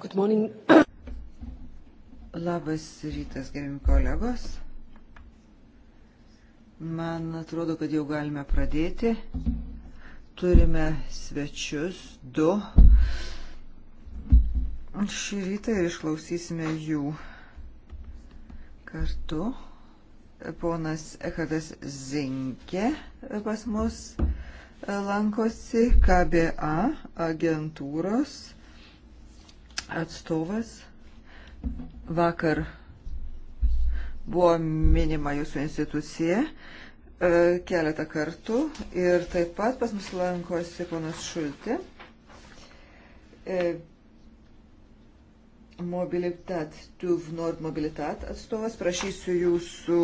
Good morning. Labas rytas, gerbimi kolegos. Man atrodo, kad jau galime pradėti. Turime svečius du. Šį rytą ir išklausysime jų kartu. Ponas Ekardas Zinkė pas mus lankosi KBA agentūros atstovas. Vakar buvo minima jūsų institucija e, keletą kartų ir taip pat pas mus lankosi ponas Šulti. E, Mobilitat, TUV Nord Mobilitat atstovas, prašysiu jūsų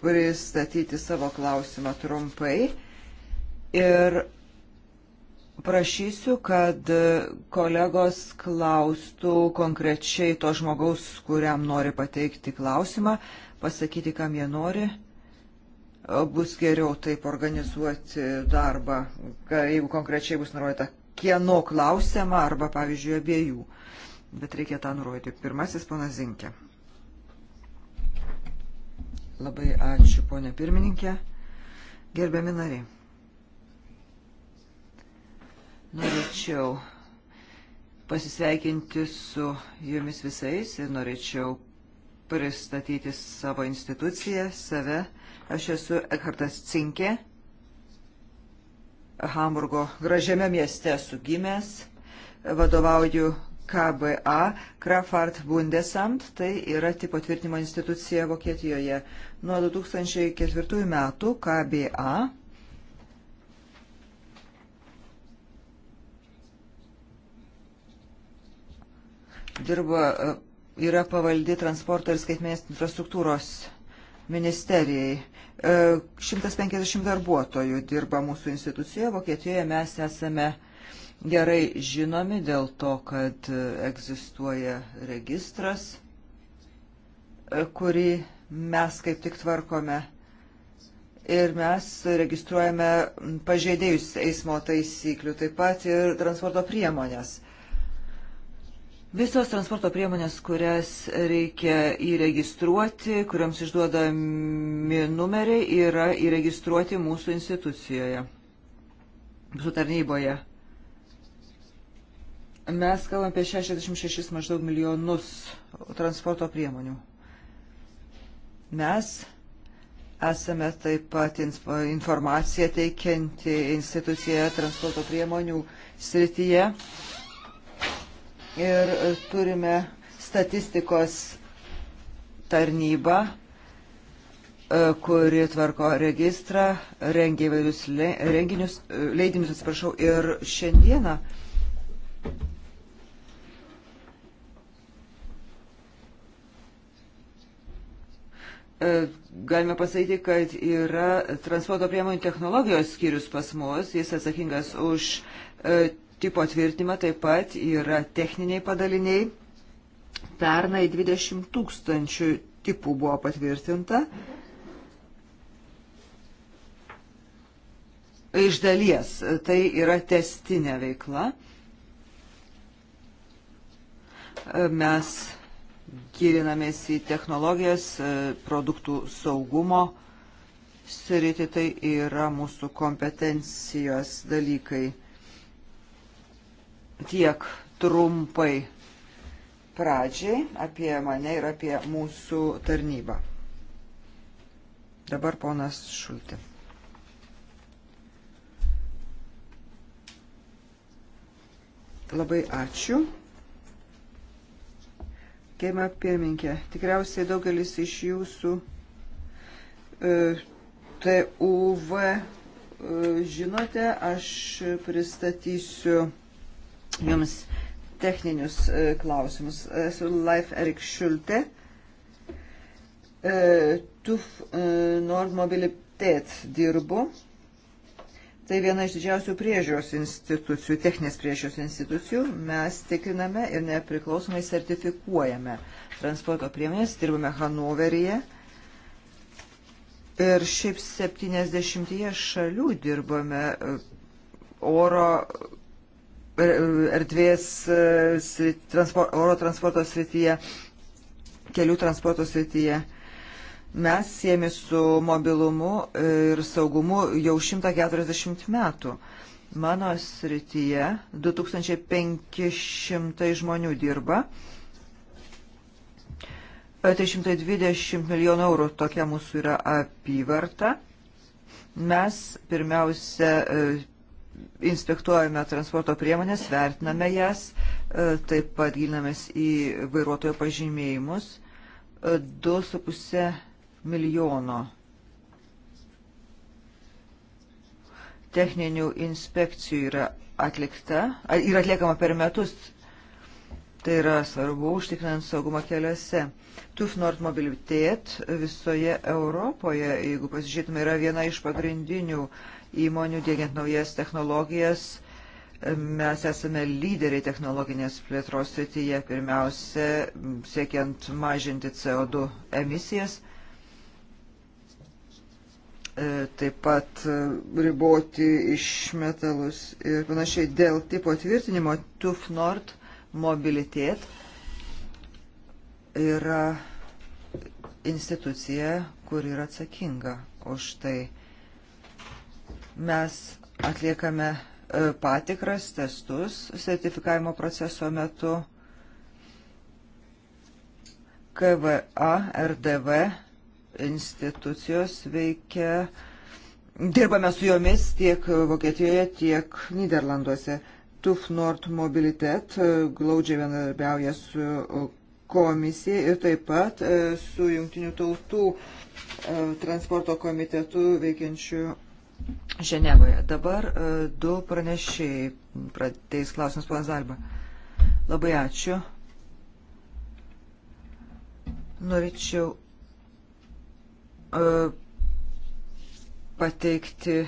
pristatyti savo klausimą trumpai Ir prašysiu, kad kolegos klaustų konkrečiai to žmogaus, kuriam nori pateikti klausimą, pasakyti, kam jie nori bus geriau taip organizuoti darbą, jeigu konkrečiai bus nurodyta, kieno klausiama arba, pavyzdžiui, abiejų. Bet reikia tą nurodyti. Pirmasis, pana Zinkė. Labai ačiū, ponė pirmininkė. Gerbiami nariai. Norėčiau pasisveikinti su jumis visais ir norėčiau pristatyti savo instituciją, save. Aš esu Ekhartas Cinkė, Hamburgo gražiame mieste esu gimęs, vadovauju KBA, Krafart Bundesamt, tai yra tipo tvirtinimo institucija Vokietijoje. Nuo 2004 metų KBA dirba, e, yra pavaldi transporto ir skaitmenės infrastruktūros ministerijai. 150 e, darbuotojų dirba mūsų institucijoje. Vokietijoje mes esame gerai žinomi dėl to, kad e, egzistuoja registras, kurį mes kaip tik tvarkome. Ir mes registruojame pažeidėjus eismo taisyklių, taip pat ir transporto priemonės. Visos transporto priemonės, kurias reikia įregistruoti, kuriams išduodami numeriai, yra įregistruoti mūsų institucijoje, mūsų tarnyboje. Mes kalbam apie 66 maždaug milijonus transporto priemonių. Mes esame taip pat informaciją teikianti institucija transporto priemonių srityje ir e, turime statistikos tarnybą, e, kuri tvarko registrą, rengia įvairius renginius, e, leidinius, atsiprašau, ir šiandieną Galime pasakyti, kad yra transporto priemonių technologijos skyrius pas mus, jis atsakingas už tipo tvirtinimą taip pat yra techniniai padaliniai. Pernai 20 tūkstančių tipų buvo patvirtinta. Iš dalies tai yra testinė veikla. Mes gilinamės į technologijas, produktų saugumo sritį, tai yra mūsų kompetencijos dalykai. Tiek trumpai pradžiai apie mane ir apie mūsų tarnybą. Dabar ponas Šulti. Labai ačiū. Keima pirminkė, tikriausiai daugelis iš jūsų e, TUV e, žinote, aš pristatysiu jums techninius e, klausimus. E, esu Life Erik Šulte, e, TUF Nordmobilitet dirbu. Tai viena iš didžiausių priežiūros institucijų, techninės priežiūros institucijų. Mes tikriname ir nepriklausomai sertifikuojame transporto priemonės, dirbame Hanoveryje. Ir šiaip 70 šalių dirbame oro E, erdvės e, transpor, oro transporto srityje, kelių transporto srityje. Mes siemi su mobilumu ir saugumu jau 140 metų. Mano srityje 2500 žmonių dirba. 320 e, milijonų eurų tokia mūsų yra apyvarta. Mes pirmiausia inspektuojame transporto priemonės, vertiname jas, e, taip pat gilinamės į vairuotojo pažymėjimus. 2,5 e, milijono techninių inspekcijų yra atlikta, yra atliekama per metus. Tai yra svarbu užtikrinant saugumą keliuose. TUF Nord Mobilitet visoje Europoje, jeigu pasižiūrėtume, yra viena iš pagrindinių uh, įmonių, dėgiant naujas technologijas. Mes esame lyderiai technologinės plėtros srityje, pirmiausia, siekiant mažinti CO2 emisijas, e, taip pat e, riboti išmetalus ir panašiai dėl tipo tvirtinimo TUF Nord mobilitėt yra institucija, kur yra atsakinga už tai. Mes atliekame e, patikras, testus sertifikavimo proceso metu. KVA, RDV institucijos veikia, dirbame su jomis tiek Vokietijoje, tiek Niderlanduose. TUF Nord Mobilitet e, glaudžiai bendarbiauja su e, komisija ir taip pat su jungtinių tautų transporto komitetu veikiančiu Ženevoje. Dabar e, du pranešėjai pradės klausimus ponas Alba. Labai ačiū. Norėčiau e, pateikti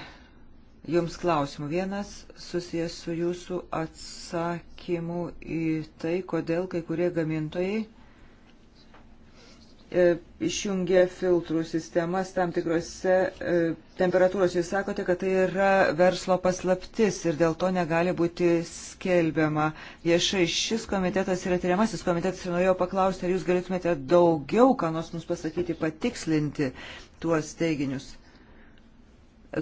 Jums klausimų. Vienas susijęs su Jūsų atsakymu į tai, kodėl kai kurie gamintojai E, išjungia filtrų sistemas tam tikrose e, temperatūros. Jūs sakote, kad tai yra verslo paslaptis ir dėl to negali būti skelbiama viešai. Šis komitetas yra tyriamasis komitetas ir norėjau paklausti, ar jūs galėtumėte daugiau, ką nors mums pasakyti, patikslinti tuos teiginius.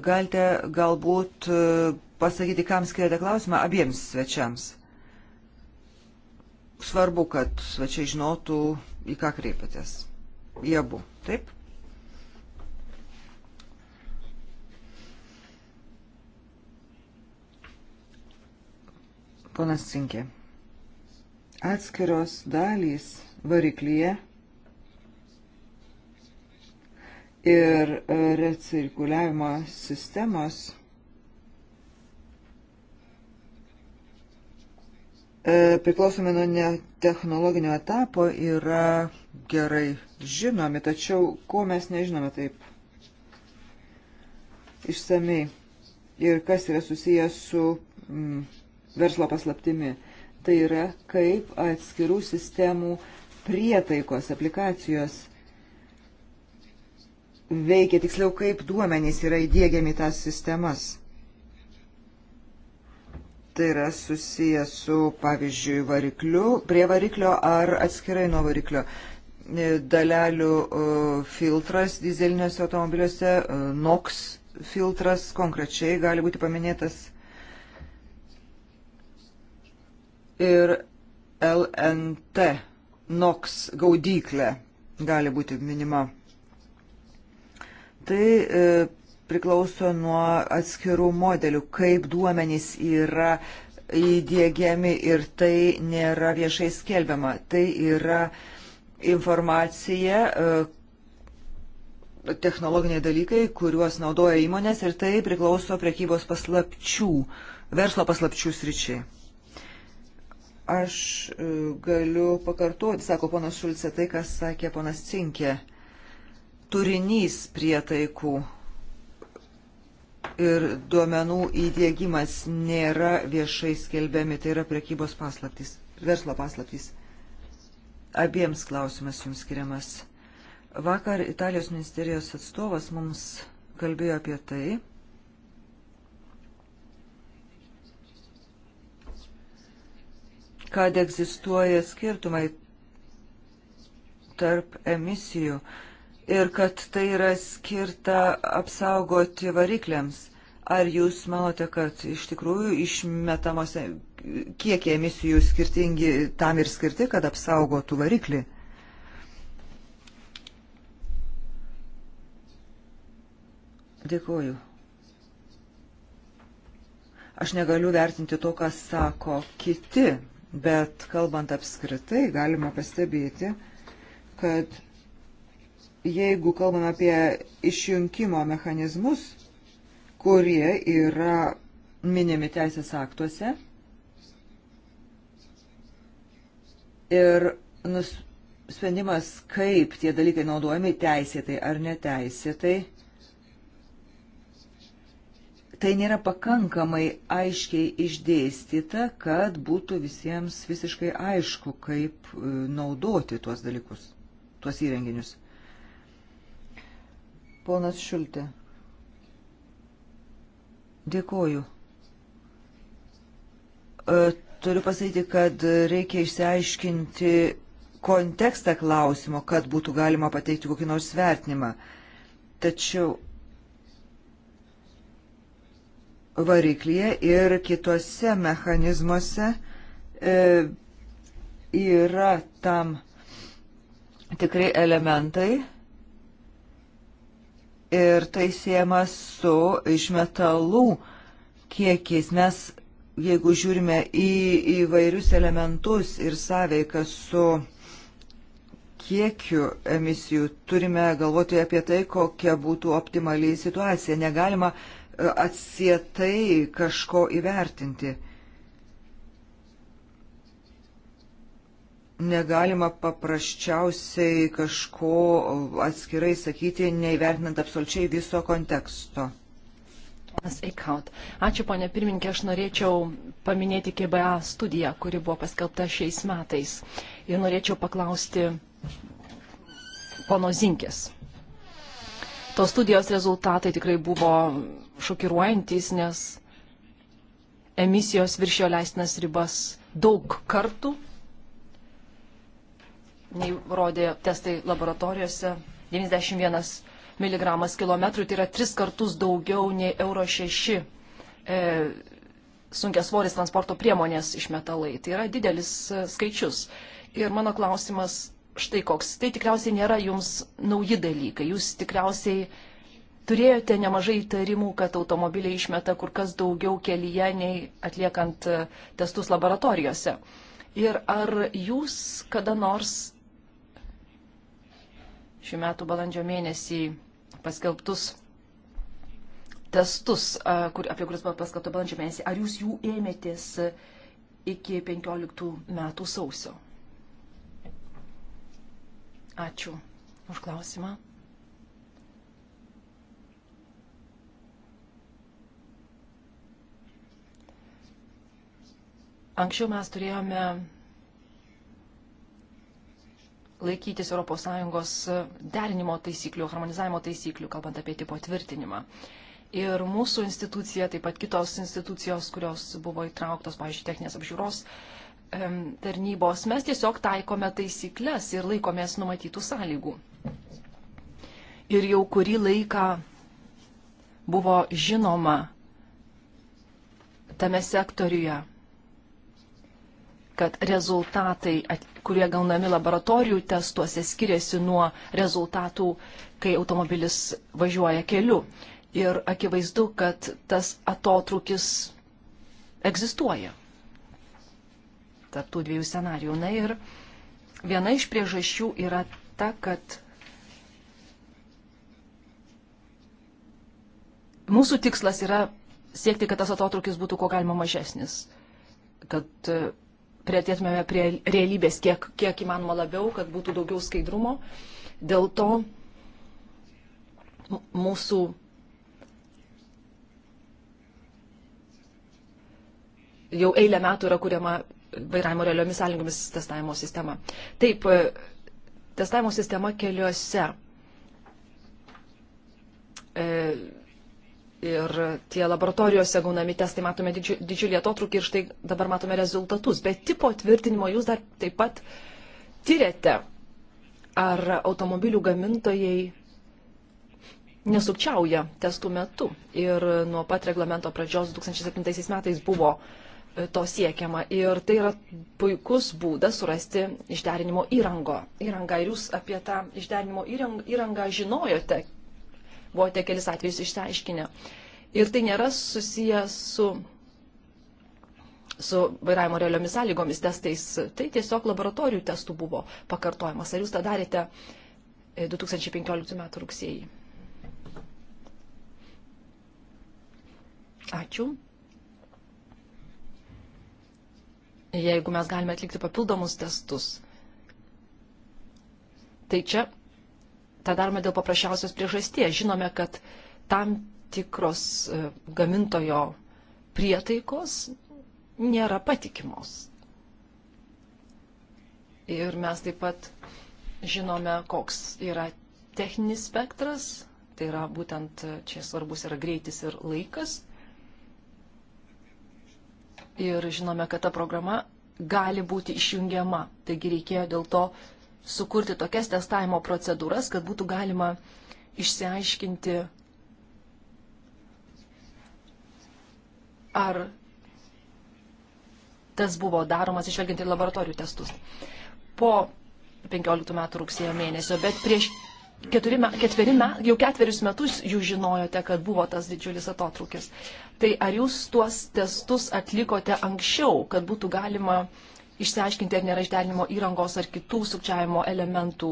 Galite galbūt e, pasakyti, kam skiriate klausimą abiems svečiams. Svarbu, kad svečiai žinotų, į ką kreipiatės į abu. Taip? Ponas Cinkė. Atskiros dalys variklyje ir e, recirkuliavimo sistemos E, priklausomai nuo technologinio etapo yra gerai žinomi, tačiau ko mes nežinome taip išsamei ir kas yra susijęs su mm, verslo paslaptimi. Tai yra, kaip atskirų sistemų prietaikos aplikacijos veikia, tiksliau, kaip duomenys yra įdėgiami tas sistemas tai yra susiję su, pavyzdžiui, varikliu, prie variklio ar atskirai nuo variklio. E, dalelių e, filtras dizeliniuose automobiliuose, e, NOX filtras konkrečiai gali būti paminėtas ir LNT, NOX gaudyklė gali būti minima. Tai priklauso nuo atskirų modelių, kaip duomenys yra įdėgiami ir tai nėra viešai skelbiama. Tai yra informacija, e, technologiniai dalykai, kuriuos naudoja įmonės ir tai priklauso prekybos paslapčių, verslo paslapčių sričiai. Aš e, galiu pakartoti, sako ponas Šulce, tai, kas sakė ponas Cinkė. Turinys prietaikų ir duomenų įdėgymas nėra viešai skelbiami, tai yra prekybos paslaptys, verslo paslaptys. Abiems klausimas jums skiriamas. Vakar Italijos ministerijos atstovas mums kalbėjo apie tai, kad egzistuoja skirtumai tarp emisijų. Uh, ir kad tai yra skirta apsaugoti varikliams. Ar jūs manote, kad iš tikrųjų išmetamose kiekiai emisijų skirtingi tam ir skirti, kad apsaugotų variklį? Dėkuoju. Aš negaliu vertinti to, kas sako kiti, bet kalbant apskritai, galima pastebėti, kad jeigu kalbame apie išjungimo mechanizmus, kurie yra minimi teisės aktuose ir nus, sprendimas, kaip tie dalykai naudojami teisėtai ar neteisėtai, tai nėra pakankamai aiškiai išdėstyta, kad būtų visiems visiškai aišku, kaip e, naudoti tuos dalykus, tuos įrenginius. Ponas Šultė. Dėkoju. E, turiu pasakyti, kad reikia išsiaiškinti kontekstą klausimo, kad būtų galima pateikti kokį nors vertinimą. Tačiau variklyje ir kituose mechanizmuose e, yra tam tikrai elementai, ir tai siema su išmetalų kiekiais. Mes, jeigu žiūrime į įvairius elementus ir sąveiką su kiekiu emisijų, turime galvoti apie tai, kokia būtų optimaliai situacija. Negalima e, atsietai kažko įvertinti. negalima paprasčiausiai kažko atskirai sakyti, neįvertinant absoliučiai viso konteksto. Ačiū, ponė pirmininkė, aš norėčiau paminėti KBA studiją, kuri buvo paskelbta šiais metais. Ir norėčiau paklausti pono Zinkės. Tos studijos rezultatai tikrai buvo šokiruojantis, nes emisijos viršio leistinas ribas daug kartų nei rodė testai laboratorijose. 91 mg kilometrų tai yra tris kartus daugiau nei euro 6 e, sunkia svoris transporto priemonės išmetalai. Tai yra didelis e, skaičius. Ir mano klausimas štai koks. Tai tikriausiai nėra jums nauji dalykai. Jūs tikriausiai turėjote nemažai įtarimų, kad automobiliai išmeta kur kas daugiau kelyje nei atliekant e, testus laboratorijose. Ir ar jūs kada nors šių metų balandžio mėnesį paskelbtus testus, kur, apie kuriuos buvo paskelbta balandžio mėnesį. Ar jūs jų ėmėtės iki 15 metų sausio? Ačiū už klausimą. Anksčiau mes turėjome laikytis ES e, derinimo taisyklių, harmonizavimo taisyklių, kalbant apie tipo tvirtinimą. Ir mūsų institucija, taip pat kitos institucijos, kurios buvo įtrauktos, pavyzdžiui, techninės apžiūros tarnybos, mes tiesiog taikome taisyklės ir laikomės numatytų sąlygų. Ir jau kurį laiką buvo žinoma tame sektoriuje kad rezultatai, kurie gaunami laboratorijų testuose, skiriasi nuo rezultatų, kai automobilis važiuoja keliu. Ir akivaizdu, kad tas atotrukis egzistuoja tarptų dviejų scenarijų. Na ir viena iš priežasčių yra ta, kad mūsų tikslas yra siekti, kad tas atotrukis būtų kuo galima mažesnis, kad prieartėtumėme prie realybės kiek, kiek įmanoma labiau, kad būtų daugiau skaidrumo. Dėl to mūsų jau eilę metų yra kuriama vairavimo realiomis sąlygomis testavimo sistema. Taip, testavimo sistema keliuose. E, Ir tie laboratorijose gaunami testai matome didžiulį atotrukį ir štai dabar matome rezultatus. Bet tipo tvirtinimo jūs dar taip pat tyrėte, ar automobilių gamintojai nesukčiauja testų metu. Ir nuo pat reglamento pradžios 2007 metais buvo e, to siekiama. Ir tai yra puikus būdas surasti išderinimo įrango. įrangą. Ir jūs apie tą išderinimo įrangą žinojote, buvote kelis atvejus išsiaiškinę. Ir tai nėra susiję su, su vairavimo realiomis sąlygomis testais, tai tiesiog laboratorijų testų buvo pakartojimas. Ar jūs tą darėte 2015 e, m. rugsėjį? Ačiū. Jeigu mes galime atlikti papildomus testus, tai čia tą darome dėl paprasčiausios priežasties. Žinome, kad tam tikros e, gamintojo prietaikos nėra patikimos. Ir mes taip pat žinome, koks yra techninis spektras, tai yra būtent e, čia svarbus yra greitis ir laikas. Ir žinome, kad ta programa gali būti išjungiama, taigi reikėjo dėl to uh, sukurti tokias testavimo procedūras, kad būtų galima išsiaiškinti, ar tas buvo daromas išvelgiant į laboratorijų testus. Po 15 metų rugsėjo mėnesio, bet prieš keturi, ketveri, jau ketverius metus jūs žinojote, kad buvo tas didžiulis atotrukis. Tai ar jūs tuos testus atlikote anksčiau, kad būtų galima uh, išsiaiškinti, ar nėra išdelinimo įrangos ar kitų sukčiavimo elementų,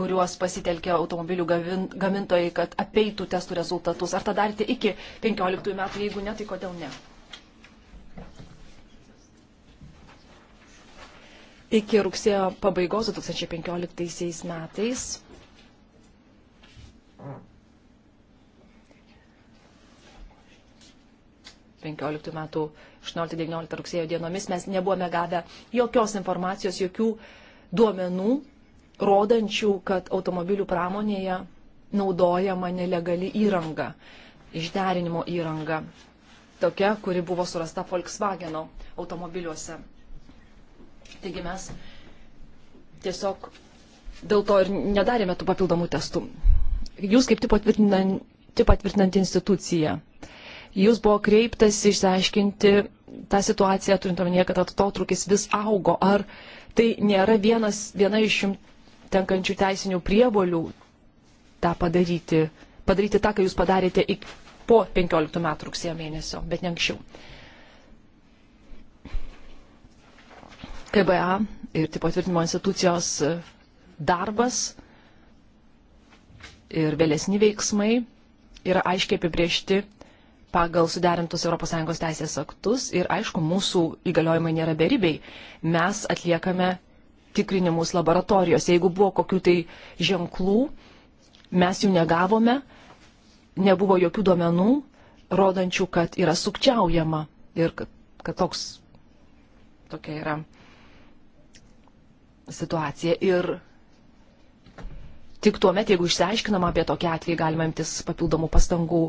kuriuos pasitelkė automobilių gamintojai, kad apeitų testų rezultatus. Ar tą darėte iki 15 metų, jeigu ne, tai kodėl ne? Iki rugsėjo pabaigos 2015 metais 15 metų 18-19 rugsėjo dienomis mes nebuvome gavę jokios informacijos, jokių duomenų, rodančių, kad automobilių pramonėje naudojama nelegali įranga, išderinimo įranga, tokia, kuri buvo surasta Volkswageno automobiliuose. Taigi mes tiesiog dėl to ir nedarėme tų papildomų testų. Jūs kaip tik patvirtinanti institucija jūs buvo kreiptas išsiaiškinti tą situaciją, turint omenyje, kad atotrukis vis augo. Ar tai nėra vienas, viena iš jums tenkančių teisinių prievolių tą padaryti, padaryti tą, ką jūs padarėte iki, po 15 metų rugsėjo mėnesio, bet ne anksčiau. KBA ir tipo tvirtinimo institucijos darbas ir vėlesni veiksmai yra aiškiai apibriežti pagal suderintus ES teisės aktus ir aišku, mūsų įgaliojimai nėra beribiai. Mes atliekame tikrinimus laboratorijos. Jeigu buvo kokių tai ženklų, mes jų negavome, nebuvo jokių duomenų, rodančių, kad yra sukčiaujama ir kad, kad toks tokia yra situacija. Ir tik tuo met, jeigu išsiaiškinama apie tokį atvejį, galima imtis papildomų pastangų.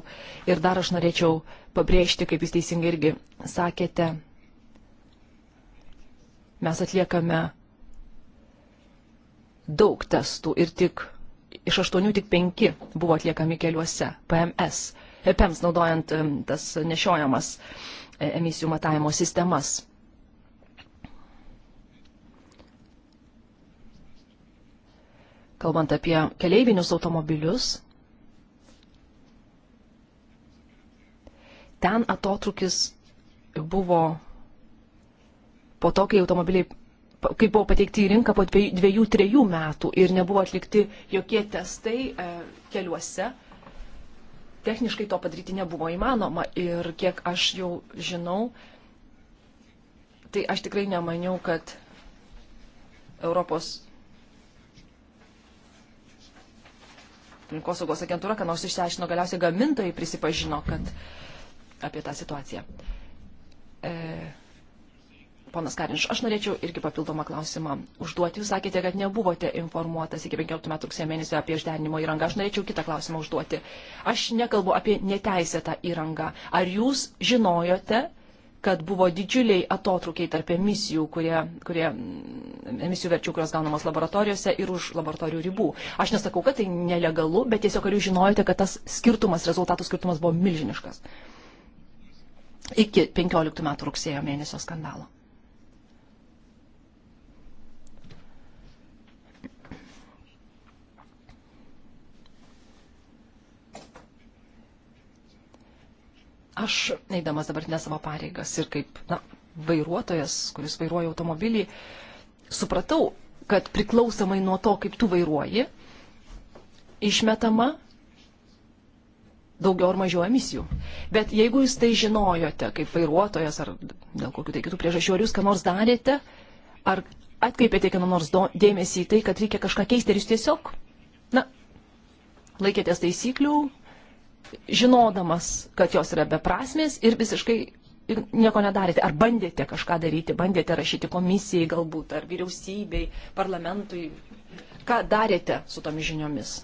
Ir dar aš norėčiau pabrėžti, kaip jūs teisingai irgi sakėte, mes atliekame daug testų ir tik iš aštuonių tik penki buvo atliekami keliuose PMS, PEMS naudojant tas nešiojamas e, emisijų matavimo sistemas. kalbant apie keleivinius automobilius, ten atotrukis buvo po to, kai automobiliai, kai buvo pateikti į rinką po dviejų, trejų metų ir nebuvo atlikti jokie testai e, keliuose, techniškai to padaryti nebuvo įmanoma. Ir kiek aš jau žinau, tai aš tikrai nemaniau, kad Europos aplinkosaugos agentūra, kad nors išsiaiškino, galiausiai gamintojai prisipažino, kad apie tą situaciją. E, ponas Karinš, aš norėčiau irgi papildomą klausimą užduoti. Jūs sakėte, kad nebuvote informuotas iki 15 metų rugsėjo mėnesio apie išdenimo įrangą. Aš norėčiau kitą klausimą užduoti. Aš nekalbu apie neteisėtą įrangą. Ar jūs žinojote, kad buvo didžiuliai atotrukiai tarp emisijų, kurie, kurie, mm, emisijų verčių, kurios gaunamos laboratorijose ir už laboratorijų ribų. Aš nesakau, kad tai nelegalu, bet tiesiog ar jūs žinojote, kad tas skirtumas, rezultatų skirtumas buvo milžiniškas. Iki 15 metų rugsėjo mėnesio skandalo. Aš, eidamas dabartinę savo pareigas ir kaip na, vairuotojas, kuris vairuoja automobilį, supratau, kad priklausomai nuo to, kaip tu vairuoji, išmetama daugiau ar mažiau emisijų. Bet jeigu jūs tai žinojote, kaip vairuotojas ar dėl kokių tai kitų priežasčių, ar jūs ką nors darėte, ar atkreipėte kieno nors dėmesį į tai, kad reikia kažką keisti, ar jūs tiesiog, na, laikėtės taisyklių, žinodamas, kad jos yra beprasmės ir visiškai nieko nedarėte. Ar bandėte kažką daryti, bandėte rašyti komisijai galbūt, ar vyriausybei, parlamentui. Ką darėte su tomis žiniomis?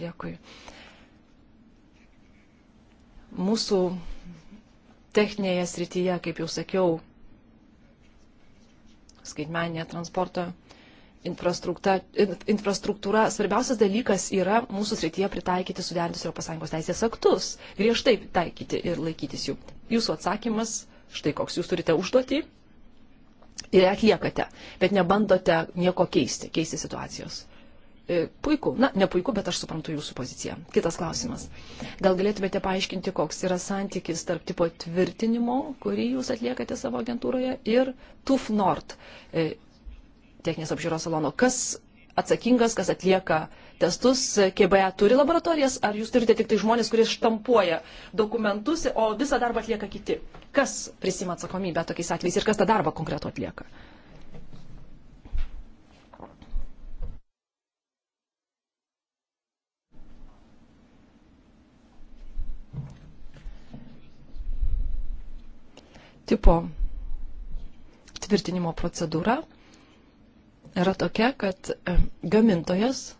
Dėkui. Mūsų techninėje srityje, kaip jau sakiau, skaitmeninė transporto infrastruktūra, svarbiausias dalykas yra mūsų srityje pritaikyti suderintus ES teisės aktus, griežtai taikyti ir laikytis jų. Jūsų atsakymas, štai koks jūs turite užduotį ir atliekate, bet nebandote nieko keisti, keisti situacijos. E, puiku, na, ne puiku, bet aš suprantu jūsų poziciją. Kitas klausimas. Gal galėtumėte paaiškinti, koks yra santykis tarp tipo tvirtinimo, kurį jūs atliekate savo agentūroje, ir TUFNORT e, techninės apžiūros salono. Kas atsakingas, kas atlieka testus, KBA turi laboratorijas, ar jūs turite tik tai žmonės, kurie štampuoja dokumentus, o visą darbą atlieka kiti? Kas prisima atsakomybę tokiais atvejais ir kas tą darbą konkretų atlieka? Tipo tvirtinimo procedūra yra tokia, kad e, gamintojas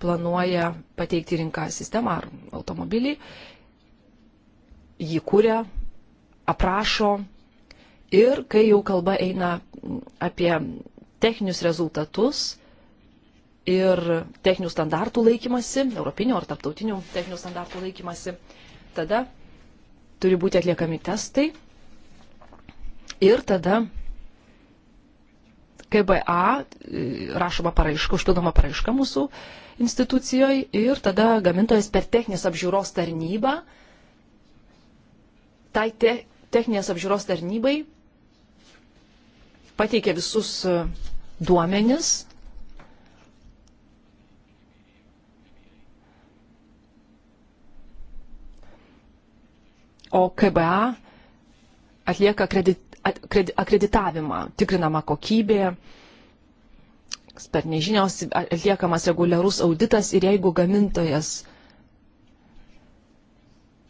planuoja pateikti rinką sistemą ar automobilį, jį kūrė, aprašo ir kai jau kalba eina apie techninius rezultatus ir techninių standartų laikymasi, europinių ar tarptautinių techninių standartų laikymasi, tada turi būti atliekami testai ir tada KBA, e, rašoma paraiška, užpildoma paraiška mūsų institucijoje ir tada gamintojas per techninės apžiūros tarnybą, tai te, techninės apžiūros tarnybai pateikia visus e, duomenis. O KBA atlieka kredit, akreditavimą, tikrinama kokybė, ekspertinės žinios, atliekamas reguliarus auditas ir jeigu gamintojas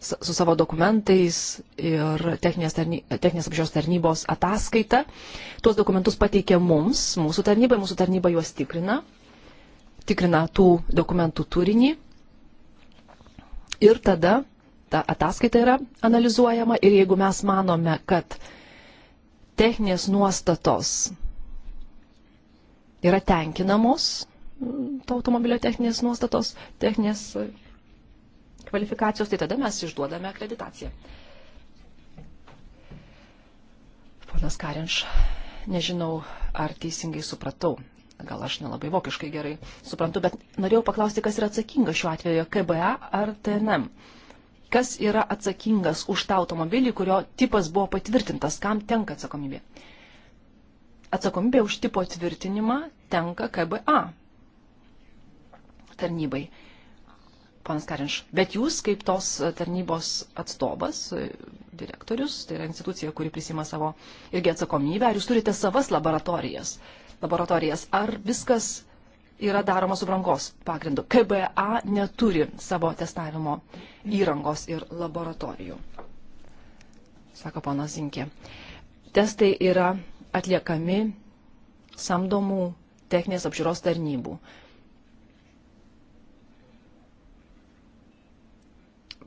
su savo dokumentais ir techninės, tarny, techninės apžiūros tarnybos ataskaita. Tuos dokumentus pateikia mums, mūsų tarnybai, mūsų tarnyba juos tikrina, tikrina tų dokumentų turinį ir tada ta ataskaita yra analizuojama ir jeigu mes manome, kad techninės nuostatos yra tenkinamos, mm, to automobilio techninės nuostatos, techninės e, kvalifikacijos, tai tada mes išduodame akreditaciją. Ponas Karinš, nežinau, ar teisingai supratau. Gal aš nelabai vokiškai gerai suprantu, bet norėjau paklausti, kas yra atsakinga šiuo atveju - KBA ar TNM. Mhm kas yra atsakingas už tą automobilį, kurio tipas buvo patvirtintas, kam tenka atsakomybė. Atsakomybė už tipo tvirtinimą tenka KBA tarnybai. Panas Karinš, bet jūs kaip tos tarnybos atstovas, direktorius, tai yra institucija, kuri prisima savo irgi atsakomybę, ar jūs turite savas laboratorijas, laboratorijas ar viskas yra daroma su brangos pagrindu. KBA neturi savo testavimo įrangos ir laboratorijų, sako ponas Zinkė. Testai yra atliekami samdomų techninės apžiūros tarnybų.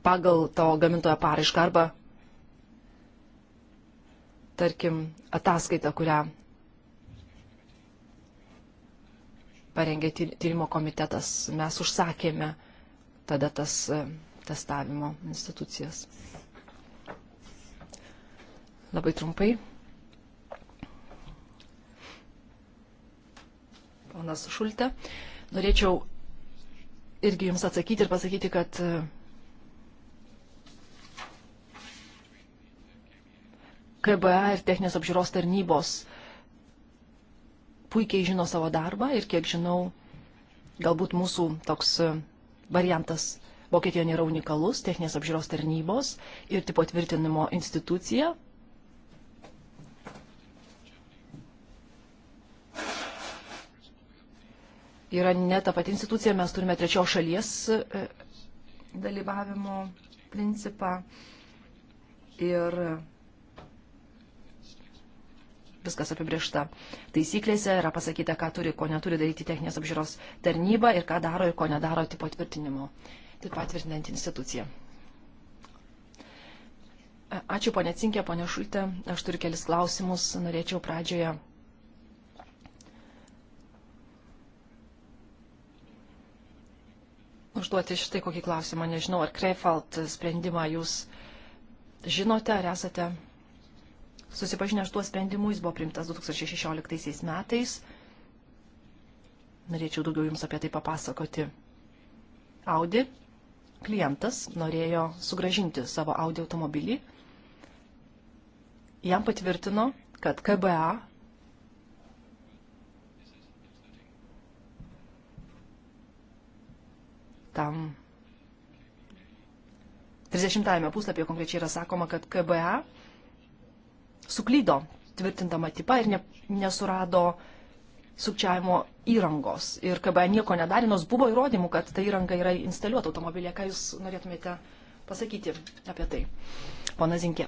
Pagal to gamintojo paraišką arba, tarkim, ataskaitą, kurią parengė tyrimo komitetas, mes užsakėme tada tas e, testavimo institucijas. Labai trumpai. Ponas Šultė, norėčiau irgi Jums atsakyti ir pasakyti, kad e, KBA ir techninės apžiūros tarnybos puikiai žino savo darbą ir kiek žinau, galbūt mūsų toks e, variantas Vokietijoje nėra unikalus, techninės apžiūros tarnybos ir tipo tvirtinimo institucija. Yra ne ta pati institucija, mes turime trečios šalies e, dalyvavimo principą ir viskas apibriešta taisyklėse, yra pasakyta, ką turi, ko neturi daryti techninės apžiūros tarnyba ir ką daro ir ko nedaro tipo tvirtinimo, tipo tvirtinant instituciją. Ačiū ponė Cinkė, ponė Šultė. Aš turiu kelis klausimus. Norėčiau pradžioje užduoti štai kokį klausimą. Nežinau, ar Kreifalt sprendimą jūs žinote, ar esate susipažinę šituo sprendimu, jis buvo primtas 2016 metais. Norėčiau daugiau Jums apie tai papasakoti. Audi klientas norėjo sugražinti savo Audi automobilį. Jam patvirtino, kad KBA tam 30 puslapyje konkrečiai yra sakoma, kad KBA suklydo tvirtindama tipą ir ne, nesurado sukčiavimo įrangos. Ir KBA nieko nedarė, nors buvo įrodymų, kad ta įranga yra instaliuota automobilėje. Ką Jūs norėtumėte pasakyti apie tai, pana Zinkė?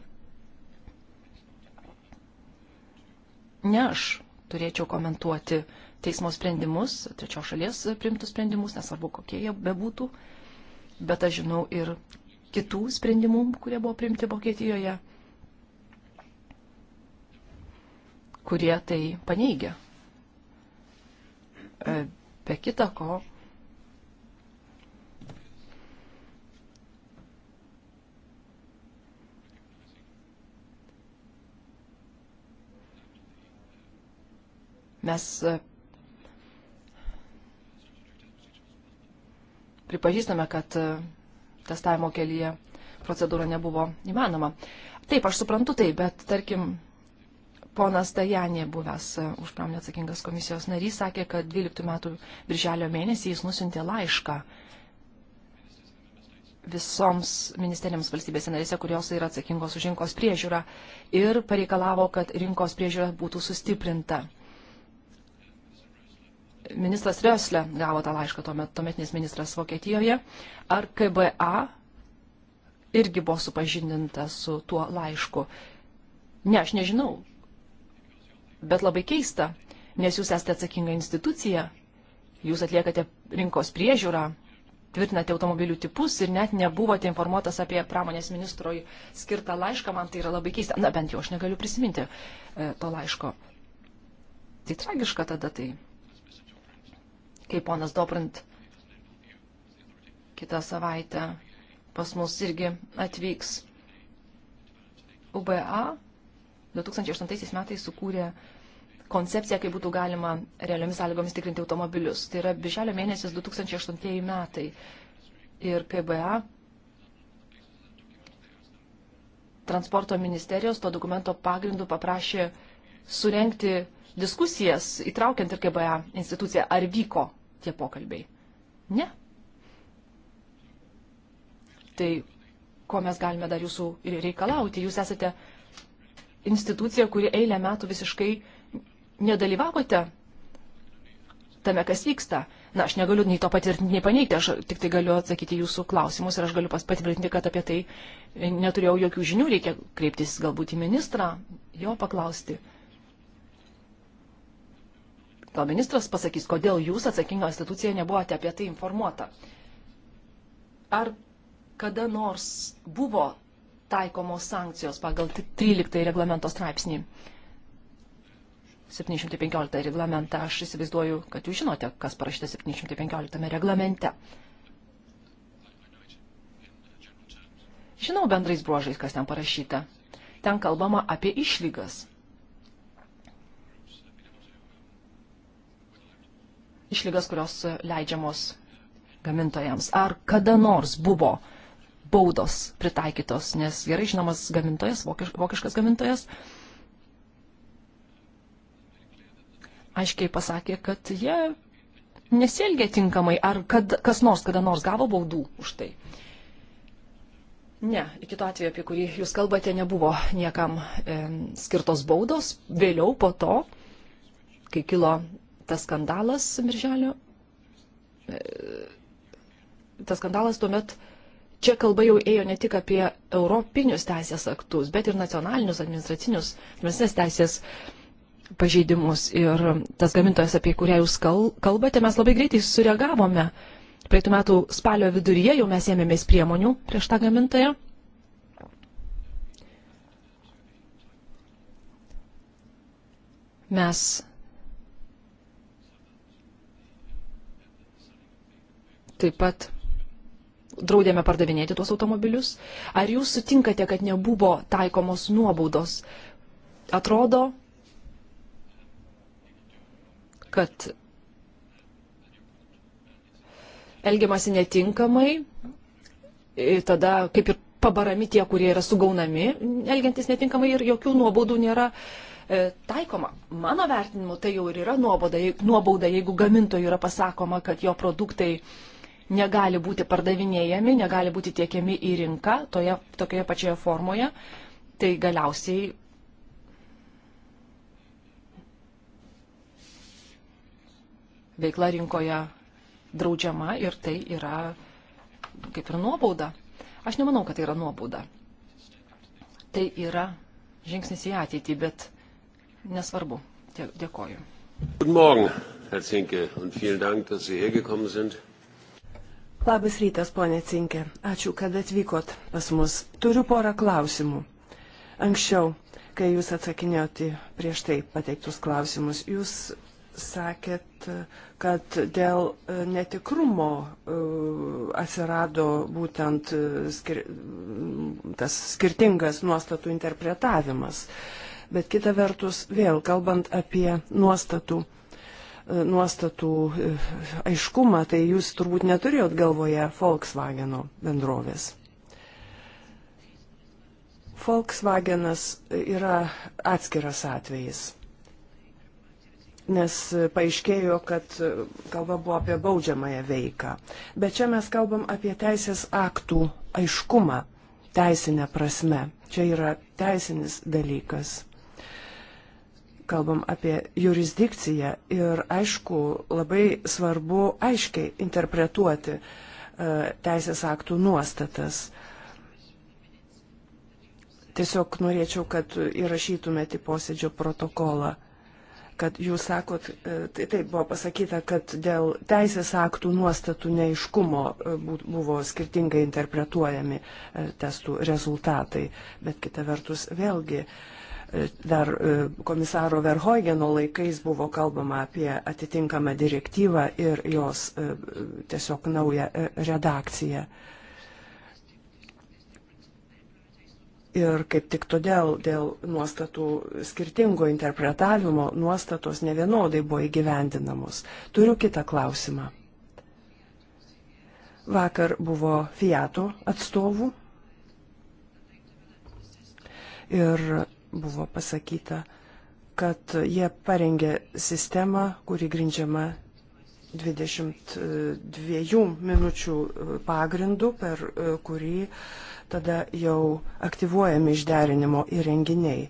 Ne aš turėčiau komentuoti teismo sprendimus, trečios šalies primtus sprendimus, nesvarbu kokie jie bebūtų, bet aš žinau ir kitų sprendimų, kurie buvo primti Vokietijoje. kurie tai paneigia. E, be kita ko, mes e, pripažįstame, kad e, testavimo kelyje procedūra nebuvo įmanoma. Taip, aš suprantu tai, bet tarkim, Ponas Dajanė, buvęs e, už pramonę atsakingas komisijos narys, sakė, kad 12 metų birželio mėnesį jis nusintė laišką visoms ministeriams valstybėse narėse, kurios yra atsakingos už rinkos priežiūrą ir pareikalavo, kad rinkos priežiūra būtų sustiprinta. Ministras Rösle gavo tą laišką tuomet, tuometinis ministras Vokietijoje. Ar KBA irgi buvo supažindinta su tuo laišku? Ne, aš nežinau bet labai keista, nes jūs esate atsakinga institucija, jūs atliekate rinkos priežiūrą, tvirtinate automobilių tipus ir net nebuvote informuotas apie pramonės ministro skirtą laišką, man tai yra labai keista. Na, bent jau aš negaliu prisiminti e, to laiško. Tai tragiška tada tai. Kaip ponas Dobrint kitą savaitę pas mus irgi atvyks UBA 2008 metais sukūrė koncepciją, kaip būtų galima realiomis sąlygomis tikrinti automobilius. Tai yra birželio mėnesis 2008 metai. Ir KBA transporto ministerijos to dokumento pagrindu paprašė surenkti diskusijas, įtraukiant ir KBA instituciją, ar vyko tie pokalbiai. Ne. Tai ko mes galime dar jūsų ir reikalauti? Jūs esate institucija, kuri eilę metų visiškai nedalyvavote tame, kas vyksta. Na, aš negaliu nei to patvirtinti, nei paneigti, aš tik tai galiu atsakyti jūsų klausimus ir aš galiu patvirtinti, kad apie tai neturėjau jokių žinių, reikia kreiptis galbūt į ministrą, jo paklausti. Gal ministras pasakys, kodėl jūs atsakinga institucija nebuvote apie tai informuota. Ar kada nors buvo taikomos sankcijos pagal 13 reglamento straipsnį. 715 reglamentą aš įsivaizduoju, kad jūs žinote, kas parašyta 715 reglamente. Žinau bendrais bruožais, kas ten parašyta. Ten kalbama apie išlygas. Išlygas, kurios leidžiamos gamintojams. Ar kada nors buvo uh, baudos pritaikytos, nes gerai žinomas gamintojas, vokiškas gamintojas, aiškiai pasakė, kad jie nesielgia tinkamai, ar kad kas nors kada nors gavo baudų už tai. Ne, iki to atveju, apie kurį jūs kalbate, nebuvo niekam e, skirtos baudos. Vėliau po to, kai kilo tas skandalas Mirželio, e, tas skandalas tuomet e, čia kalba jau ėjo ne tik apie europinius teisės aktus, bet ir nacionalinius administracinius administracinės teisės pažeidimus. Ir tas gamintojas, apie kurią jūs kalbate, mes labai greitai sureagavome. Praeitų metų spalio viduryje jau mes ėmėmės priemonių prieš tą gamintoją. Mes taip pat draudėme pardavinėti tuos automobilius. Ar jūs sutinkate, kad nebuvo taikomos nuobaudos? Atrodo, kad elgiamasi netinkamai, e, tada kaip ir pabarami tie, kurie yra sugaunami, elgiantis netinkamai ir jokių nuobaudų nėra e, taikoma. Mano vertinimu tai jau ir yra nuobauda, nuobauda jeigu gamintojui yra pasakoma, kad jo produktai e, negali būti pardavinėjami, negali būti tiekiami į rinką toje, tokioje pačioje formoje, tai galiausiai veikla rinkoje draudžiama ir tai yra kaip ir nuobauda. Aš nemanau, kad tai yra nuobauda. Tai yra žingsnis į ateitį, bet nesvarbu. Dėkoju. Guten Morgen, Herr Zinke, und vielen Dank, dass Sie hergekommen sind. Labas rytas, ponė Cinkė. Ačiū, kad atvykot pas mus. Turiu porą klausimų. Anksčiau, kai jūs atsakinėjote prieš tai pateiktus klausimus, jūs sakėt, kad dėl e, netikrumo e, atsirado būtent e, skir tas skirtingas nuostatų interpretavimas. Bet kita vertus, vėl kalbant apie nuostatų nuostatų e, aiškumą, tai jūs turbūt neturėjot galvoje Volkswageno bendrovės. Volkswagenas yra atskiras atvejis, nes paaiškėjo, kad kalba buvo apie baudžiamąją veiką. Bet čia mes kalbam apie teisės aktų aiškumą teisinę prasme. Čia yra teisinis dalykas kalbam apie jurisdikciją ir aišku labai svarbu aiškiai interpretuoti e, teisės aktų nuostatas. Tiesiog norėčiau, kad įrašytumėte į posėdžio protokolą, kad jūs sakot, e, tai taip buvo pasakyta, kad dėl teisės aktų nuostatų neiškumo e, buvo skirtingai interpretuojami e, testų rezultatai, bet kita vertus vėlgi. E, dar e, komisaro Verhoigeno laikais buvo kalbama apie atitinkamą direktyvą ir jos e, tiesiog naują e, redakciją. Ir kaip tik todėl dėl nuostatų skirtingo interpretavimo nuostatos nevienodai buvo įgyvendinamos. Turiu kitą klausimą. Vakar buvo Fiato atstovų ir buvo pasakyta, kad jie parengė sistemą, kuri grindžiama 22 minučių e, pagrindu, per e, kurį tada jau aktyvuojami išderinimo įrenginiai.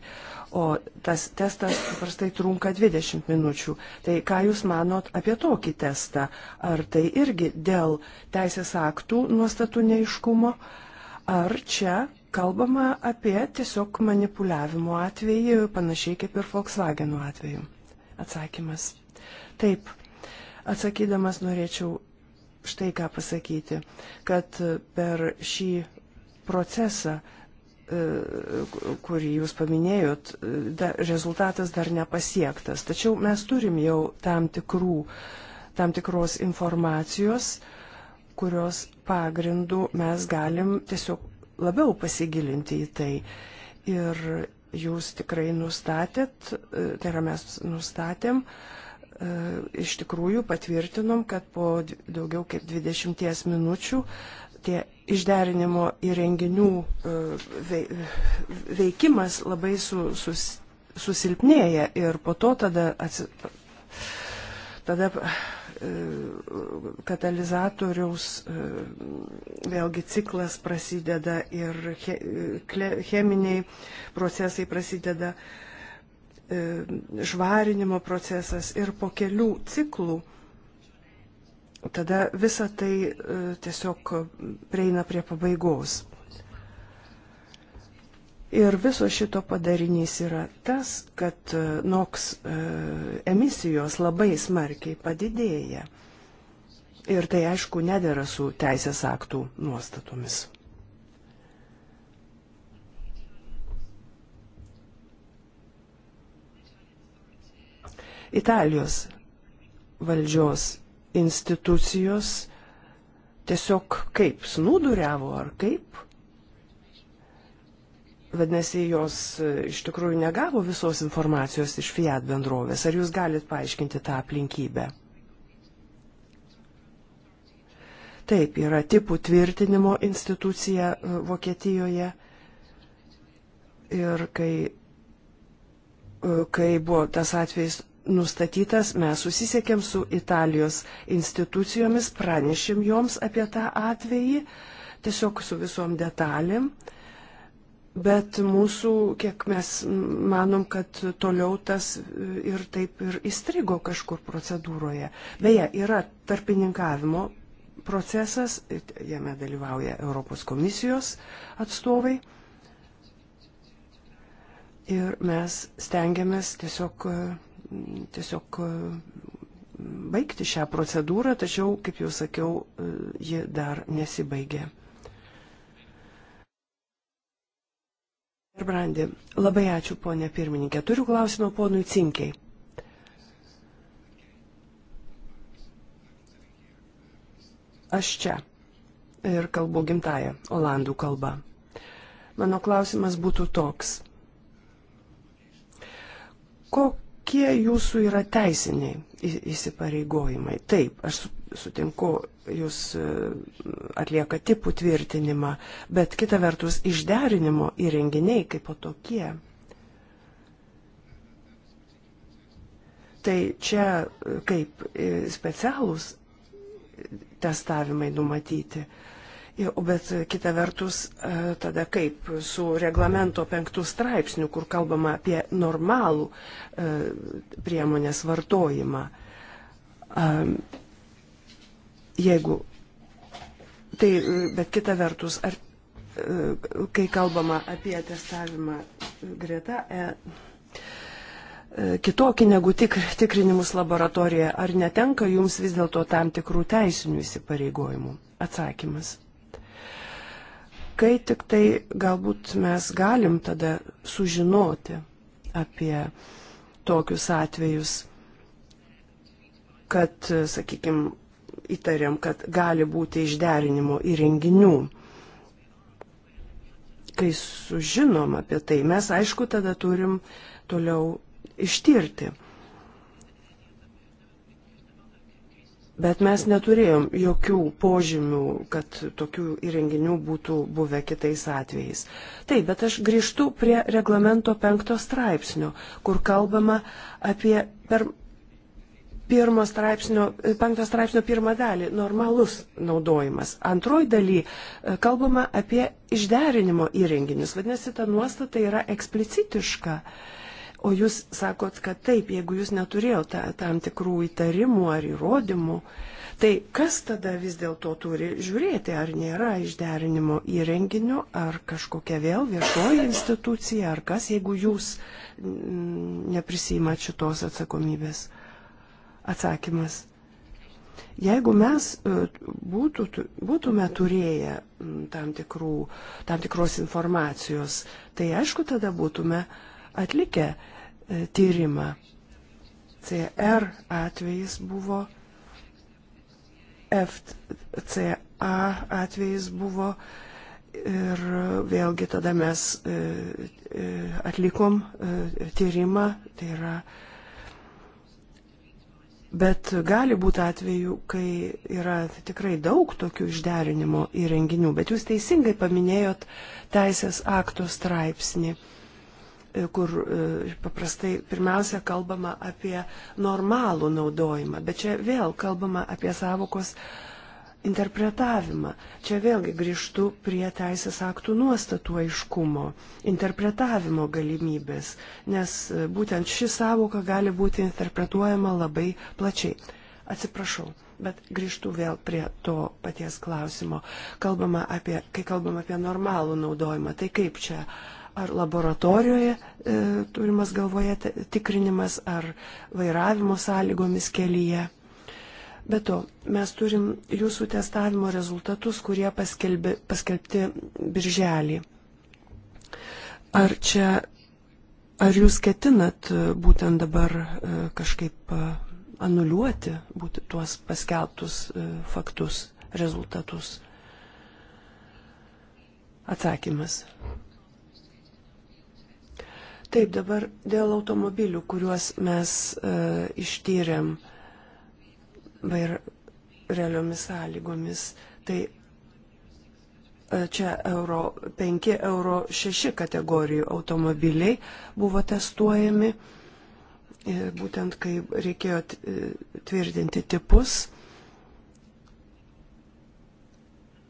O tas testas paprastai trunka 20 minučių. Tai ką Jūs manot apie tokį testą? Ar tai irgi dėl teisės aktų nuostatų neiškumo? Ar čia kalbama apie tiesiog manipuliavimo atvejį, panašiai kaip ir Volkswagen atveju. Atsakymas. Taip, atsakydamas norėčiau štai ką pasakyti, kad e, per šį procesą e, kurį jūs paminėjot, e, da, rezultatas dar nepasiektas. Tačiau mes turim jau tam, tikrų, tam tikros informacijos, kurios pagrindų mes galim tiesiog labiau pasigilinti į tai. Ir jūs tikrai nustatėt, e, tai yra mes nustatėm, e, iš tikrųjų patvirtinom, kad po daugiau kaip 20 minučių tie išderinimo įrenginių e, veikimas labai su, sus, susilpnėja ir po to tada, atsi, tada katalizatoriaus e, vėlgi ciklas prasideda ir cheminiai procesai prasideda, e, žvarinimo procesas ir po kelių ciklų tada visa tai e, tiesiog prieina prie pabaigos. Ir viso šito padarinys yra tas, kad e, NOX e, emisijos labai smarkiai padidėja. Ir tai aišku nedėra su teisės aktų nuostatomis. Italijos valdžios institucijos tiesiog kaip snūduriavo ar kaip Vadinasi, jos e, iš tikrųjų negavo visos informacijos iš Fiat bendrovės. Ar jūs galit paaiškinti tą aplinkybę? Taip, yra tipų tvirtinimo institucija e, Vokietijoje. Ir kai, e, kai buvo tas atvejs nustatytas, mes susisiekėm su Italijos institucijomis, pranešėm joms apie tą atvejį, tiesiog su visom detalėm. Uh, bet mūsų, kiek mes manom, kad toliau tas ir taip ir įstrigo kažkur procedūroje. Beje, yra tarpininkavimo procesas, jame dalyvauja Europos komisijos atstovai. Ir mes stengiamės tiesiog, tiesiog baigti šią procedūrą, tačiau, kaip jau sakiau, ji dar nesibaigė. Ir Brandi, labai ačiū, ponė pirmininkė. Turiu klausimą ponui Cinkiai. Aš čia ir kalbu gimtają olandų kalbą. Mano klausimas būtų toks. Kokie jūsų yra teisiniai įsipareigojimai. Taip, aš sutinku, jūs e, atlieka tipų tvirtinimą, bet kita vertus išderinimo įrenginiai kaip po tokie. Tai čia e, kaip e, specialūs testavimai numatyti, Bet kita vertus, e, tada kaip su reglamento penktų straipsnių, kur kalbama apie normalų e, priemonės vartojimą. E, jeigu, tai, bet kita vertus, ar, kai kalbama apie testavimą greta. E, kitokį negu tik, tikrinimus laboratorijoje, ar netenka jums vis dėlto tam tikrų teisinių įsipareigojimų? Atsakymas kai tik tai galbūt mes galim tada sužinoti apie tokius atvejus, kad, sakykime, įtariam, kad gali būti išderinimo įrenginių. Kai sužinom apie tai, mes aišku tada turim toliau ištirti Bet mes neturėjom jokių požymių, kad tokių įrenginių būtų buvę kitais atvejais. Taip, bet aš grįžtu prie reglamento penkto straipsnio, kur kalbama apie per pirmo straipsnio, penkto straipsnio pirmą dalį - normalus naudojimas. Antroj daly e, kalbama apie išderinimo įrenginius. Vadinasi, ta nuostata yra eksplicitiška. Uh, O jūs sakot, kad taip, jeigu jūs neturėjote ta, tam tikrų įtarimų ar įrodymų, tai kas tada vis dėlto turi žiūrėti, ar nėra išderinimo įrenginio, ar kažkokia vėl viešoji institucija, ar kas, jeigu jūs mm, neprisimat šitos atsakomybės. Atsakymas jeigu mes e, būtų, būtume turėję mm, tam, tikrų, tam tikros informacijos, tai aišku, tada būtume atlikę e, tyrimą. CR atvejis buvo, FCA atvejis buvo ir vėlgi tada mes e, e, atlikom tyrimą, tai yra Bet gali būti atveju, kai yra tikrai daug tokių išderinimo įrenginių, bet jūs teisingai paminėjot teisės akto straipsnį. E, kur e, paprastai pirmiausia kalbama apie normalų naudojimą, bet čia vėl kalbama apie savokos interpretavimą. Čia vėlgi grįžtu prie teisės aktų nuostatų aiškumo, interpretavimo galimybės, nes e, būtent ši savoka gali būti interpretuojama labai plačiai. Atsiprašau, bet grįžtu vėl prie to paties klausimo. Kalbama apie, kai kalbama apie normalų naudojimą, tai kaip čia uh, ar laboratorijoje e, turimas galvoje tikrinimas, ar vairavimo sąlygomis kelyje. Be to, mes turim jūsų testavimo rezultatus, kurie paskelbi, paskelbti birželį. Ar čia, ar jūs ketinat e, būtent dabar e, kažkaip e, anuliuoti būti tuos paskelbtus faktus, rezultatus? Atsakymas. Taip, dabar dėl automobilių, kuriuos mes uh, ištyrėm vair, realiomis sąlygomis, tai uh, čia euro 5, euro 6 kategorijų automobiliai buvo testuojami, būtent kai reikėjo e, tvirtinti tipus.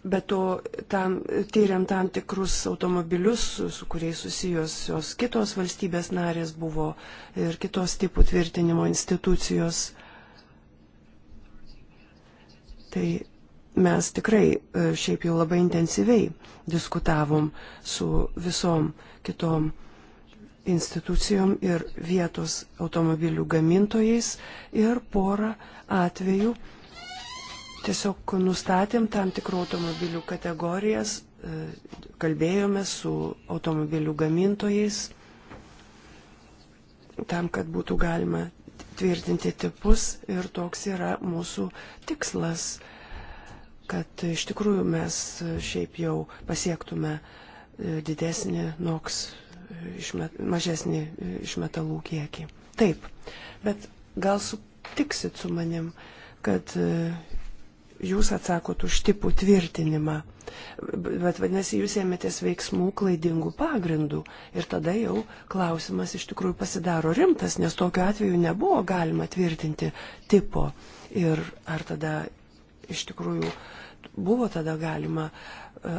Be to, tam, tyriam tam tikrus automobilius, su, su kuriais susijusios kitos valstybės narės buvo ir kitos tipų tvirtinimo institucijos. Tai mes tikrai e, šiaip jau labai intensyviai diskutavom su visom kitom institucijom ir vietos automobilių gamintojais ir porą atvejų Tiesiog nustatėm tam tikrų automobilių kategorijas, e, kalbėjome su automobilių gamintojais, tam, kad būtų galima tvirtinti tipus ir toks yra mūsų tikslas, kad iš tikrųjų mes šiaip jau pasiektume e, didesnį NOX, e, išmet, mažesnį išmetalų kiekį. Taip, bet gal sutiksit su manim, kad jūs atsakot už tipų tvirtinimą. Bet vadinasi, jūs ėmėtės veiksmų klaidingų pagrindų ir tada jau klausimas iš tikrųjų pasidaro rimtas, nes tokiu atveju nebuvo galima tvirtinti tipo. Ir ar tada iš tikrųjų buvo tada galima e,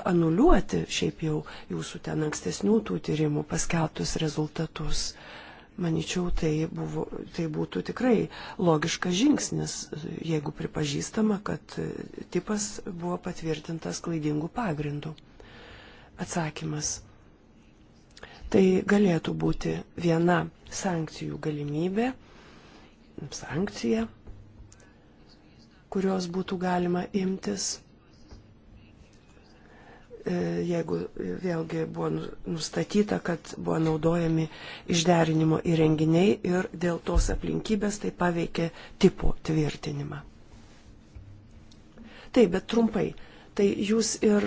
anuliuoti šiaip jau jūsų ten ankstesnių tų tyrimų paskelbtus rezultatus. Uh, Maničiau, tai, buvo, tai būtų tikrai logiškas žingsnis, jeigu pripažįstama, kad tipas buvo patvirtintas klaidingų pagrindų. Atsakymas. Tai galėtų būti viena sankcijų galimybė, sankcija, kurios būtų galima imtis E, jeigu vėlgi buvo nu, nustatyta, kad buvo naudojami išderinimo įrenginiai ir dėl tos aplinkybės tai paveikė tipų tvirtinimą. Taip, bet trumpai. Tai jūs ir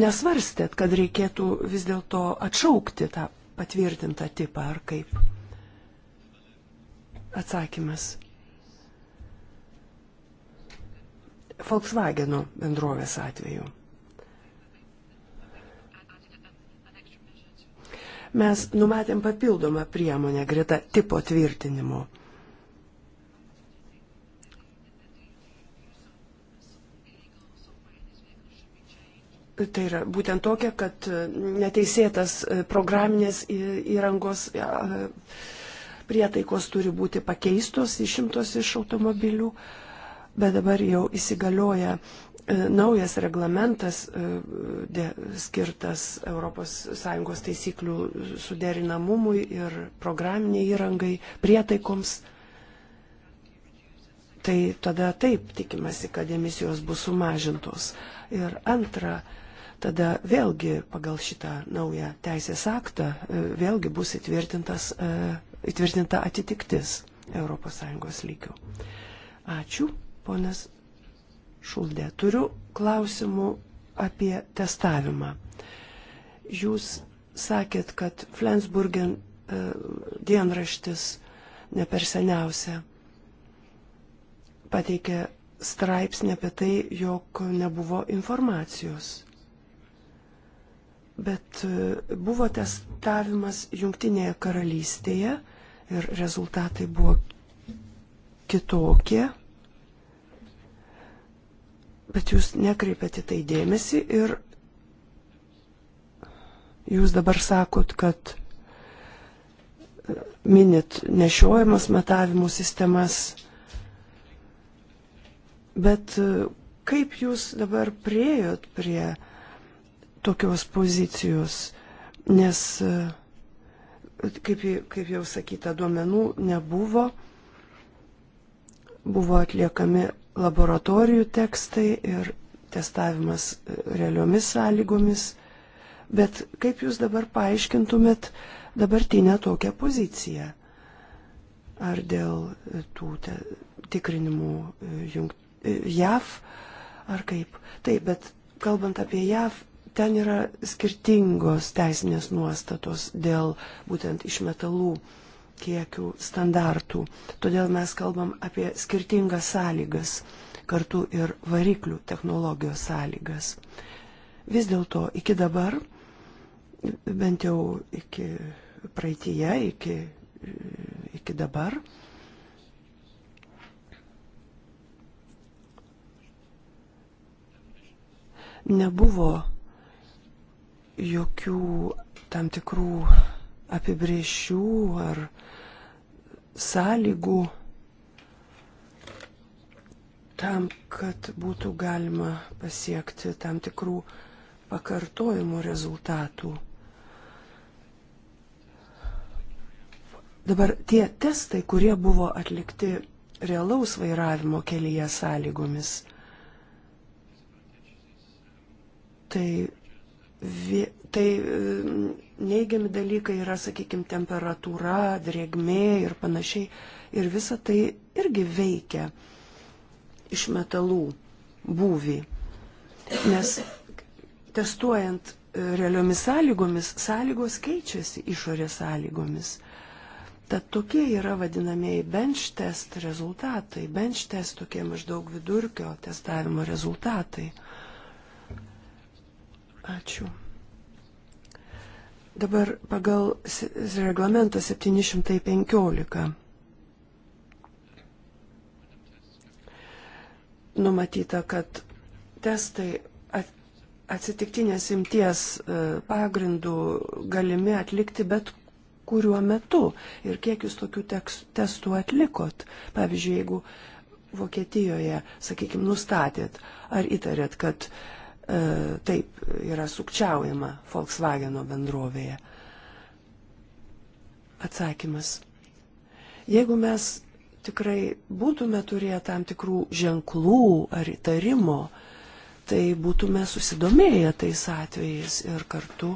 nesvarstėt, kad reikėtų vis dėlto atšaukti tą patvirtintą tipą ar kaip? Atsakymas. Volkswageno bendrovės atveju mes numatėm papildomą priemonę greta tipo tvirtinimo. Tai yra būtent tokia, kad neteisėtas e, programinės įrangos e, prietaikos turi būti pakeistos, išimtos iš automobilių, bet dabar jau įsigalioja E, naujas reglamentas e, skirtas ES taisyklių suderinamumui ir programiniai įrangai, prietaikoms. Tai tada taip tikimasi, kad emisijos bus sumažintos. Ir antra, tada vėlgi pagal šitą naują teisės aktą e, vėlgi bus įtvirtinta atitiktis ES lygių. Ačiū, ponas Šuldė. Turiu klausimų apie testavimą. Jūs sakėt, kad Flensburgen e, dienraštis ne per seniausia pateikė straipsnį apie tai, jog nebuvo informacijos. Bet e, buvo testavimas Junktinėje karalystėje ir rezultatai buvo kitokie. Bet jūs nekreipiate tai dėmesį ir jūs dabar sakot, kad e, minit nešiojimas matavimų sistemas, bet e, kaip jūs dabar priejot prie tokios pozicijos, nes, e, kaip, kaip jau sakyta, duomenų nebuvo, buvo atliekami laboratorijų tekstai ir testavimas e, realiomis sąlygomis. Bet kaip jūs dabar paaiškintumėt dabartinę tokią poziciją? Ar dėl e, tų te, tikrinimų e, jung, JAV, ar kaip? Taip, bet kalbant apie JAV, ten yra skirtingos teisinės nuostatos dėl būtent išmetalų metalų kiekių standartų. Todėl mes kalbam apie skirtingas sąlygas, kartu ir variklių technologijos sąlygas. Vis dėlto iki dabar, bent jau iki praeitie, iki, iki dabar, nebuvo jokių tam tikrų apibriešių ar uh, sąlygų tam, kad būtų galima pasiekti tam tikrų pakartojimų rezultatų. Dabar tie testai, kurie buvo atlikti realaus vairavimo kelyje sąlygomis, tai Tai e, neigiami dalykai yra, sakykime, temperatūra, drėgmė ir panašiai. Ir visa tai irgi veikia iš metalų būvį. Nes testuojant e, realiomis sąlygomis, sąlygos keičiasi išorės sąlygomis. Tad tokie yra vadinamieji bench test rezultatai, bench test tokie maždaug vidurkio testavimo rezultatai. Uh, Ačiū. Dabar pagal reglamentą 715 numatyta, kad testai atsitiktinės imties e, pagrindų galimi atlikti bet kuriuo metu. Ir kiek jūs tokių tekst, testų atlikot? Pavyzdžiui, jeigu Vokietijoje, sakykime, nustatėt ar įtarėt, kad uh, E, taip yra sukčiaujama Volkswageno bendrovėje. Atsakymas. Jeigu mes tikrai būtume turėję tam tikrų ženklų ar įtarimo, tai būtume susidomėję tais atvejais ir kartu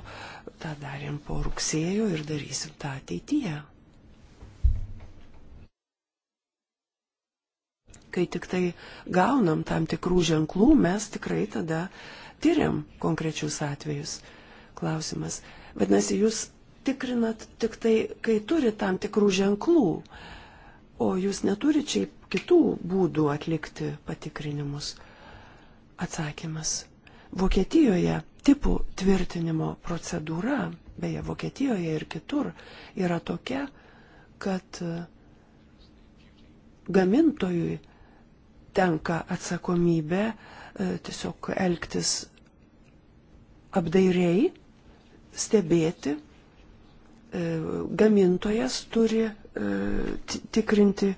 tą darėm po rugsėjo ir darysim tą ateityje. Kai tik tai gaunam tam tikrų ženklų, mes tikrai tada uh, tyriam konkrečius atvejus. Klausimas. Vadinasi, jūs tikrinat tik tai, kai turi tam tikrų ženklų, o jūs neturite čia kitų būdų atlikti patikrinimus. Atsakymas. Vokietijoje tipų tvirtinimo procedūra, beje, Vokietijoje ir kitur, yra tokia, kad e, gamintojui tenka atsakomybė E, tiesiog elgtis apdairiai, stebėti. E, gamintojas turi e, tikrinti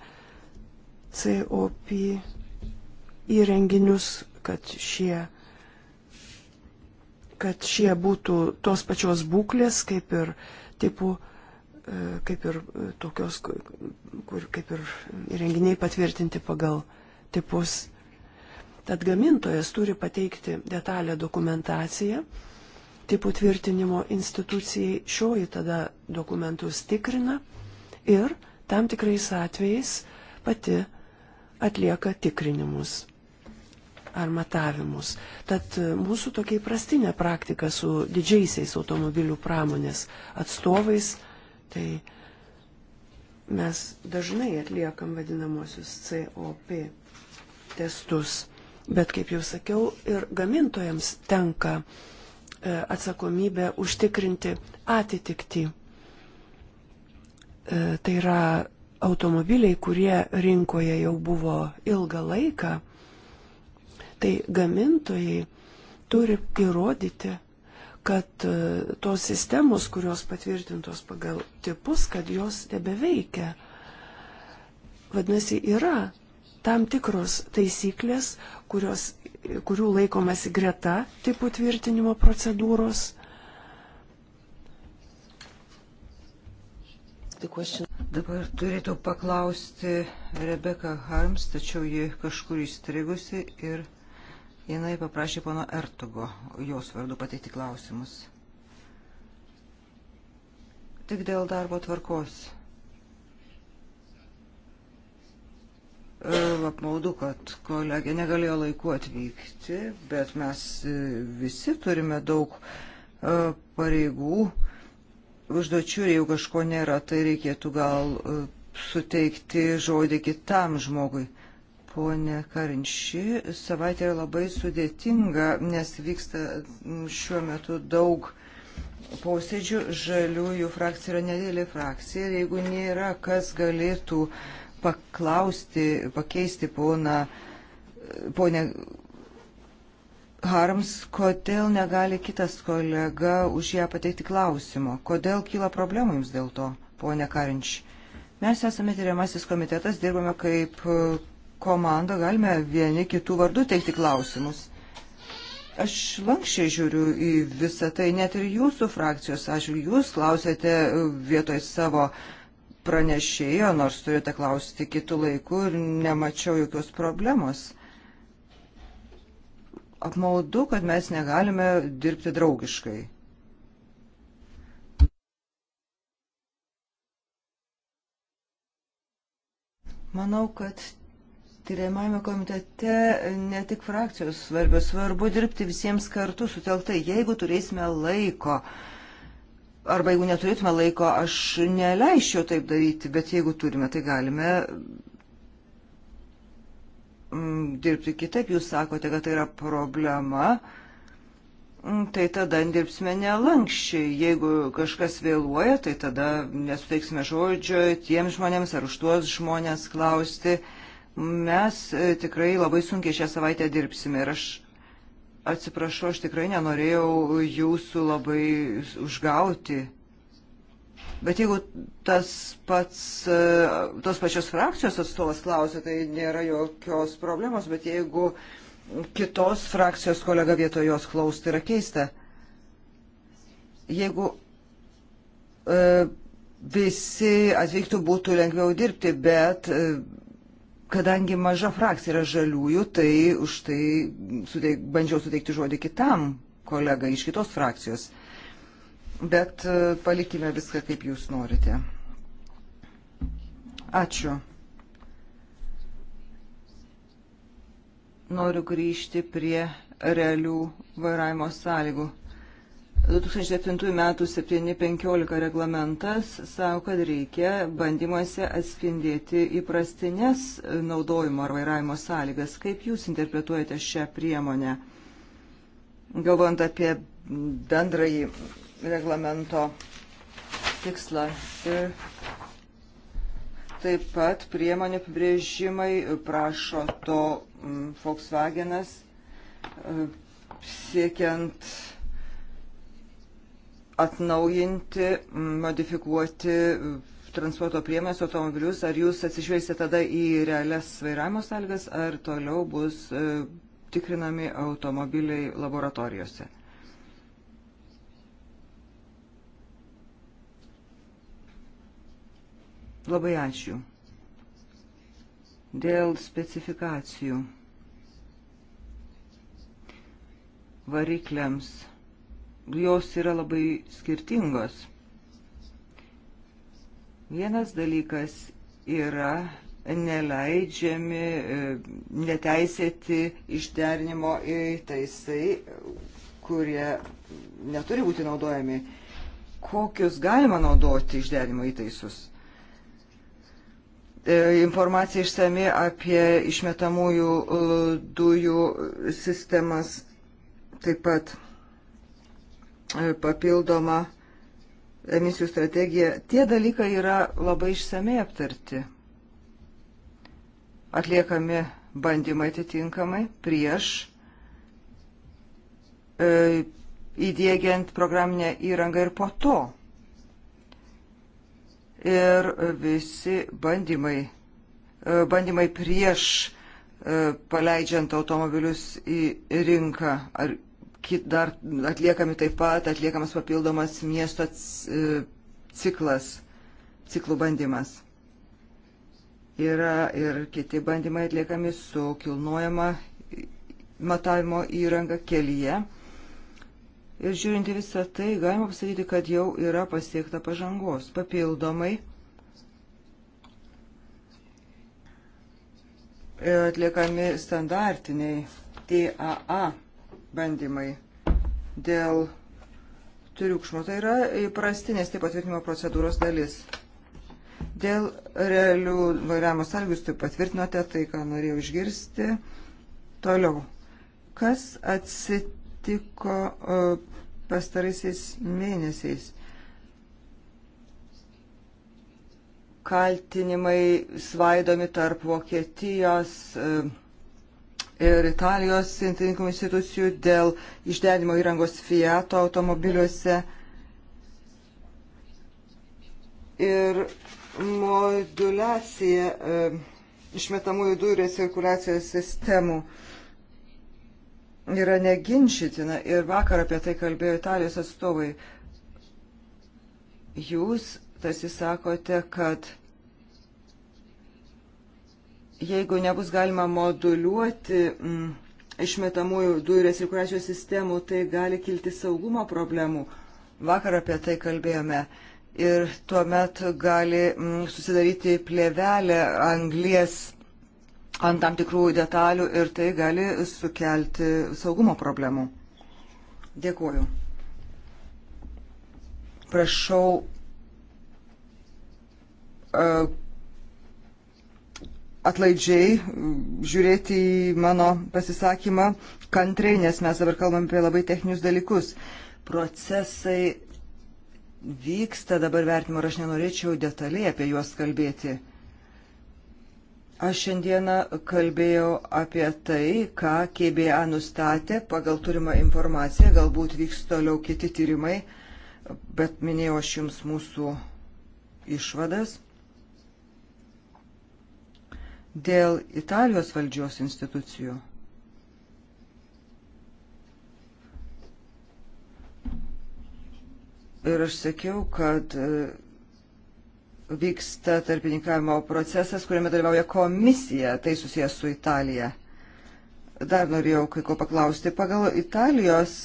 COP įrenginius, kad šie, kad šie būtų tos pačios būklės, kaip ir tipų, kaip ir tokios, kur, kaip ir įrenginiai patvirtinti pagal tipus Tad gamintojas turi pateikti detalę dokumentaciją tipų tvirtinimo institucijai, šioji tada dokumentus tikrina ir tam tikrais atvejais pati atlieka tikrinimus ar matavimus. Tad mūsų tokia įprastinė praktika su didžiaisiais automobilių pramonės atstovais, tai mes dažnai atliekam vadinamosius COP testus. Bet, kaip jau sakiau, ir gamintojams tenka e, atsakomybė užtikrinti atitikti. E, tai yra automobiliai, kurie rinkoje jau buvo ilgą laiką, tai gamintojai turi įrodyti, kad e, tos sistemos, kurios patvirtintos pagal tipus, kad jos tebeveikia. Vadinasi, yra tam tikros taisyklės, kurios, kurių laikomasi greta tipų tvirtinimo procedūros. Dabar turėtų paklausti Rebeka Harms, tačiau ji kažkur įstrigusi ir jinai paprašė pono Ertugo jos vardu pateikti klausimus. Tik dėl darbo tvarkos. apmaudu, kad kolegė negalėjo laiku atvykti, bet mes visi turime daug pareigų, užduočių ir jeigu kažko nėra, tai reikėtų gal suteikti žodį kitam žmogui. Pone Karinši, savaitė yra labai sudėtinga, nes vyksta šiuo metu daug posėdžių. Žaliųjų frakcija yra nedėlė frakcija ir jeigu nėra, kas galėtų uh, paklausti, pakeisti poną, ponę Harms, kodėl negali kitas kolega už ją pateikti klausimo, kodėl kyla problemų jums dėl to, ponė Karinč. Mes esame tyriamasis komitetas, dirbame kaip komanda, galime vieni kitų vardų teikti klausimus. Aš lankščiai žiūriu į visą tai, net ir jūsų frakcijos, aš jūs klausėte vietoj savo uh, pranešėjo, nors turite klausti kitų laikų ir nemačiau jokios problemos. Apmaudu, kad mes negalime dirbti draugiškai. Manau, kad tyriamajame komitete ne tik frakcijos svarbios, svarbu dirbti visiems kartu sutelktai, jeigu turėsime laiko. Uh, arba jeigu neturėtume laiko, aš neleisčiau taip daryti, bet jeigu turime, tai galime mm, dirbti kitaip. Jūs sakote, kad tai yra problema, mm, tai tada dirbsime nelankščiai. Jeigu kažkas vėluoja, tai tada nesuteiksime žodžio tiems žmonėms ar už tuos žmonės klausti. Mes e, tikrai labai sunkiai šią savaitę dirbsime ir aš Atsiprašau, aš tikrai nenorėjau jūsų labai užgauti. Bet jeigu tas pats, e, tos pačios frakcijos atstovas klausia, tai nėra jokios problemos, bet jeigu kitos frakcijos kolega vietoj jos klaus, tai yra keista. Jeigu e, visi atvyktų, būtų lengviau dirbti, bet e, kadangi maža frakcija yra žaliųjų, tai už tai suteik, bandžiau suteikti žodį kitam kolegai iš kitos frakcijos. Bet e, palikime viską, kaip jūs norite. Ačiū. Noriu grįžti prie realių vairavimo sąlygų. 2007 m. 715 reglamentas savo, kad reikia bandymuose atspindėti įprastinės naudojimo ar vairavimo sąlygas. Kaip Jūs interpretuojate šią priemonę, galvojant apie bendrąjį reglamento tikslą ir taip pat priemonių apibrėžimai prašo to mm, Volkswagenas e, siekiant atnaujinti, modifikuoti transporto priemonės automobilius, ar jūs atsižvelgsite tada į realias vairavimo sąlygas, ar toliau bus e, tikrinami automobiliai laboratorijose? Labai ačiū. Dėl specifikacijų varikliams jos yra labai skirtingos. Vienas dalykas yra neleidžiami e, neteisėti išderinimo įtaisai, kurie neturi būti naudojami. Kokius galima naudoti išderinimo įtaisus? E, informacija išsami apie išmetamųjų e, dujų sistemas taip pat papildomą emisijų strategiją. Tie dalykai yra labai išsamei aptarti. Atliekami bandymai atitinkamai prieš e, įdėgiant programinę įrangą ir po to. Ir visi bandymai, e, bandymai prieš e, paleidžiant automobilius į rinką ar dar atliekami taip pat, atliekamas papildomas miesto e, ciklas, ciklų bandymas. Yra ir kiti bandymai atliekami su kilnojama matavimo įranga kelyje. Ir žiūrinti visą tai, galima pasakyti, kad jau yra pasiekta pažangos. Papildomai e, atliekami standartiniai TAA bandymai dėl triukšmo. Tai yra įprastinės taip patvirtinimo procedūros dalis. Dėl realių vairavimo sąlygų jūs taip patvirtinote tai, ką norėjau išgirsti. Toliau. Kas atsitiko e, pastaraisiais mėnesiais? Kaltinimai svaidomi tarp Vokietijos, e, ir Italijos centrininkų institucijų dėl išdenimo įrangos Fiato automobiliuose ir modulacija e, išmetamųjų dujų recirkuliacijos sistemų yra neginčitina ir vakar apie tai kalbėjo Italijos atstovai. Jūs tarsi sakote, kad jeigu nebus galima moduliuoti m, mm, išmetamųjų dujų recirkuliacijos sistemų, tai gali kilti saugumo problemų. Vakar apie tai kalbėjome. Ir tuomet gali m, mm, susidaryti plėvelę anglies ant tam tikrų detalių ir tai gali sukelti saugumo problemų. Dėkuoju. Prašau. Uh, atlaidžiai žiūrėti į mano pasisakymą kantriai, nes mes dabar kalbam apie labai techninius dalykus. Procesai vyksta dabar vertimo ir aš nenorėčiau detaliai apie juos kalbėti. Aš šiandieną kalbėjau apie tai, ką KBA nustatė pagal turimą informaciją, galbūt vyks toliau kiti tyrimai, bet minėjau aš jums mūsų išvadas dėl Italijos valdžios institucijų. Ir aš sakiau, kad e, vyksta tarpininkavimo procesas, kuriame dalyvauja komisija, tai susijęs su Italija. Dar norėjau kai ko paklausti. Pagal Italijos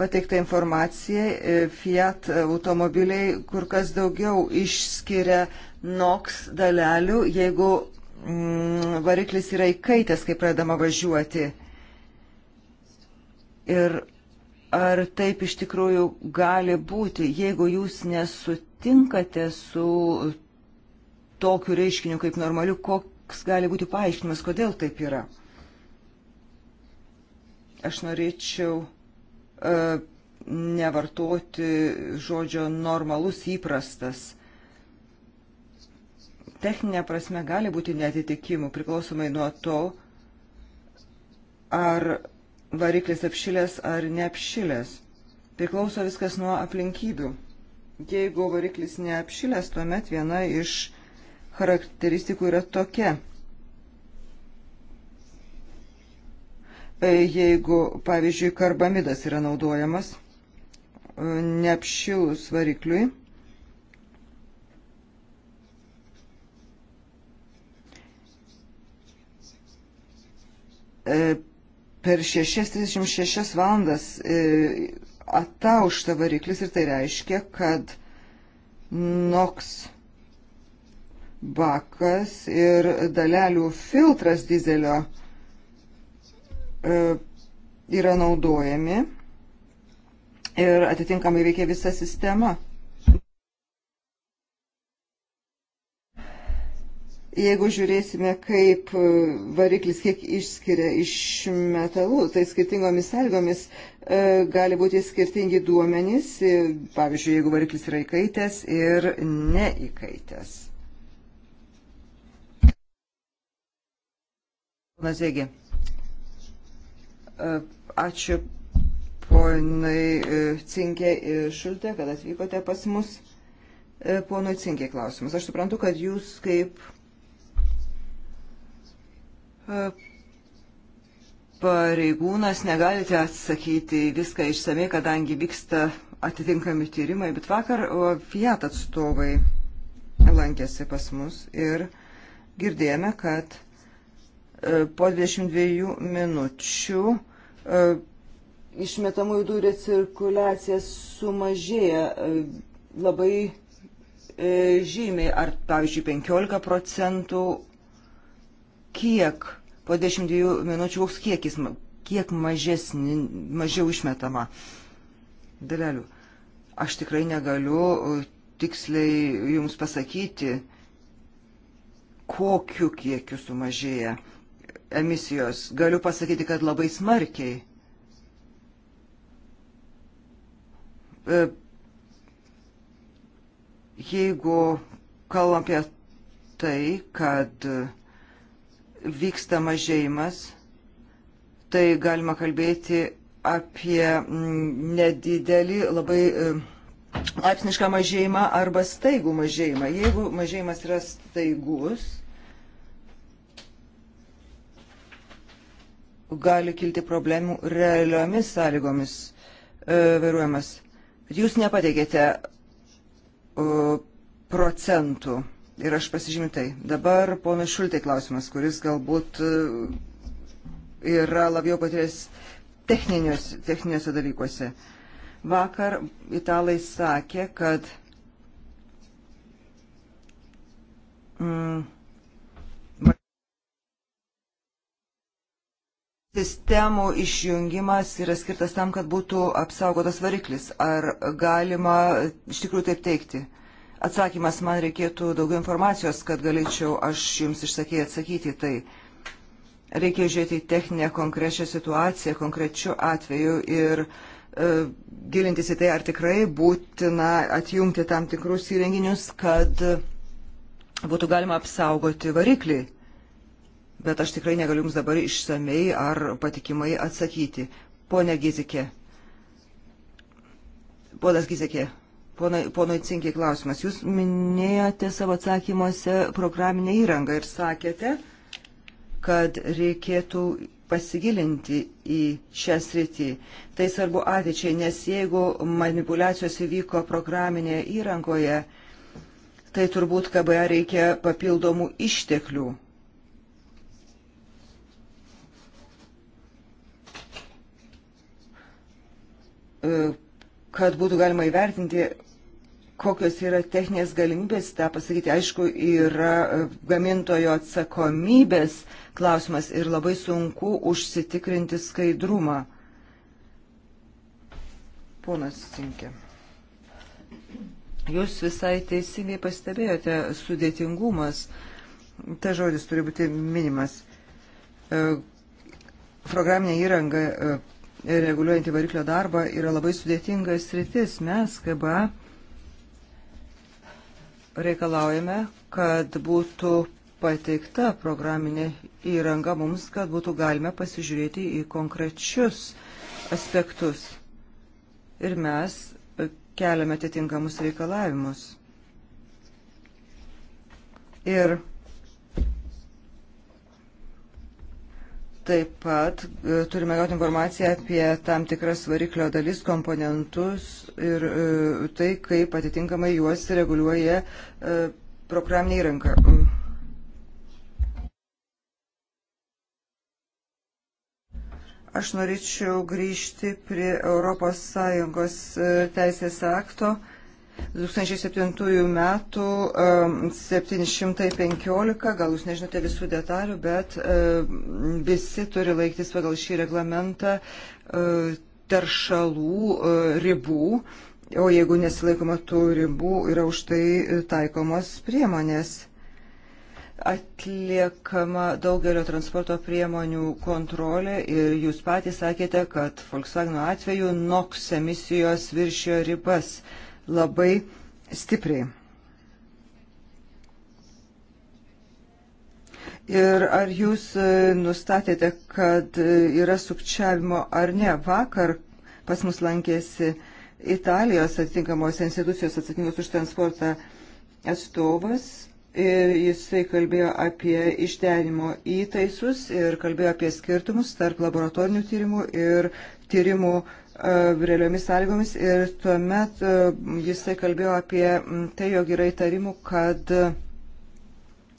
pateiktą informaciją e, Fiat automobiliai kur kas daugiau išskiria NOX dalelių, jeigu Mm, variklis yra įkaitęs, kai pradama važiuoti. Ir ar taip iš tikrųjų gali būti, jeigu jūs nesutinkate su tokiu reiškiniu kaip normaliu, koks gali būti paaiškinimas, kodėl taip yra? Aš norėčiau uh, nevartoti žodžio normalus įprastas techninė prasme gali būti netitikimų priklausomai nuo to, ar variklis apšilės ar neapšilės. Priklauso viskas nuo aplinkybių. Jeigu variklis neapšilės, tuomet viena iš charakteristikų yra tokia. Jeigu, pavyzdžiui, karbamidas yra naudojamas neapšilus varikliui, E, per 6-36 valandas e, ataušta variklis ir tai reiškia, kad NOX bakas ir dalelių filtras dizelio e, yra naudojami ir atitinkamai veikia visa sistema. Jeigu žiūrėsime, kaip e, variklis kiek išskiria iš metalų, tai skirtingomis sąlygomis e, gali būti skirtingi duomenys, e, pavyzdžiui, jeigu variklis yra įkaitęs ir neįkaitęs. Ponas Vėgi, e, ačiū ponai Cinkė ir Šultė, kad atvykote pas mus. Ponui Cinkė klausimas. Aš suprantu, kad jūs kaip E, pareigūnas negalite atsakyti viską išsamei, kadangi vyksta atitinkami tyrimai, bet vakar Fiat atstovai lankėsi pas mus ir girdėjome, kad e, po 22 minučių e, išmetamųjų durų cirkuliacija sumažėja labai žymiai, ar pavyzdžiui 15 procentų, kiek po 22 minučių koks kiekis, kiek mažesnį, mažiau išmetama dalelių. Aš tikrai negaliu uh, tiksliai jums pasakyti, kokiu kiekiu sumažėja emisijos. Galiu pasakyti, kad labai smarkiai. Uh, jeigu kalbam apie tai, kad uh, vyksta mažėjimas, tai galima kalbėti apie mm, nedidelį labai e, laipsnišką mažėjimą arba staigų mažėjimą. Jeigu mažėjimas yra staigus, gali kilti problemų realiomis sąlygomis e, vairuojamas. Jūs nepateikėte e, procentų ir aš pasižymiu tai. Dabar ponai Šultai klausimas, kuris galbūt e, yra labiau patiręs techniniuose dalykuose. Vakar italai sakė, kad mm, sistemų išjungimas yra skirtas tam, kad būtų apsaugotas variklis. Ar galima iš tikrųjų taip teikti? atsakymas, man reikėtų daugiau informacijos, kad galėčiau aš jums išsakyti atsakyti tai. Reikia žiūrėti techninę konkrečią situaciją, konkrečiu atveju ir e, gilintis į tai, ar tikrai būtina atjungti tam tikrus įrenginius, kad būtų galima apsaugoti variklį. Bet aš tikrai negaliu jums dabar išsamei ar patikimai atsakyti. Pone Gizikė. Ponas Gizikė. Ponui Cinkiai klausimas. Jūs minėjote savo atsakymuose programinę įrangą ir sakėte, kad reikėtų pasigilinti į šią sritį. Tai svarbu ateičiai, nes jeigu manipulacijos įvyko programinėje įrangoje, tai turbūt KBA reikia papildomų išteklių kad būtų galima įvertinti, kokios yra techninės galimybės tą pasakyti. Aišku, yra e, gamintojo atsakomybės klausimas ir labai sunku užsitikrinti skaidrumą. Ponas Sinkė. Jūs visai teisingai pastebėjote sudėtingumas. Ta žodis turi būti minimas. E, programinė įranga e, reguliuojantį variklio darbą yra labai sudėtingas sritis. Mes, KBA, reikalaujame, kad būtų pateikta programinė įranga mums, kad būtų galime pasižiūrėti į konkrečius aspektus. Ir mes keliame atitinkamus reikalavimus. Ir Taip pat e, turime gauti informaciją apie tam tikras variklio dalis, komponentus ir e, tai, kaip atitinkamai juos reguliuoja e, programinė įranka. Aš norėčiau grįžti prie ES teisės akto 2007 metų 715, gal jūs nežinote visų detalių, bet visi turi laiktis pagal šį reglamentą e, teršalų e, ribų, o jeigu nesilaikoma tų ribų, yra už tai taikomos priemonės. Atliekama daugelio transporto priemonių kontrolė ir jūs patys sakėte, kad Volkswagen atveju NOX emisijos viršio ribas labai stipriai. Ir ar jūs e, nustatėte, kad e, yra sukčiavimo ar ne? Vakar pas mus lankėsi Italijos atitinkamos institucijos atsakingos už transportą atstovas ir e, jisai kalbėjo apie išdenimo įtaisus ir kalbėjo apie skirtumus tarp laboratorinių tyrimų ir tyrimų uh, E, realiomis sąlygomis ir tuomet e, jisai kalbėjo apie tai, jog yra įtarimų, kad e,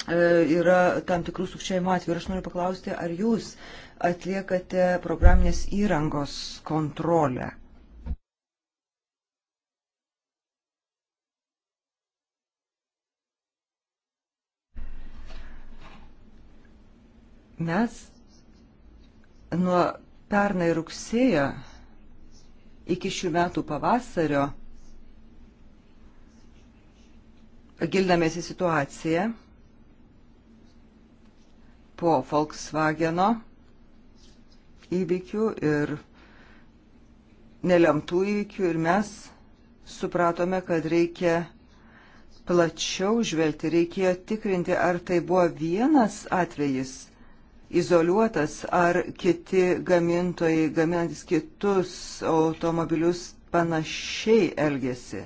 yra tam tikrų sukčiavimo atvejų. Aš noriu paklausti, ar jūs atliekate programinės įrangos kontrolę? Mes nuo pernai rugsėjo iki šių metų pavasario gildamės į situaciją po Volkswageno įvykių ir nelemtų įvykių ir mes supratome, kad reikia plačiau žvelgti, reikėjo tikrinti, ar tai buvo vienas atvejis izoliuotas, ar kiti gamintojai gaminantis kitus automobilius panašiai elgesi.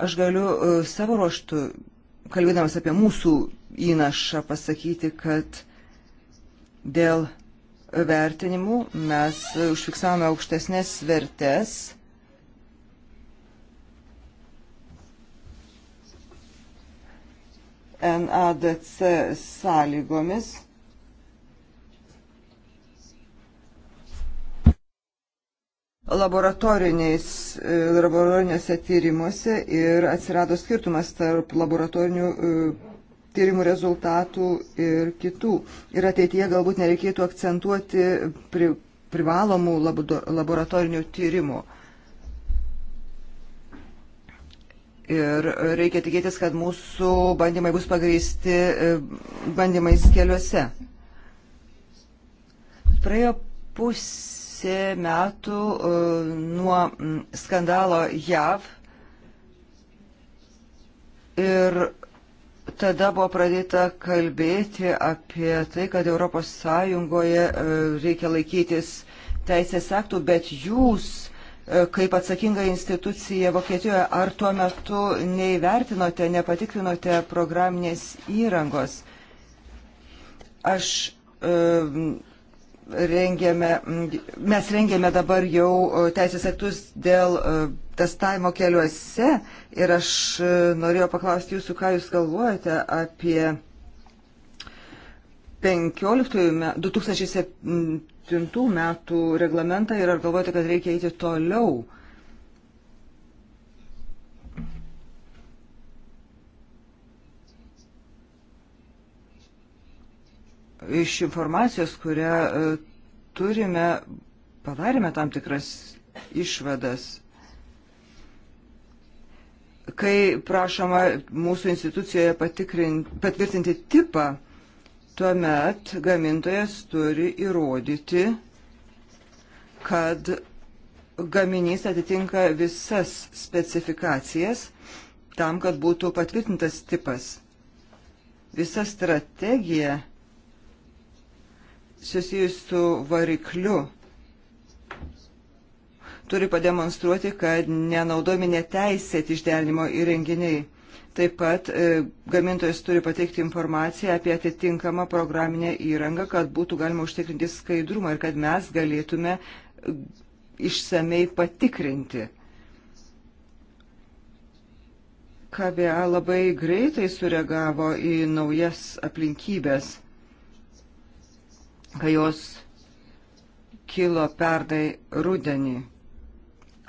Aš galiu e, savo ruoštų, kalbėdamas apie mūsų įnašą, pasakyti, kad dėl vertinimų mes e, užfiksavome aukštesnės vertės NADC sąlygomis. E, laboratoriniuose tyrimuose ir atsirado skirtumas tarp laboratorinių e, tyrimų rezultatų ir kitų. Ir ateityje galbūt nereikėtų akcentuoti pri, privalomų laboratorinių tyrimų. Ir reikia tikėtis, kad mūsų bandymai bus pagrįsti e, bandymais keliuose. Praėjo pusė metų e, nuo skandalo JAV ir tada buvo pradėta kalbėti apie tai, kad ES e, reikia laikytis teisės aktų, bet jūs E, kaip atsakinga institucija Vokietijoje, ar tuo metu neįvertinote, nepatikrinote programinės įrangos? Aš e, rengėme, mes rengėme dabar jau e, teisės aktus dėl testavimo keliuose ir aš norėjau paklausti jūsų, ką jūs galvojate apie 15, 2007 2007 metų reglamentą ir ar galvojate, kad reikia eiti toliau? Iš informacijos, kurią e, turime, padarėme tam tikras išvadas kai prašoma mūsų institucijoje patvirtinti tipą, tuomet gamintojas turi įrodyti, kad gaminys atitinka visas specifikacijas tam, kad būtų patvirtintas tipas. Visa strategija susijusi su varikliu turi pademonstruoti, kad nenaudojami neteisėti išderinimo įrenginiai. Taip pat e, gamintojas turi pateikti informaciją apie atitinkamą programinę įrangą, kad būtų galima užtikrinti skaidrumą ir kad mes galėtume e, išsamei patikrinti. KBA labai greitai sureagavo į naujas aplinkybės, kai jos kilo pernai rudenį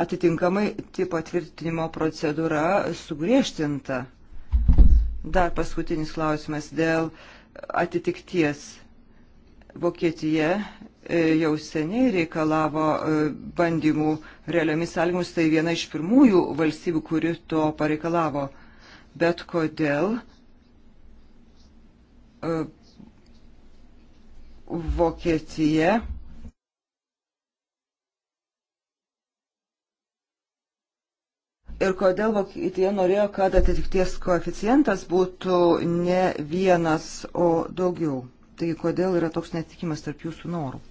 atitinkamai tipo tvirtinimo procedūra sugriežtinta. Dar paskutinis klausimas dėl atitikties. Vokietija e, jau seniai reikalavo e, bandymų realiomis sąlygomis, tai viena iš pirmųjų valstybių, kuri to pareikalavo. Bet kodėl e, Vokietija ir kodėl Vokietija norėjo, kad atitikties koeficientas būtų ne vienas, o daugiau. Tai kodėl yra toks netikimas tarp jūsų norų?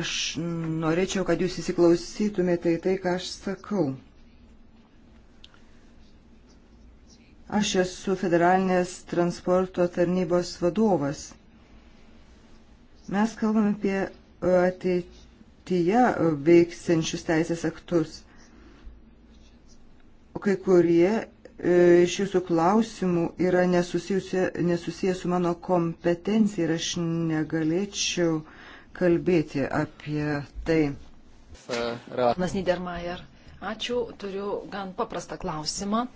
Aš norėčiau, kad jūs įsiklausytumėte į tai, ką aš sakau. Aš esu federalinės transporto tarnybos vadovas. Mes kalbame apie e, ateityje e, veiksiančius teisės aktus. O kai kurie e, iš jūsų klausimų yra nesusiję su mano kompetencija ir aš negalėčiau kalbėti apie tai. Nas Niedermayer, ačiū, turiu gan paprastą klausimą.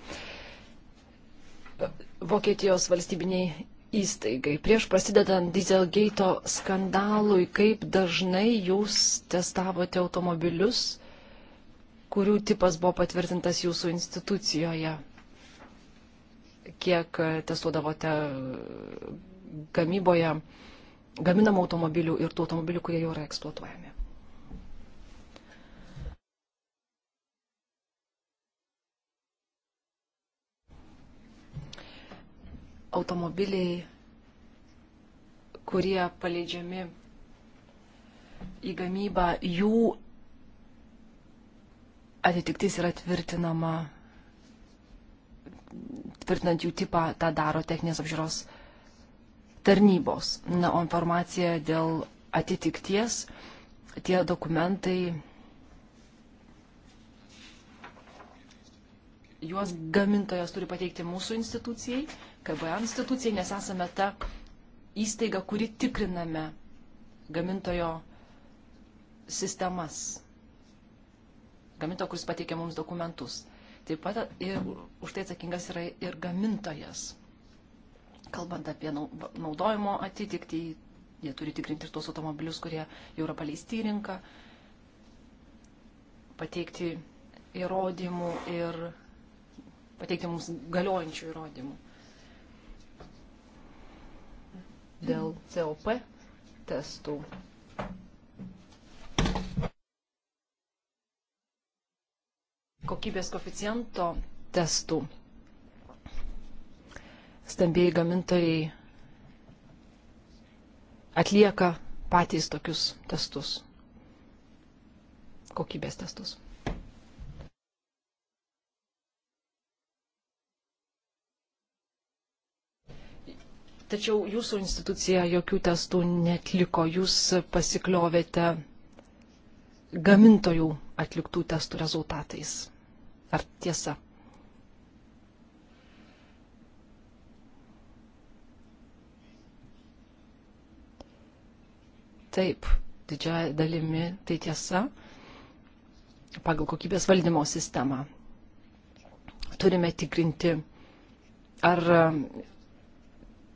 Vokietijos valstybiniai įstaigai. Prieš prasidedant Dieselgate skandalui, kaip dažnai jūs testavote automobilius, kurių tipas buvo patvirtintas jūsų institucijoje? Kiek testuodavote gamyboje gaminamų automobilių ir tų automobilių, kurie jau yra eksploatuojami? automobiliai, kurie paleidžiami į gamybą, jų atitiktis yra tvirtinama, tvirtinant jų tipą, tą daro techninės apžiūros tarnybos. Na, o informacija dėl atitikties, tie dokumentai, juos gamintojas turi pateikti mūsų institucijai KBA institucijai, nes esame ta įstaiga, kuri tikriname gamintojo sistemas. Gamintojo, kuris pateikia mums dokumentus. Taip pat ir už tai atsakingas yra ir gamintojas. Kalbant apie naudojimo atitikti, jie turi tikrinti ir tuos automobilius, kurie jau yra paleisti į rinką, pateikti įrodymų ir pateikti mums galiojančių įrodymų. dėl COP testų. Kokybės koficijanto testų. Stambiai gamintojai atlieka patys tokius testus, kokybės testus. Tačiau jūsų institucija jokių testų netliko, jūs pasikliovėte gamintojų atliktų testų rezultatais. Ar tiesa? Taip, didžiaja dalimi tai tiesa pagal kokybės valdymo sistemą. Turime tikrinti, ar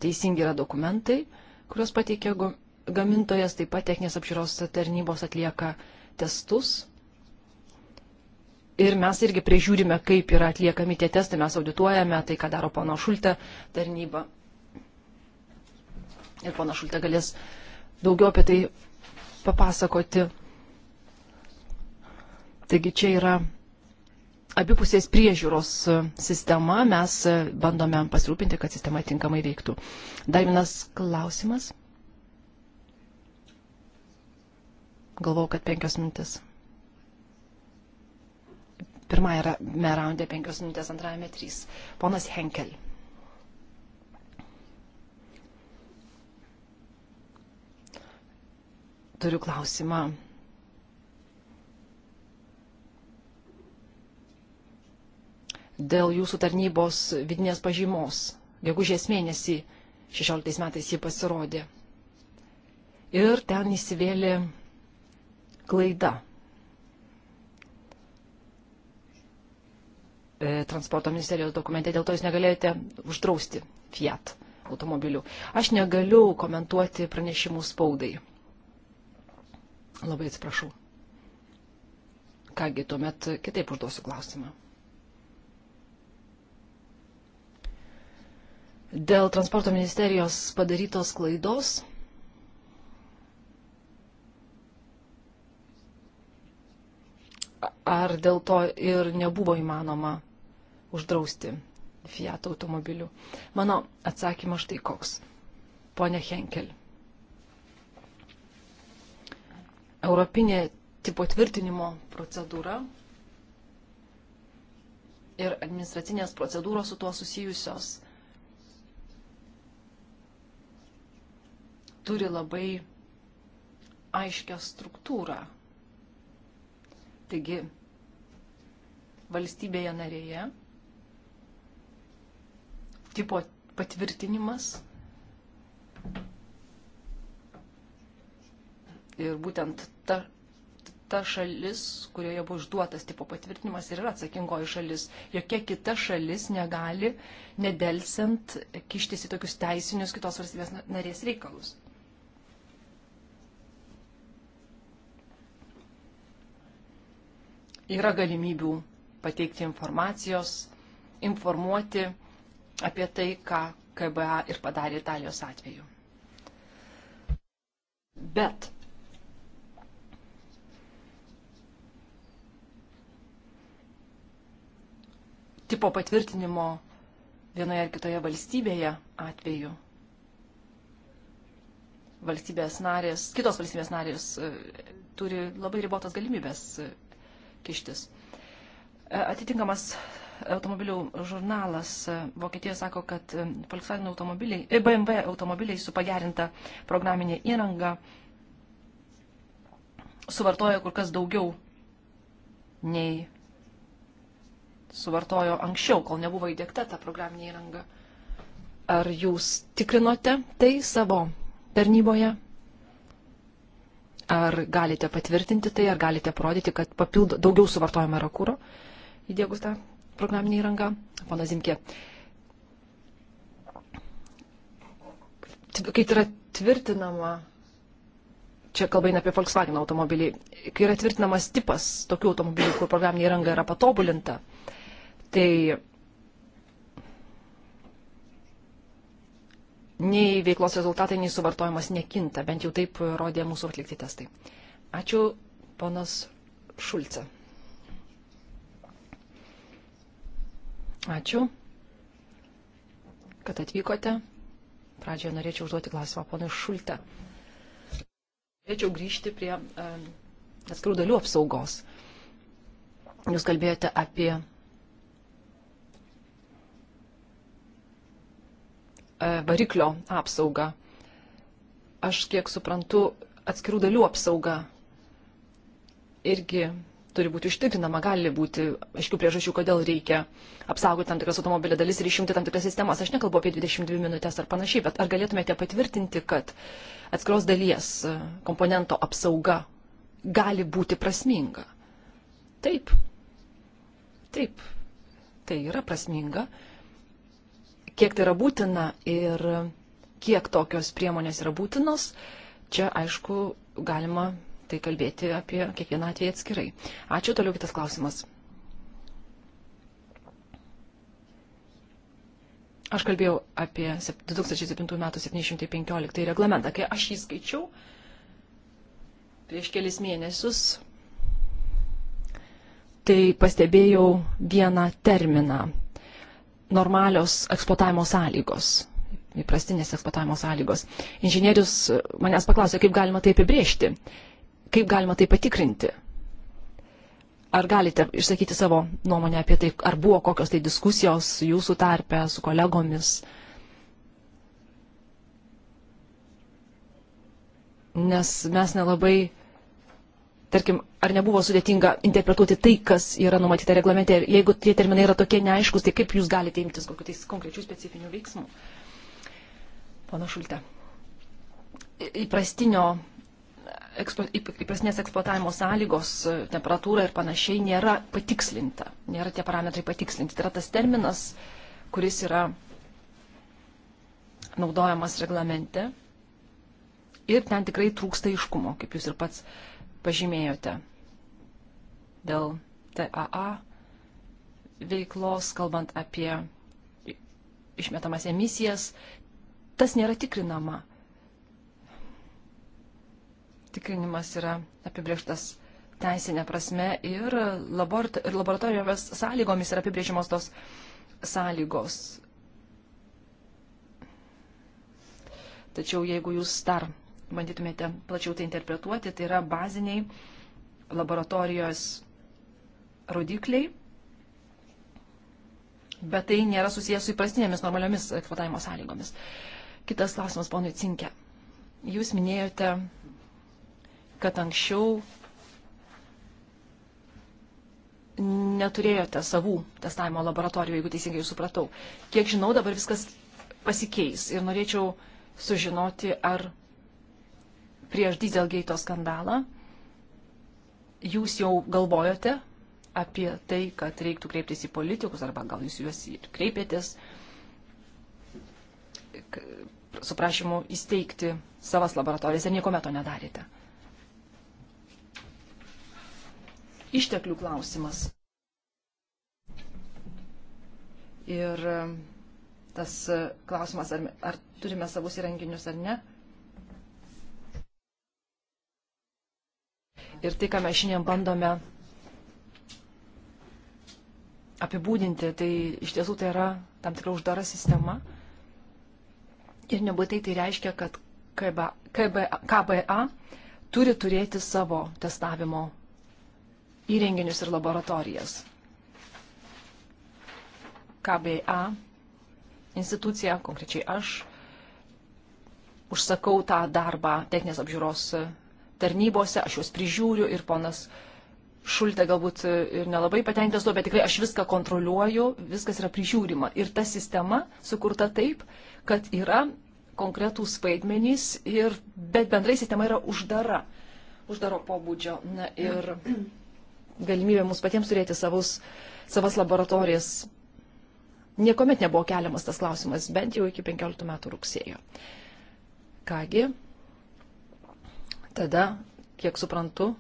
teisingi yra dokumentai, kuriuos pateikia gamintojas, taip pat techninės apžiūros tarnybos atlieka testus. Ir mes irgi prižiūrime, kaip yra atliekami tie testai, mes audituojame tai, ką daro pono Šultė tarnyba. Ir pono Šultė galės daugiau apie tai papasakoti. Taigi čia yra abipusės priežiūros e, sistema, mes e, bandome pasirūpinti, kad sistema tinkamai veiktų. Dar vienas klausimas. Galvau, kad penkios minutės. Pirmajame raunde penkios minutės, antrajame trys. Ponas Henkel. Turiu klausimą dėl jūsų tarnybos vidinės pažymos. Gegužės mėnesį 16 metais jį pasirodė. Ir ten įsivėlė klaida. E, transporto ministerijos dokumente, dėl to jūs negalėjote uždrausti Fiat automobilių. Aš negaliu komentuoti pranešimų spaudai. Labai atsiprašau. Kągi, tuomet kitaip užduosiu klausimą. dėl transporto ministerijos padarytos klaidos. Ar dėl to ir nebuvo įmanoma uždrausti Fiat automobilių? Mano atsakymas štai koks. Pone Henkel. Europinė tipo tvirtinimo procedūra ir administracinės procedūros su tuo susijusios turi labai aiškę struktūrą. Taigi, valstybėje narėje tipo patvirtinimas ir būtent ta, ta šalis, kurioje buvo užduotas tipo patvirtinimas ir yra atsakingoji šalis. Jokia kita šalis negali nedelsiant kištis į tokius teisinius kitos valstybės narės reikalus. yra galimybių pateikti informacijos, informuoti apie tai, ką KBA ir padarė Italijos atveju. Bet tipo patvirtinimo vienoje ar kitoje valstybėje atveju valstybės narės, kitos valstybės narės e, turi labai ribotas galimybės e, kištis. E, atitinkamas automobilių žurnalas e, Vokietijoje sako, kad e, Volkswagen automobiliai, BMW automobiliai su pagerinta programinė įranga suvartoja kur kas daugiau nei suvartojo anksčiau, kol nebuvo įdėkta ta programinė įranga. Ar jūs tikrinote tai savo tarnyboje? Ar galite patvirtinti tai, ar galite parodyti, kad papildo, daugiau suvartojama yra kūro įdėgus tą programinį įrangą? Pana Zimkė. Kai yra tvirtinama, čia kalba eina apie Volkswagen automobilį, kai yra tvirtinamas tipas tokių automobilių, kur programinė įranga yra patobulinta, tai nei veiklos rezultatai, nei suvartojimas nekinta, bent jau taip rodė mūsų atlikti testai. Ačiū, ponas Šulce. Ačiū, kad atvykote. Pradžioje norėčiau užduoti klausimą ponui Šulte. Norėčiau grįžti prie e, atskirų dalių apsaugos. Jūs kalbėjote apie E, variklio apsaugą. Aš kiek suprantu, atskirų dalių apsauga irgi turi būti užtikrinama, gali būti aiškių priežasčių, kodėl reikia apsaugoti tam tikras automobilio dalis ir išjungti tam tikras sistemas. Aš nekalbu apie 22 minutės ar panašiai, bet ar galėtumėte patvirtinti, kad atskiros dalies e, komponento apsauga gali būti prasminga? Taip. Taip. Tai yra prasminga. Uh, kiek tai yra būtina ir kiek tokios priemonės yra būtinos, čia aišku galima tai kalbėti apie kiekvieną atvejį atskirai. Ačiū, toliau kitas klausimas. Aš kalbėjau apie 2007 metų 715 reglamentą, kai aš jį skaičiau prieš kelis mėnesius, tai pastebėjau vieną terminą normalios eksploatavimo sąlygos, įprastinės eksploatavimo sąlygos. Inžinierius manęs paklausė, kaip galima tai apibriežti, kaip galima tai patikrinti. Ar galite išsakyti savo nuomonę apie tai, ar buvo kokios tai diskusijos jūsų tarpe, su kolegomis? Nes mes nelabai, tarkim, ar nebuvo sudėtinga interpretuoti tai, kas yra numatyta reglamente. Ir jeigu tie terminai yra tokie neaiškus, tai kaip jūs galite imtis kokių tai konkrečių specifinių veiksmų? Pana Šulta. Įprastinio, eksplo, įprastinės eksploatavimo sąlygos, temperatūra ir panašiai nėra patikslinta. Nėra tie parametrai patikslinti. Tai yra tas terminas, kuris yra naudojamas reglamente. Ir ten tikrai trūksta iškumo, kaip jūs ir pats pažymėjote dėl TAA veiklos, kalbant apie išmetamas emisijas, tas nėra tikrinama. Tikrinimas yra apibrieštas teisinė prasme ir, labort, ir laboratorijos sąlygomis yra apibrėžimos tos sąlygos. Tačiau jeigu jūs dar bandytumėte plačiau tai interpretuoti, tai yra baziniai laboratorijos rodikliai, bet tai nėra susijęs su įprastinėmis normaliomis eksploatavimo sąlygomis. Kitas klausimas, ponui Cinkė. Jūs minėjote, kad anksčiau neturėjote savų testavimo laboratorijų, jeigu teisingai jūs supratau. Kiek žinau, dabar viskas pasikeis ir norėčiau sužinoti, ar prieš Dieselgate skandalą jūs jau galvojote apie tai, kad reiktų kreiptis į politikus, arba gal jūs juos ir kreipėtės, su prašymu įsteigti savas laboratorijas ir nieko meto nedarėte. Išteklių klausimas. Ir tas klausimas, ar, ar turime savus įrenginius ar ne. Ir tai, ką mes šiandien bandome apibūdinti, tai iš tiesų tai yra tam tikra uždara sistema. Ir nebūtai tai reiškia, kad KBA, KBA, KBA turi turėti savo testavimo įrenginius ir laboratorijas. KBA institucija, konkrečiai aš, užsakau tą darbą techninės apžiūros tarnybose, aš juos prižiūriu ir ponas uh, Šultė galbūt e, ir nelabai patenkintas tuo, bet tikrai aš viską kontroliuoju, viskas yra prižiūrima. Ir ta sistema sukurta taip, kad yra konkretūs vaidmenys, ir, bet bendrai sistema yra uždara, uždaro pobūdžio. Na, ir galimybė mums patiems turėti savus, savas laboratorijas. Niekuomet nebuvo keliamas tas klausimas, bent jau iki 15 metų rugsėjo. Kągi, tada, kiek suprantu,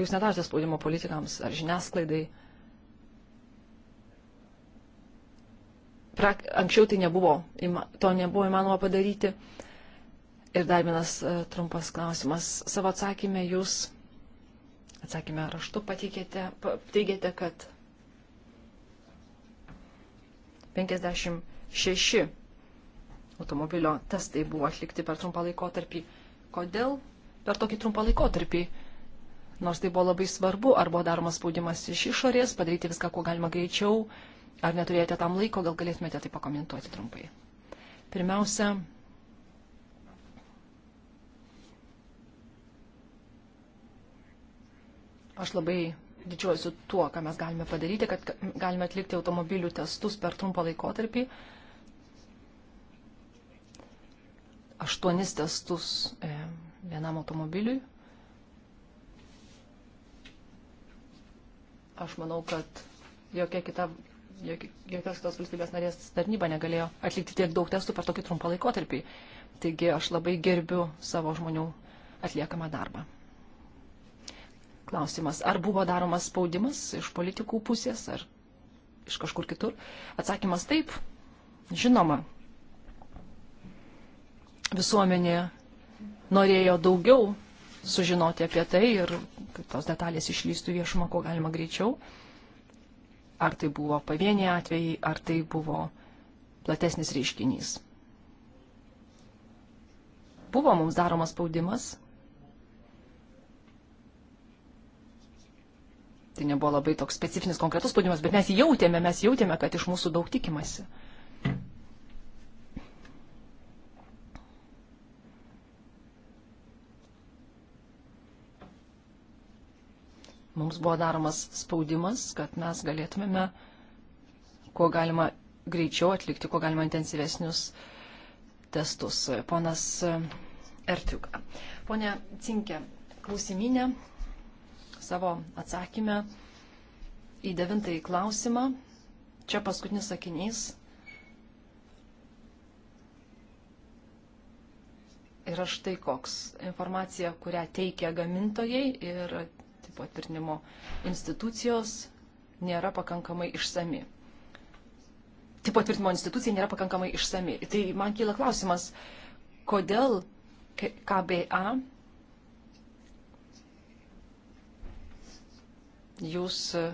jūs nedarote spaudimo politikams ar žiniasklaidai. Prak, anksčiau tai nebuvo, to nebuvo įmanoma padaryti. Ir dar vienas e, trumpas klausimas. Savo atsakymę jūs, atsakymę raštu, pateikėte, teigėte, kad 56 automobilio testai buvo atlikti per trumpą laikotarpį. Kodėl per tokį trumpą laikotarpį nors tai buvo labai svarbu, ar buvo daromas spaudimas iš išorės, padaryti viską, kuo galima greičiau, ar neturėjote tam laiko, gal galėtumėte tai pakomentuoti trumpai. Pirmiausia, aš labai didžiuojuosi tuo, ką mes galime padaryti, kad galime atlikti automobilių testus per trumpą laikotarpį. Aštuonis testus e, vienam automobiliui Aš manau, kad jokia kita, jokia, jokios kitos valstybės narės tarnyba negalėjo atlikti tiek daug testų per tokį trumpą laikotarpį. Taigi aš labai gerbiu savo žmonių atliekamą darbą. Klausimas, ar buvo daromas spaudimas iš politikų pusės ar iš kažkur kitur? Atsakymas taip, žinoma. Visuomenė norėjo daugiau sužinoti apie tai ir kad tos detalės išlystų viešumą, ko galima greičiau. Ar tai buvo pavieniai atvejai, ar tai buvo platesnis reiškinys. Buvo mums daromas spaudimas. Tai nebuvo labai toks specifinis konkretus spaudimas, bet mes jautėme, mes jautėme, kad iš mūsų daug tikimasi. Mums buvo daromas spaudimas, kad mes galėtumėme kuo galima greičiau atlikti, kuo galima intensyvesnius testus. Ponas Ertiuk. Pone Cinkė, klausiminė savo atsakymę į devintąjį klausimą. Čia paskutinis sakinys. Yra štai koks informacija, kurią teikia gamintojai ir patvirtinimo institucijos nėra pakankamai išsami. Tipo tvirtinimo institucija nėra pakankamai išsami. Tai man kyla klausimas, kodėl KBA jūs e,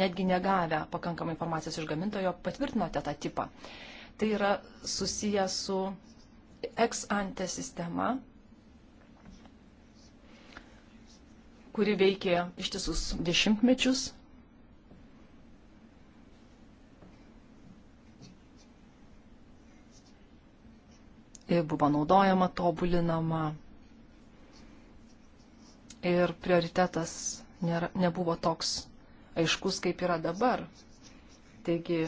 netgi negavę pakankamai informacijos iš gamintojo patvirtinote tą tipą. Tai yra susiję su ex ante sistema, kuri veikė ištisus dešimtmečius. Ir buvo naudojama, tobulinama. Ir prioritetas nėra, nebuvo toks aiškus, kaip yra dabar. Taigi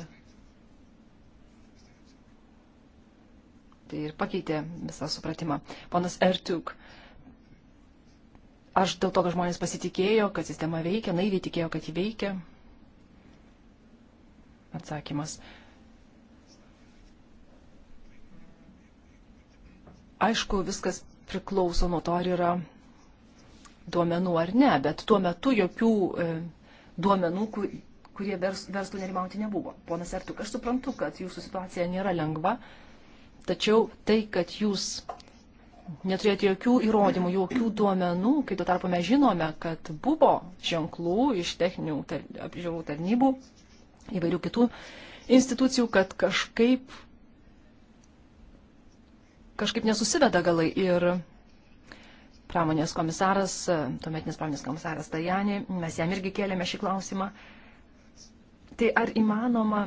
tai ir pakeitė visą supratimą. Ponas Ertiuk, Aš dėl to, kad žmonės pasitikėjo, kad sistema veikia, naiviai tikėjo, kad ji veikia. Atsakymas. Aišku, viskas priklauso nuo to, ar yra duomenų ar ne, bet tuo metu jokių e, duomenų, kurie verstų nerimauti nebuvo. Ponas Artuk, aš suprantu, kad jūsų situacija nėra lengva, tačiau tai, kad jūs neturėti jokių įrodymų, jokių duomenų, kai tuo tarpu mes žinome, kad buvo ženklų iš techninių tar, apžiūrų tarnybų, įvairių kitų institucijų, kad kažkaip, kažkaip nesusiveda galai ir pramonės komisaras, tuometinis pramonės komisaras Tajani, mes jam irgi kėlėme šį klausimą. Tai ar įmanoma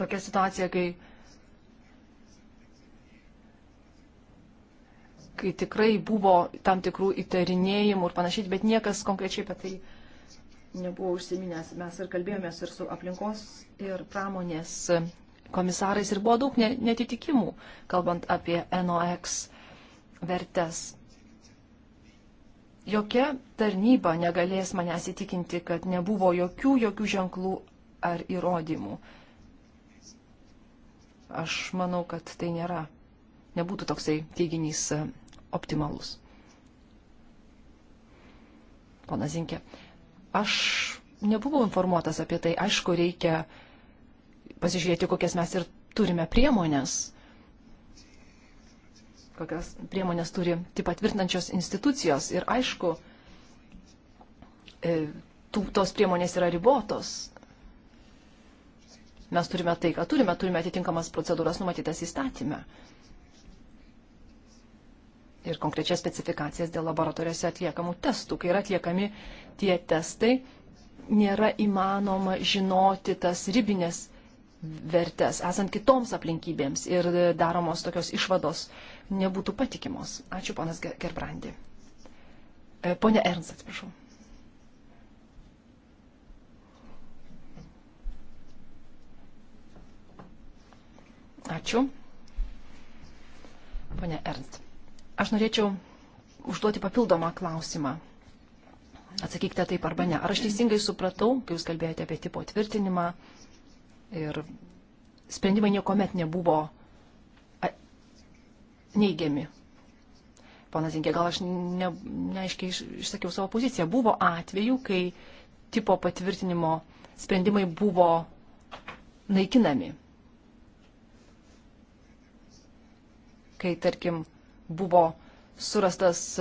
tokia situacija, kai, kai tikrai buvo tam tikrų įtarinėjimų ir panašiai, bet niekas konkrečiai apie tai nebuvo užsiminęs. Mes ir kalbėjomės ir su aplinkos ir pramonės komisarais ir buvo daug netitikimų, kalbant apie NOX vertes. Jokia tarnyba negalės manęs įtikinti, kad nebuvo jokių, jokių ženklų ar įrodymų Aš manau, kad tai nėra, nebūtų toksai teiginys e, optimalus. Pana Zinkė, aš nebuvau informuotas apie tai. Aišku, reikia pasižiūrėti, kokias mes ir turime priemonės, kokias priemonės turi tik patvirtinančios institucijos. Ir aišku, e, tų, tos priemonės yra ribotos. Mes turime tai, ką turime, turime atitinkamas procedūras numatytas įstatymę. Ir konkrečias specifikacijas dėl laboratorijose atliekamų testų. Kai yra atliekami tie testai, nėra įmanoma žinoti tas ribinės vertės, esant kitoms aplinkybėms ir daromos tokios išvados nebūtų patikimos. Ačiū, ponas Gerbrandi. E, pone Ernst, atsiprašau. Ačiū. Pone Ernst, aš norėčiau užduoti papildomą klausimą. Atsakykite taip arba ne. Ar aš teisingai supratau, kai jūs kalbėjote apie tipo tvirtinimą ir sprendimai niekuomet nebuvo neigiami. Ponas Zinkė, gal aš ne, neaiškiai išsakiau savo poziciją. Buvo atvejų, kai tipo patvirtinimo sprendimai buvo naikinami. kai, tarkim, buvo surastas,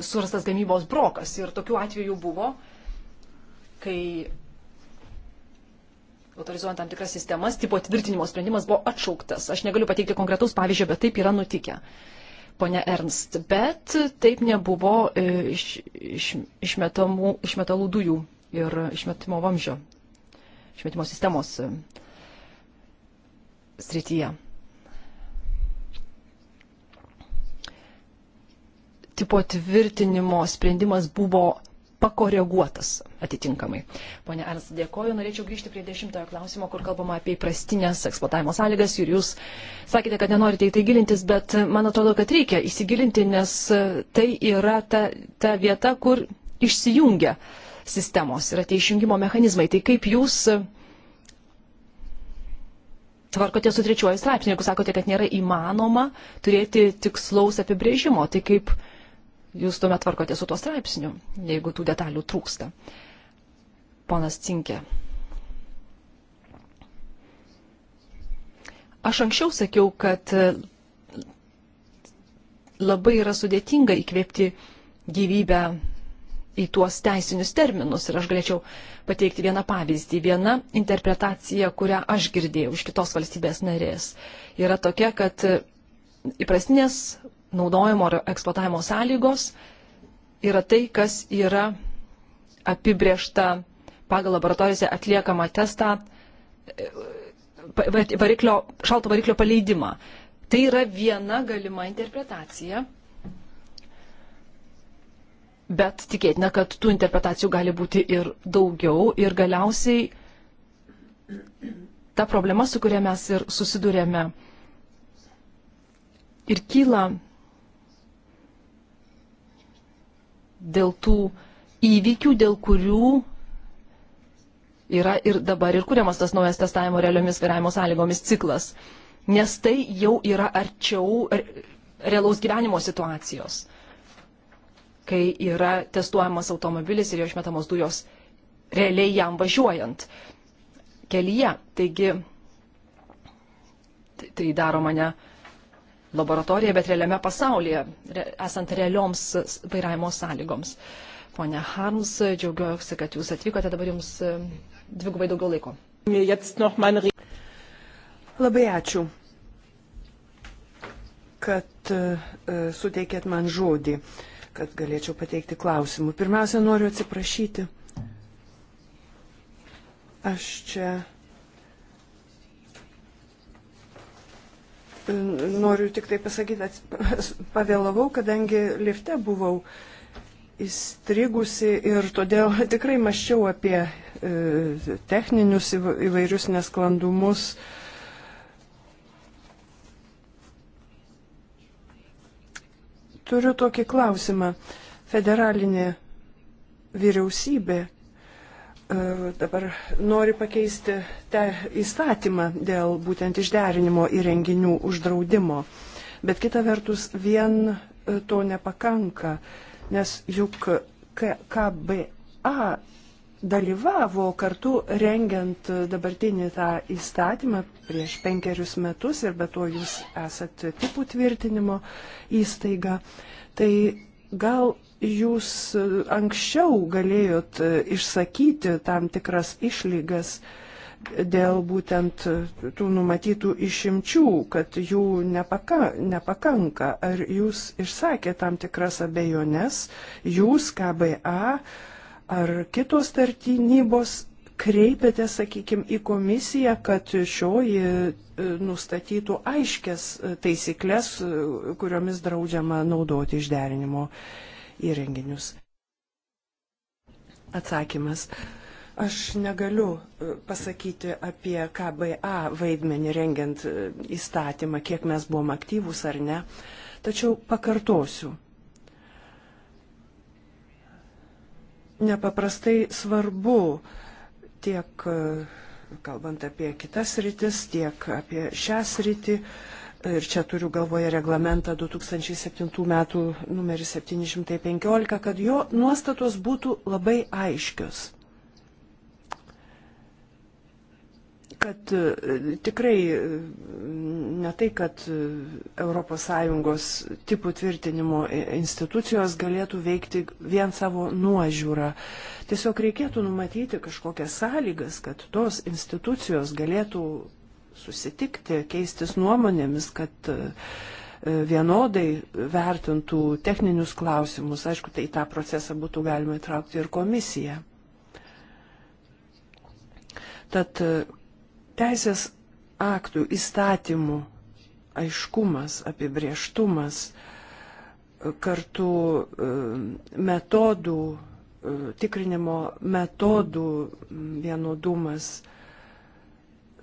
surastas gamybos brokas. Ir tokių atvejų buvo, kai autorizuojant tam tikras sistemas, tipo tvirtinimo sprendimas buvo atšauktas. Aš negaliu pateikti konkretaus pavyzdžio, bet taip yra nutikę, ponia Ernst. Bet taip nebuvo e, iš, iš, išmetamų, išmetalų dujų ir išmetimo vamžio, išmetimo sistemos e, srityje. tipo tvirtinimo sprendimas buvo pakoreguotas atitinkamai. Pone Ernst, dėkoju. Norėčiau grįžti prie dešimtojo klausimo, kur kalbama apie įprastinės eksploatavimo sąlygas ir jūs sakėte, kad nenorite į tai gilintis, bet man atrodo, kad reikia įsigilinti, nes tai yra ta, ta vieta, kur išsijungia sistemos, yra tie išjungimo mechanizmai. Tai kaip jūs tvarkote su trečiuoju straipsniu, jeigu sakote, kad nėra įmanoma turėti tikslaus apibrėžimo, tai kaip jūs tuomet tvarkote su tuo straipsniu, jeigu tų detalių trūksta. Ponas Cinkė. Aš anksčiau sakiau, kad e, labai yra sudėtinga įkvėpti gyvybę į tuos teisinius terminus. Ir aš galėčiau pateikti vieną pavyzdį. Viena interpretacija, kurią aš girdėjau iš kitos valstybės narės, yra tokia, kad e, įprastinės naudojimo ar eksploatavimo sąlygos yra tai, kas yra apibriešta pagal laboratorijose atliekamą testą e, variklio, šalto variklio paleidimą. Tai yra viena galima interpretacija, bet tikėtina, kad tų interpretacijų gali būti ir daugiau ir galiausiai ta problema, su kuria mes ir susidurėme ir kyla dėl tų įvykių, dėl kurių yra ir dabar ir kuriamas tas naujas testavimo realiomis vairavimo sąlygomis ciklas. Nes tai jau yra arčiau realaus gyvenimo situacijos, kai yra testuojamas automobilis ir jo išmetamos dujos realiai jam važiuojant kelyje. Taigi tai, tai daro mane uh, laboratorijoje, bet realiame pasaulyje, esant realioms vairavimo sąlygoms. Pone Harms, džiaugiuosi, kad jūs atvykote, dabar jums e, dvigubai daugiau laiko. Labai ačiū, kad e, e, suteikėt man žodį, kad galėčiau pateikti klausimų. Pirmiausia, noriu atsiprašyti. Aš čia noriu tik tai pasakyti, pavėlavau, kadangi lifte buvau įstrigusi ir todėl tikrai maščiau apie e, techninius įvairius nesklandumus. Turiu tokį klausimą. Federalinė vyriausybė E, dabar nori pakeisti tą įstatymą dėl būtent išderinimo įrenginių uždraudimo. Bet kita vertus, vien e, to nepakanka, nes juk KBA dalyvavo kartu rengiant dabartinį tą įstatymą prieš penkerius metus ir be to jūs esat tipų tvirtinimo įstaiga. Tai gal jūs e, anksčiau galėjot e, išsakyti tam tikras išlygas dėl būtent e, tų numatytų išimčių, kad jų nepaka, nepakanka. Ar jūs išsakė tam tikras abejones, jūs KBA ar kitos tarnybos kreipėte, sakykime, į komisiją, kad šioji nustatytų aiškias taisyklės, kuriomis draudžiama naudoti išderinimo įrenginius. Atsakymas. Aš negaliu e, pasakyti apie KBA vaidmenį rengiant e, įstatymą, kiek mes buvom aktyvūs ar ne, tačiau pakartosiu. Nepaprastai svarbu tiek e, kalbant apie kitas rytis, tiek apie šią rytį, uh, ir čia turiu galvoje reglamentą 2007 metų numeris 715, kad jo nuostatos būtų labai aiškios. Kad e, tikrai e, ne tai, kad ES tipų tvirtinimo institucijos galėtų veikti vien savo nuožiūrą. Tiesiog reikėtų numatyti kažkokias sąlygas, kad tos institucijos galėtų susitikti, keistis nuomonėmis, kad e, e, vienodai vertintų techninius klausimus. Aišku, tai į tą procesą būtų galima įtraukti ir komisiją. Tad e, teisės aktų įstatymų aiškumas, apibrieštumas, kartu metodų, tikrinimo metodų vienodumas,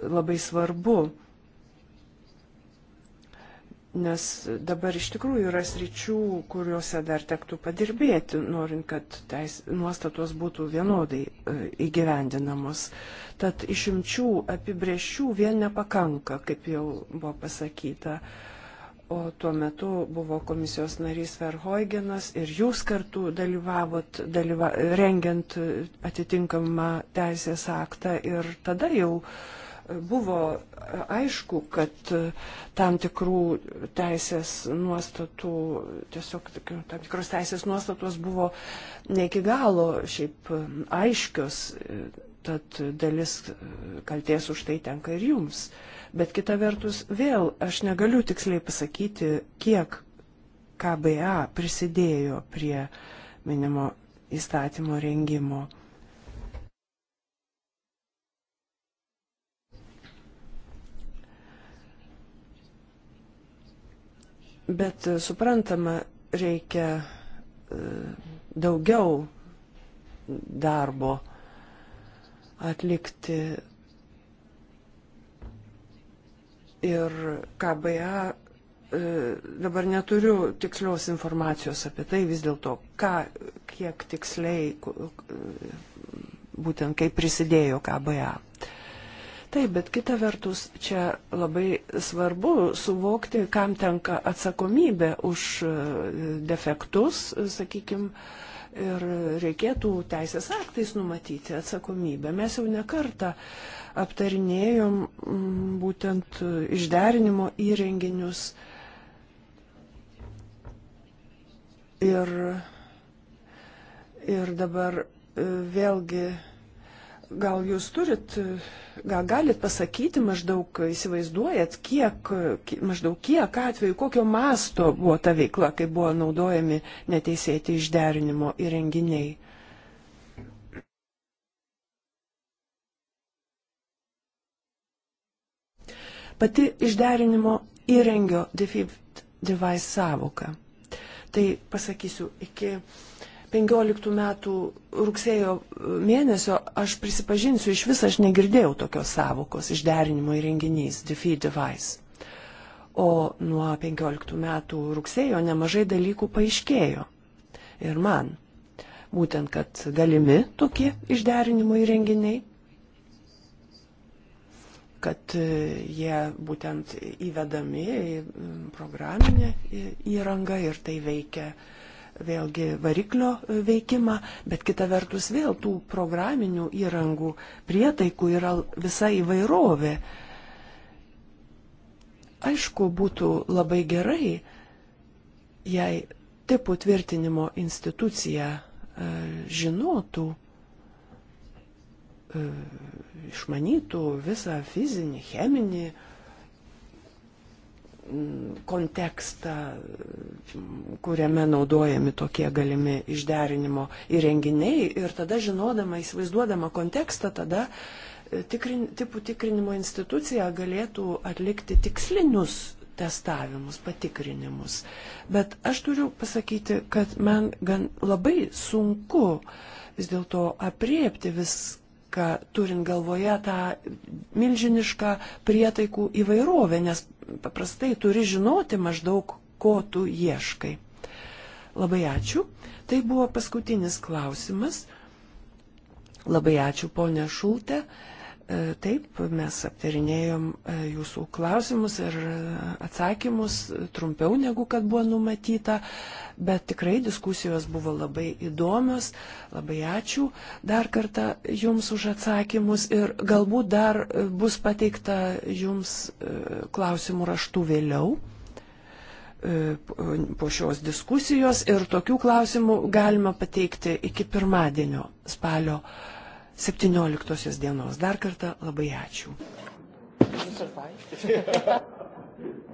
labai svarbu, nes dabar iš tikrųjų yra sričių, kuriuose dar tektų padirbėti, norint, kad teis, nuostatos būtų vienodai e, įgyvendinamos. Tad išimčių apibrėžčių vien nepakanka, kaip jau buvo pasakyta. O tuo metu buvo komisijos narys Verhoigenas ir jūs kartu dalyvavot dalyva, rengiant atitinkamą teisės aktą ir tada jau uh, buvo aišku, kad tam tikrų teisės nuostatų, tiesiog tam tikros teisės nuostatos buvo ne iki galo šiaip aiškios, tad dalis kalties už tai tenka ir jums. Bet kita vertus, vėl aš negaliu tiksliai pasakyti, kiek KBA prisidėjo prie minimo įstatymo rengimo. Bet e, suprantama, reikia e, daugiau darbo atlikti. Ir KBA e, dabar neturiu tikslios informacijos apie tai vis dėlto, ką, kiek tiksliai, būtent kaip prisidėjo KBA. Taip, bet kita vertus, čia labai svarbu suvokti, kam tenka atsakomybė už e, defektus, e, sakykime, ir reikėtų teisės aktais numatyti atsakomybę. Mes jau nekartą aptarinėjom būtent e, išderinimo įrenginius ir, ir dabar vėlgi Gal jūs turit, gal galit pasakyti maždaug, įsivaizduojat, kiek, maždaug kiek atveju, kokio masto buvo ta veikla, kai buvo naudojami neteisėti išderinimo įrenginiai? Pati išderinimo įrengio defib device savoka. Tai pasakysiu iki 15 metų rugsėjo e, mėnesio, aš prisipažinsiu, iš vis aš negirdėjau tokios savokos išderinimo įrenginys, defeat device. O nuo 15 metų rugsėjo nemažai dalykų paaiškėjo. Ir man. Būtent, kad galimi tokie išderinimo įrenginiai, kad e, jie būtent įvedami į programinę įrangą ir tai veikia uh, vėlgi variklio veikimą, bet kita vertus vėl tų programinių įrangų prietaikų yra visa įvairovė. Aišku, būtų labai gerai, jei tipų tvirtinimo institucija e, žinotų, e, išmanytų visą fizinį, cheminį, kontekstą, kuriame naudojami tokie galimi išderinimo įrenginiai ir tada žinodama, įsivaizduodama kontekstą, tada e, tikrin, tipų tikrinimo institucija galėtų atlikti tikslinius testavimus, patikrinimus. Bet aš turiu pasakyti, kad man gan labai sunku vis dėlto apriepti vis, dalyką, turint galvoje tą milžinišką prietaikų įvairovę, nes paprastai turi žinoti maždaug, ko tu ieškai. Labai ačiū. Tai buvo paskutinis klausimas. Labai ačiū, ponė Šultė. E, taip, mes aptarinėjom e, jūsų klausimus ir e, atsakymus trumpiau negu kad buvo numatyta, bet tikrai diskusijos buvo labai įdomios. Labai ačiū dar kartą Jums už atsakymus ir galbūt dar bus pateikta Jums klausimų raštų vėliau po šios diskusijos ir tokių klausimų galima pateikti iki pirmadienio spalio 17 dienos. Dar kartą labai ačiū.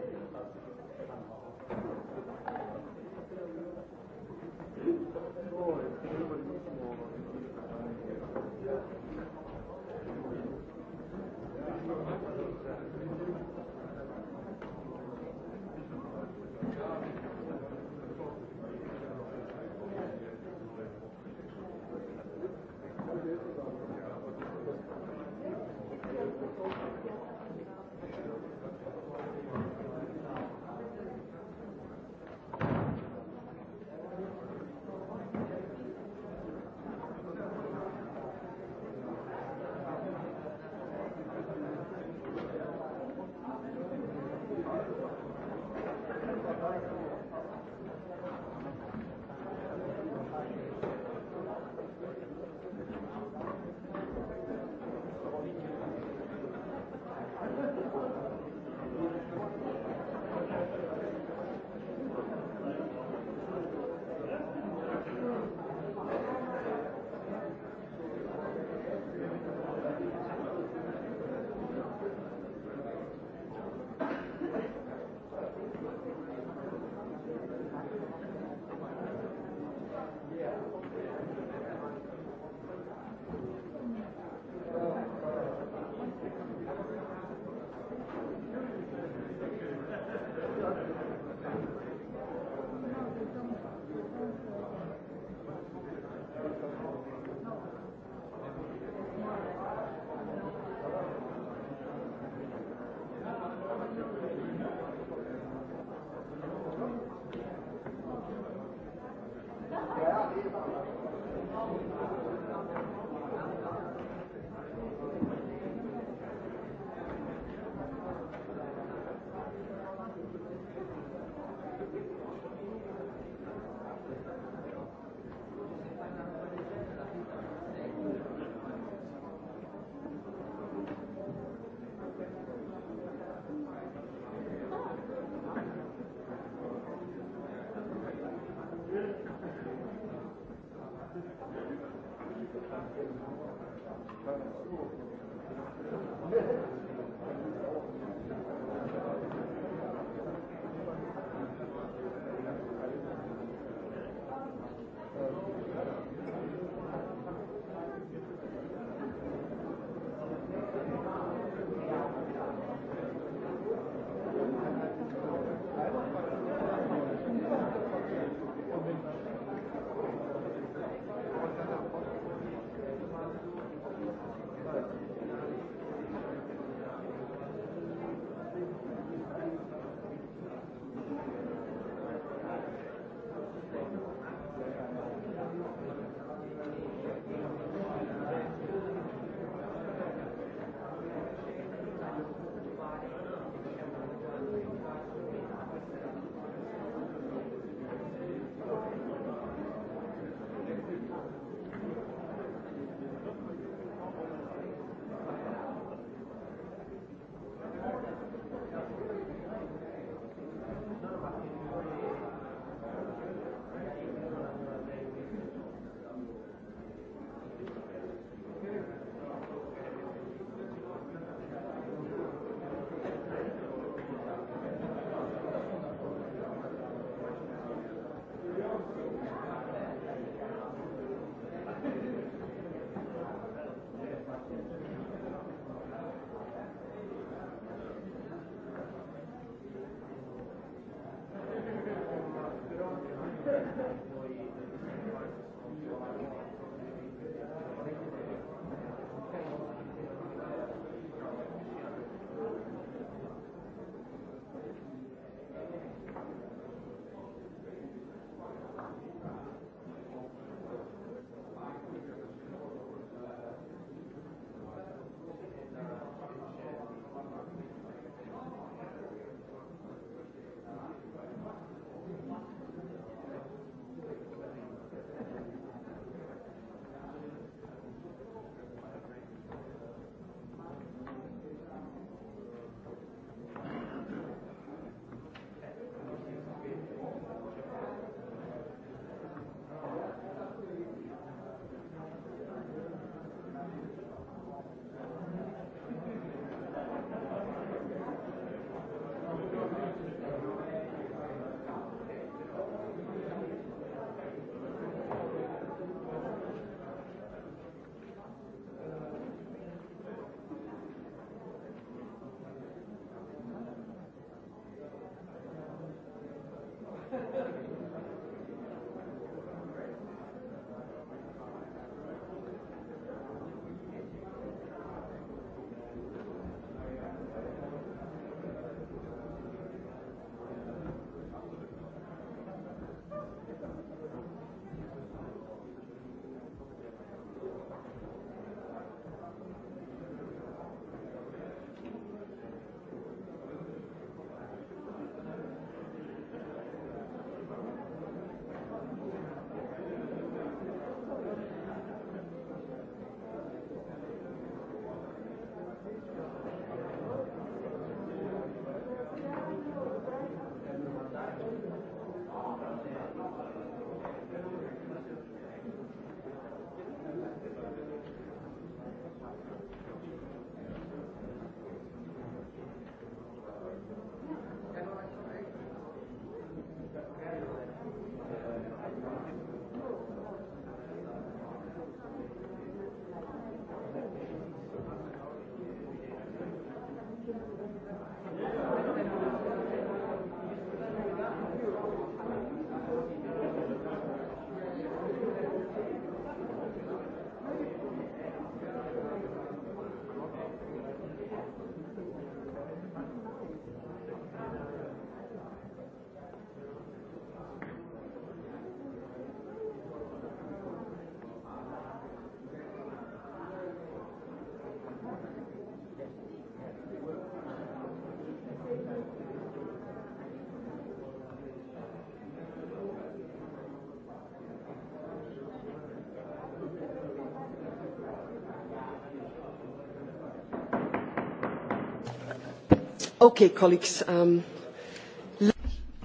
Okay, colleagues, um...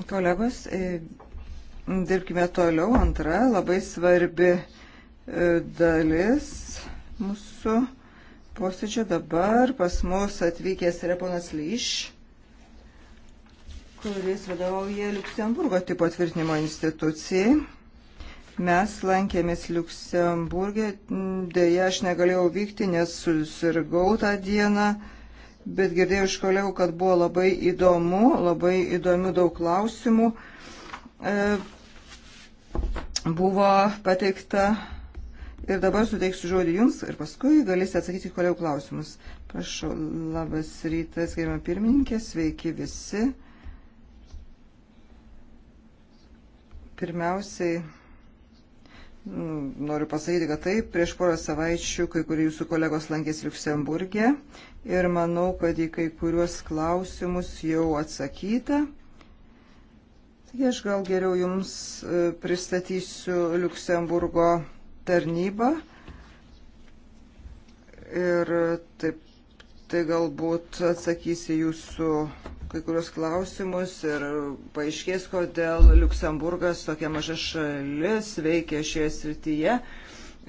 Kolegos, e, dirbkime toliau. Antra labai svarbi e, dalis mūsų posėdžio dabar. Pas mus atvykęs yra ponas Lyš, kuris vadovauja Luksemburgo tipo tvirtinimo institucijai. Mes lankėmės Luksemburgė, dėja aš negalėjau vykti, nes susirgau tą dieną bet girdėjau iš kolegų, kad buvo labai įdomu, labai įdomių daug klausimų. E, buvo pateikta ir dabar suteiksiu žodį jums ir paskui galėsite atsakyti kolegų klausimus. Prašau, labas rytas, gerima pirmininkė, sveiki visi. Pirmiausiai Mm, noriu pasakyti, kad taip, prieš porą savaičių kai kurie jūsų kolegos lankėsi Luksemburgė ir manau, kad į kai kuriuos klausimus jau atsakyta. Taigi aš gal geriau jums e, pristatysiu Luksemburgo tarnybą ir taip tai galbūt atsakysi jūsų kai kurios klausimus ir paaiškės, kodėl Luksemburgas tokia maža šalis veikia šioje srityje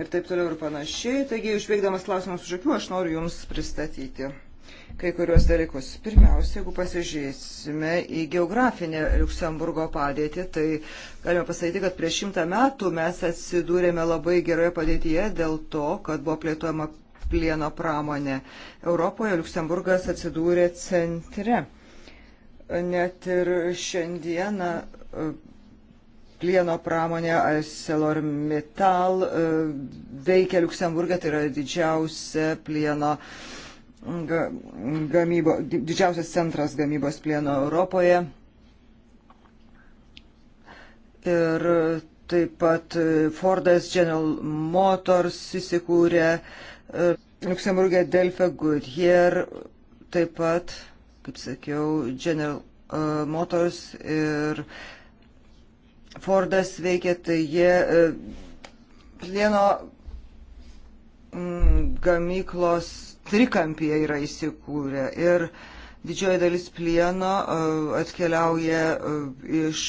ir taip toliau ir panašiai. Taigi, išveikdamas klausimus už akių, aš noriu Jums pristatyti kai kurios dalykus. Pirmiausia, jeigu pasižiūrėsime į geografinę Luksemburgo padėtį, tai galime pasakyti, kad prieš šimtą metų mes atsidūrėme labai geroje padėtyje dėl to, kad buvo plėtojama plieno pramonė. Europoje Luksemburgas atsidūrė centre. Net ir šiandieną e, plieno pramonė Arcelor Metal e, veikia Luksemburgė, tai yra didžiausia plieno gamybo, didžiausias centras gamybos plieno Europoje. Ir taip pat e, Fordas General Motors įsikūrė Luksemburgė Delfe Goodyear, taip pat kaip sakiau, General uh, Motors ir Fordas veikia, tai jie uh, plieno mm, gamyklos trikampyje yra įsikūrę. Ir didžioji dalis plieno uh, atkeliauja uh, iš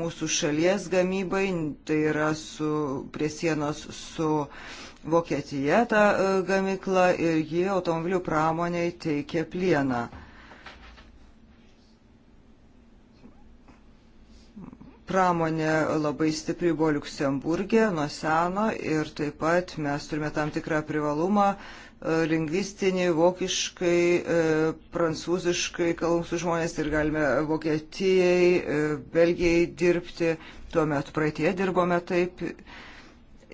mūsų šalies gamybai, tai yra su, prie sienos su uh, Vokietija ta gamykla ir ji automobilių pramoniai teikia plieną. pramonė labai stipri buvo Luksemburgė nuo seno ir taip pat mes turime tam tikrą privalumą e, lingvistinį, vokiškai, e, prancūziškai kalbus žmonės ir galime Vokietijai, e, Belgijai dirbti. Tuo metu praeitie dirbome taip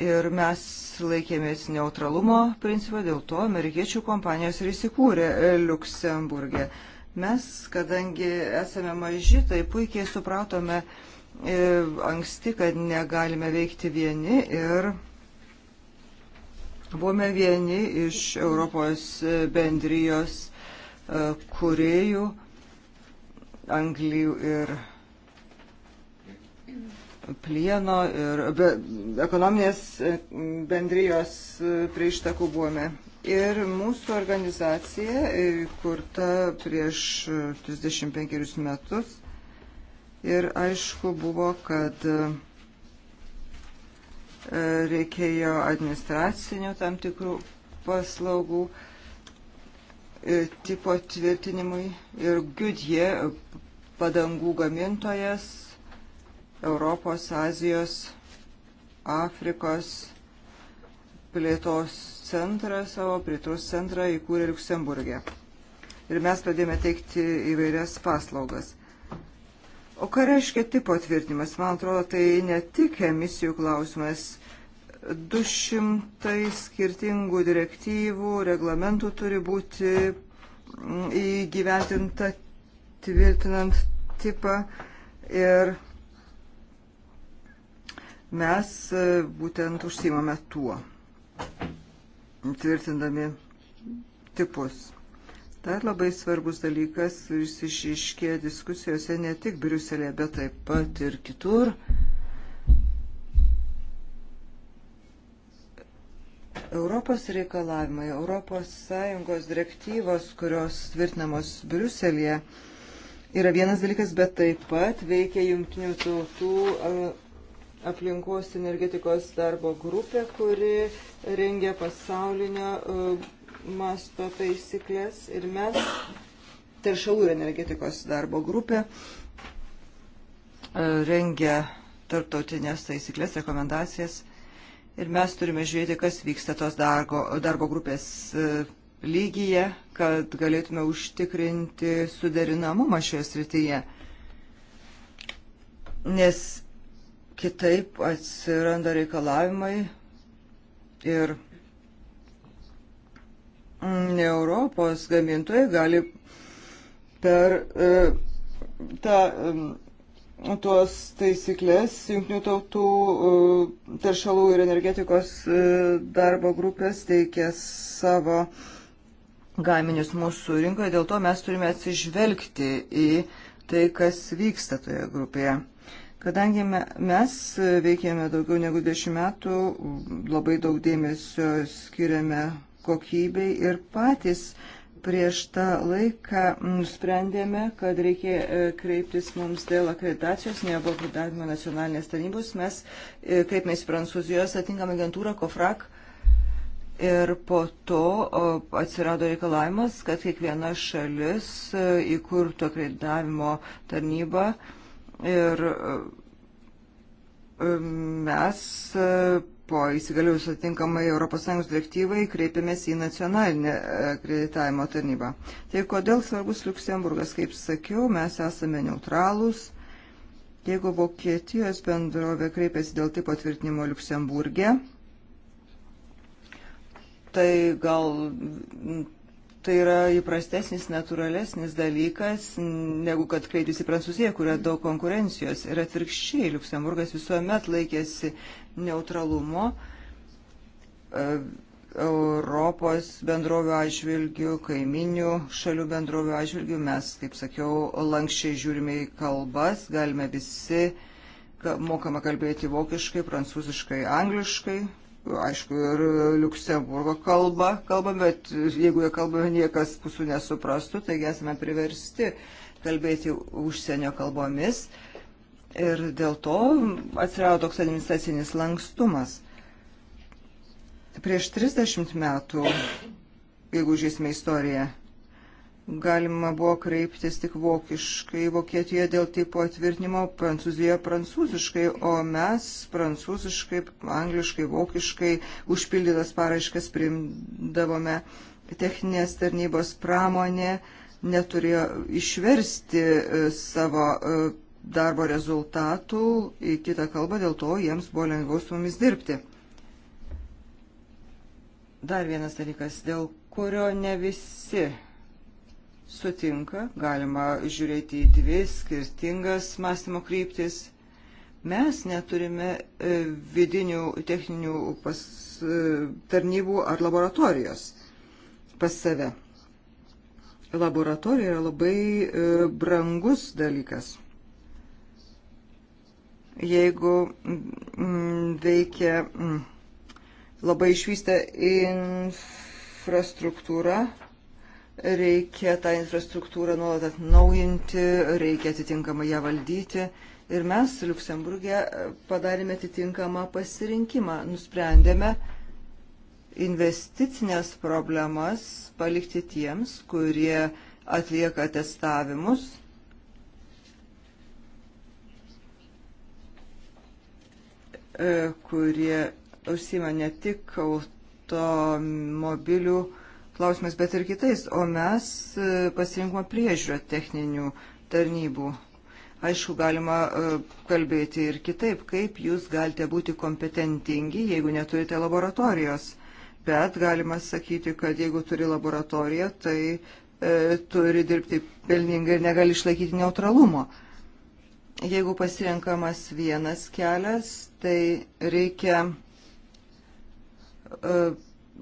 ir mes laikėmės neutralumo principą, dėl to amerikiečių kompanijos ir įsikūrė Luksemburgė. Mes, kadangi esame maži, tai puikiai supratome, uh, E, anksti, kad negalime veikti vieni ir buvome vieni iš Europos bendrijos e, kuriejų anglijų ir plieno ir be, ekonominės e, bendrijos prieštakų buvome. Ir mūsų organizacija, kurta prieš 35 metus, Ir aišku buvo, kad e, reikėjo administracinių tam tikrų paslaugų e, tipo tvirtinimui. Ir Gudje, padangų gamintojas, Europos, Azijos, Afrikos plėtos centrą savo, plėtos centrą įkūrė Luksemburgė. Ir mes pradėjome teikti įvairias paslaugas. O ką reiškia tipo tvirtinimas? Man atrodo, tai ne tik emisijų klausimas. 200 skirtingų direktyvų, reglamentų turi būti mm, įgyventinta tvirtinant tipą ir mes e, būtent užsimame tuo, tvirtindami tipus. Dar labai svarbus dalykas, jis išiškė diskusijose ne tik Briuselėje, bet taip pat ir kitur. Europos reikalavimai, ES direktyvos, kurios tvirtinamos Briuselėje, yra vienas dalykas, bet taip pat veikia jungtinių tautų e, aplinkos energetikos darbo grupė, kuri rengia pasaulinio e, masto taisyklės ir mes, teršalų ir energetikos darbo grupė, rengia tarptautinės taisyklės, rekomendacijas ir mes turime žiūrėti, kas vyksta tos darbo, darbo grupės e, lygyje, kad galėtume užtikrinti suderinamumą šioje srityje. Nes kitaip atsiranda reikalavimai ir Mm, Europos gamintojai gali per e, tą tuos taisyklės Junktinių tautų e, teršalų ir energetikos e, darbo grupės teikia savo gaminius mūsų rinkoje, dėl to mes turime atsižvelgti į tai, kas vyksta toje grupėje. Kadangi mes veikėme daugiau negu 10 metų, labai daug dėmesio skiriame kokybei ir patys prieš tą laiką nusprendėme, kad reikia e, kreiptis mums dėl akreditacijos, nebuvo pridavimo nacionalinės tarnybos, mes e, kreipėmės į Prancūzijos atinkamą agentūrą COFRAC Ir po to atsirado reikalavimas, kad kiekviena šalis e, įkurtų akreditavimo tarnybą ir mes po įsigaliaus atitinkamai ES direktyvai kreipėmės į nacionalinę e, kreditavimo tarnybą. Tai kodėl svarbus Luksemburgas? Kaip sakiau, mes esame neutralūs. Jeigu Vokietijos bendrovė kreipėsi dėl taip patvirtinimo Luksemburgė, tai gal tai yra įprastesnis, natūralesnis dalykas, negu kad kreiptis į Prancūziją, kur yra daug konkurencijos. Ir atvirkščiai, Luksemburgas visuomet laikėsi neutralumo e, Europos bendrovių atžvilgių, kaiminių šalių bendrovių atžvilgių. Mes, kaip sakiau, lankščiai žiūrime į kalbas, galime visi mokama kalbėti vokiškai, prancūziškai, angliškai, aišku, ir Luksemburgo kalba kalbam, bet jeigu jie kalbame, niekas mūsų nesuprastų, taigi esame priversti kalbėti užsienio kalbomis. Uh, ir dėl to atsirado toks administracinis lankstumas. Prieš 30 metų, jeigu žiūrėsime istoriją, galima buvo kreiptis tik vokiškai, Vokietijoje dėl tipo atvirtinimo, Prancūzijoje prancūziškai, o mes prancūziškai, angliškai, vokiškai užpildytas paraiškas primdavome. Techninės tarnybos pramonė neturėjo išversti e, savo e, darbo rezultatų į kitą kalbą, dėl to jiems buvo lengviau su mumis dirbti. Dar vienas dalykas, dėl kurio ne visi sutinka, galima žiūrėti į dvi skirtingas mąstymo kryptis. Mes neturime e, vidinių techninių pas, e, tarnybų ar laboratorijos pas save. Laboratorija yra labai e, brangus dalykas jeigu mm, veikia mm, labai išvystę infrastruktūrą, reikia tą infrastruktūrą nuolat atnaujinti, reikia atitinkamai ją valdyti. Ir mes Luksemburgė e, padarėme atitinkamą pasirinkimą. Nusprendėme investicinės problemas palikti tiems, kurie atlieka testavimus E, kurie užsima ne tik automobilių klausimais, bet ir kitais, o mes e, pasirinkome priežiūrą techninių tarnybų. Aišku, galima e, kalbėti ir kitaip, kaip jūs galite būti kompetentingi, jeigu neturite laboratorijos. Bet galima sakyti, kad jeigu turi laboratoriją, tai e, turi dirbti pelningai ir negali išlaikyti neutralumo. E, jeigu pasirenkamas vienas kelias, tai reikia uh,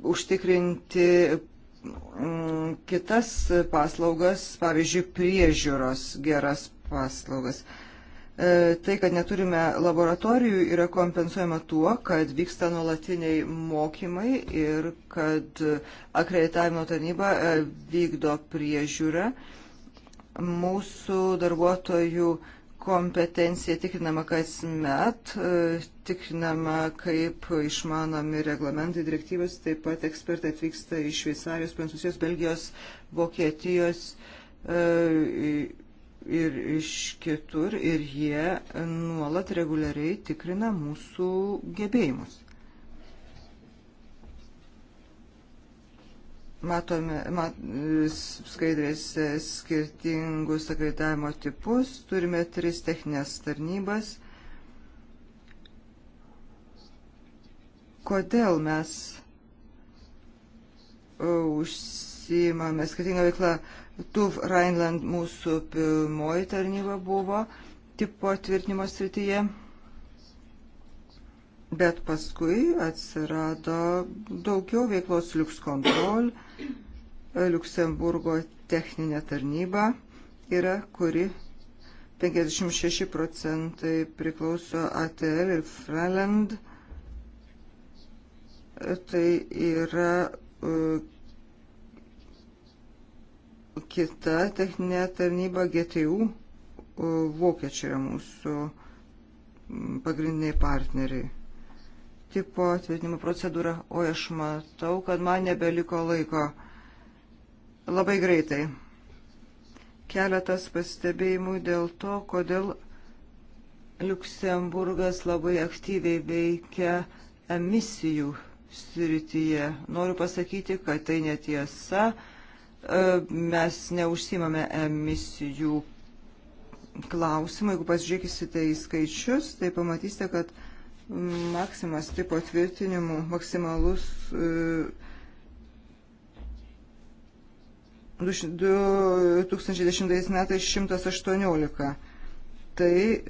užtikrinti um, kitas paslaugas, pavyzdžiui, priežiūros geras paslaugas. Uh, tai, kad neturime laboratorijų, yra kompensuojama tuo, kad vyksta nuolatiniai mokymai ir kad akreditavimo tarnyba uh, vykdo priežiūrą. Mūsų darbuotojų uh, kompetencija tikrinama kasmet, e, tikrinama kaip išmanomi reglamentai, direktyvos, taip pat ekspertai atvyksta iš Šveicarijos, Prancūzijos, Belgijos, Vokietijos e, ir iš kitur ir jie nuolat reguliariai tikrina mūsų gebėjimus. matome mat, skaidrėse skirtingus akreditavimo tipus, turime tris techninės tarnybas. Kodėl mes e, užsiimame skirtingą veiklą? TUV Rheinland mūsų pirmoji tarnyba buvo tipo tvirtinimo srityje. Bet paskui atsirado daugiau veiklos Liukskontrol, Liuksemburgo techninė tarnyba yra, kuri 56 procentai priklauso ATL ir Freland. Tai yra e, kita techninė tarnyba GTU. E, vokiečiai yra mūsų pagrindiniai partneriai tipo atvirtinimo procedūrą, o aš matau, kad man nebeliko laiko. Labai greitai. Keletas pastebėjimų dėl to, kodėl Luksemburgas labai aktyviai veikia emisijų srityje. Noriu pasakyti, kad tai netiesa. E, mes neužsimame emisijų klausimą. Jeigu pasižiūrėkite į tai skaičius, tai pamatysite, kad maksimas tipo tvirtinimų, maksimalus 2010 e, metais 118. Tai e,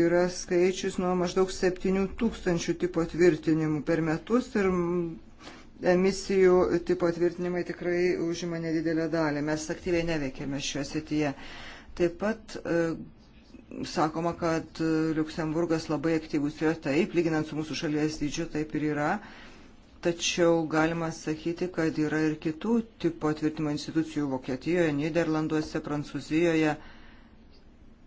yra skaičius nuo maždaug 7 tūkstančių tipo tvirtinimų per metus ir emisijų tipo tvirtinimai tikrai užima nedidelę dalį. Mes aktyviai neveikėme šioje srityje. Taip pat e, sakoma, kad Luksemburgas labai aktyvus yra taip, lyginant su mūsų šalies dydžiu, taip ir yra. Tačiau galima sakyti, kad yra ir kitų tipo tvirtimo institucijų Vokietijoje, Niderlanduose, Prancūzijoje,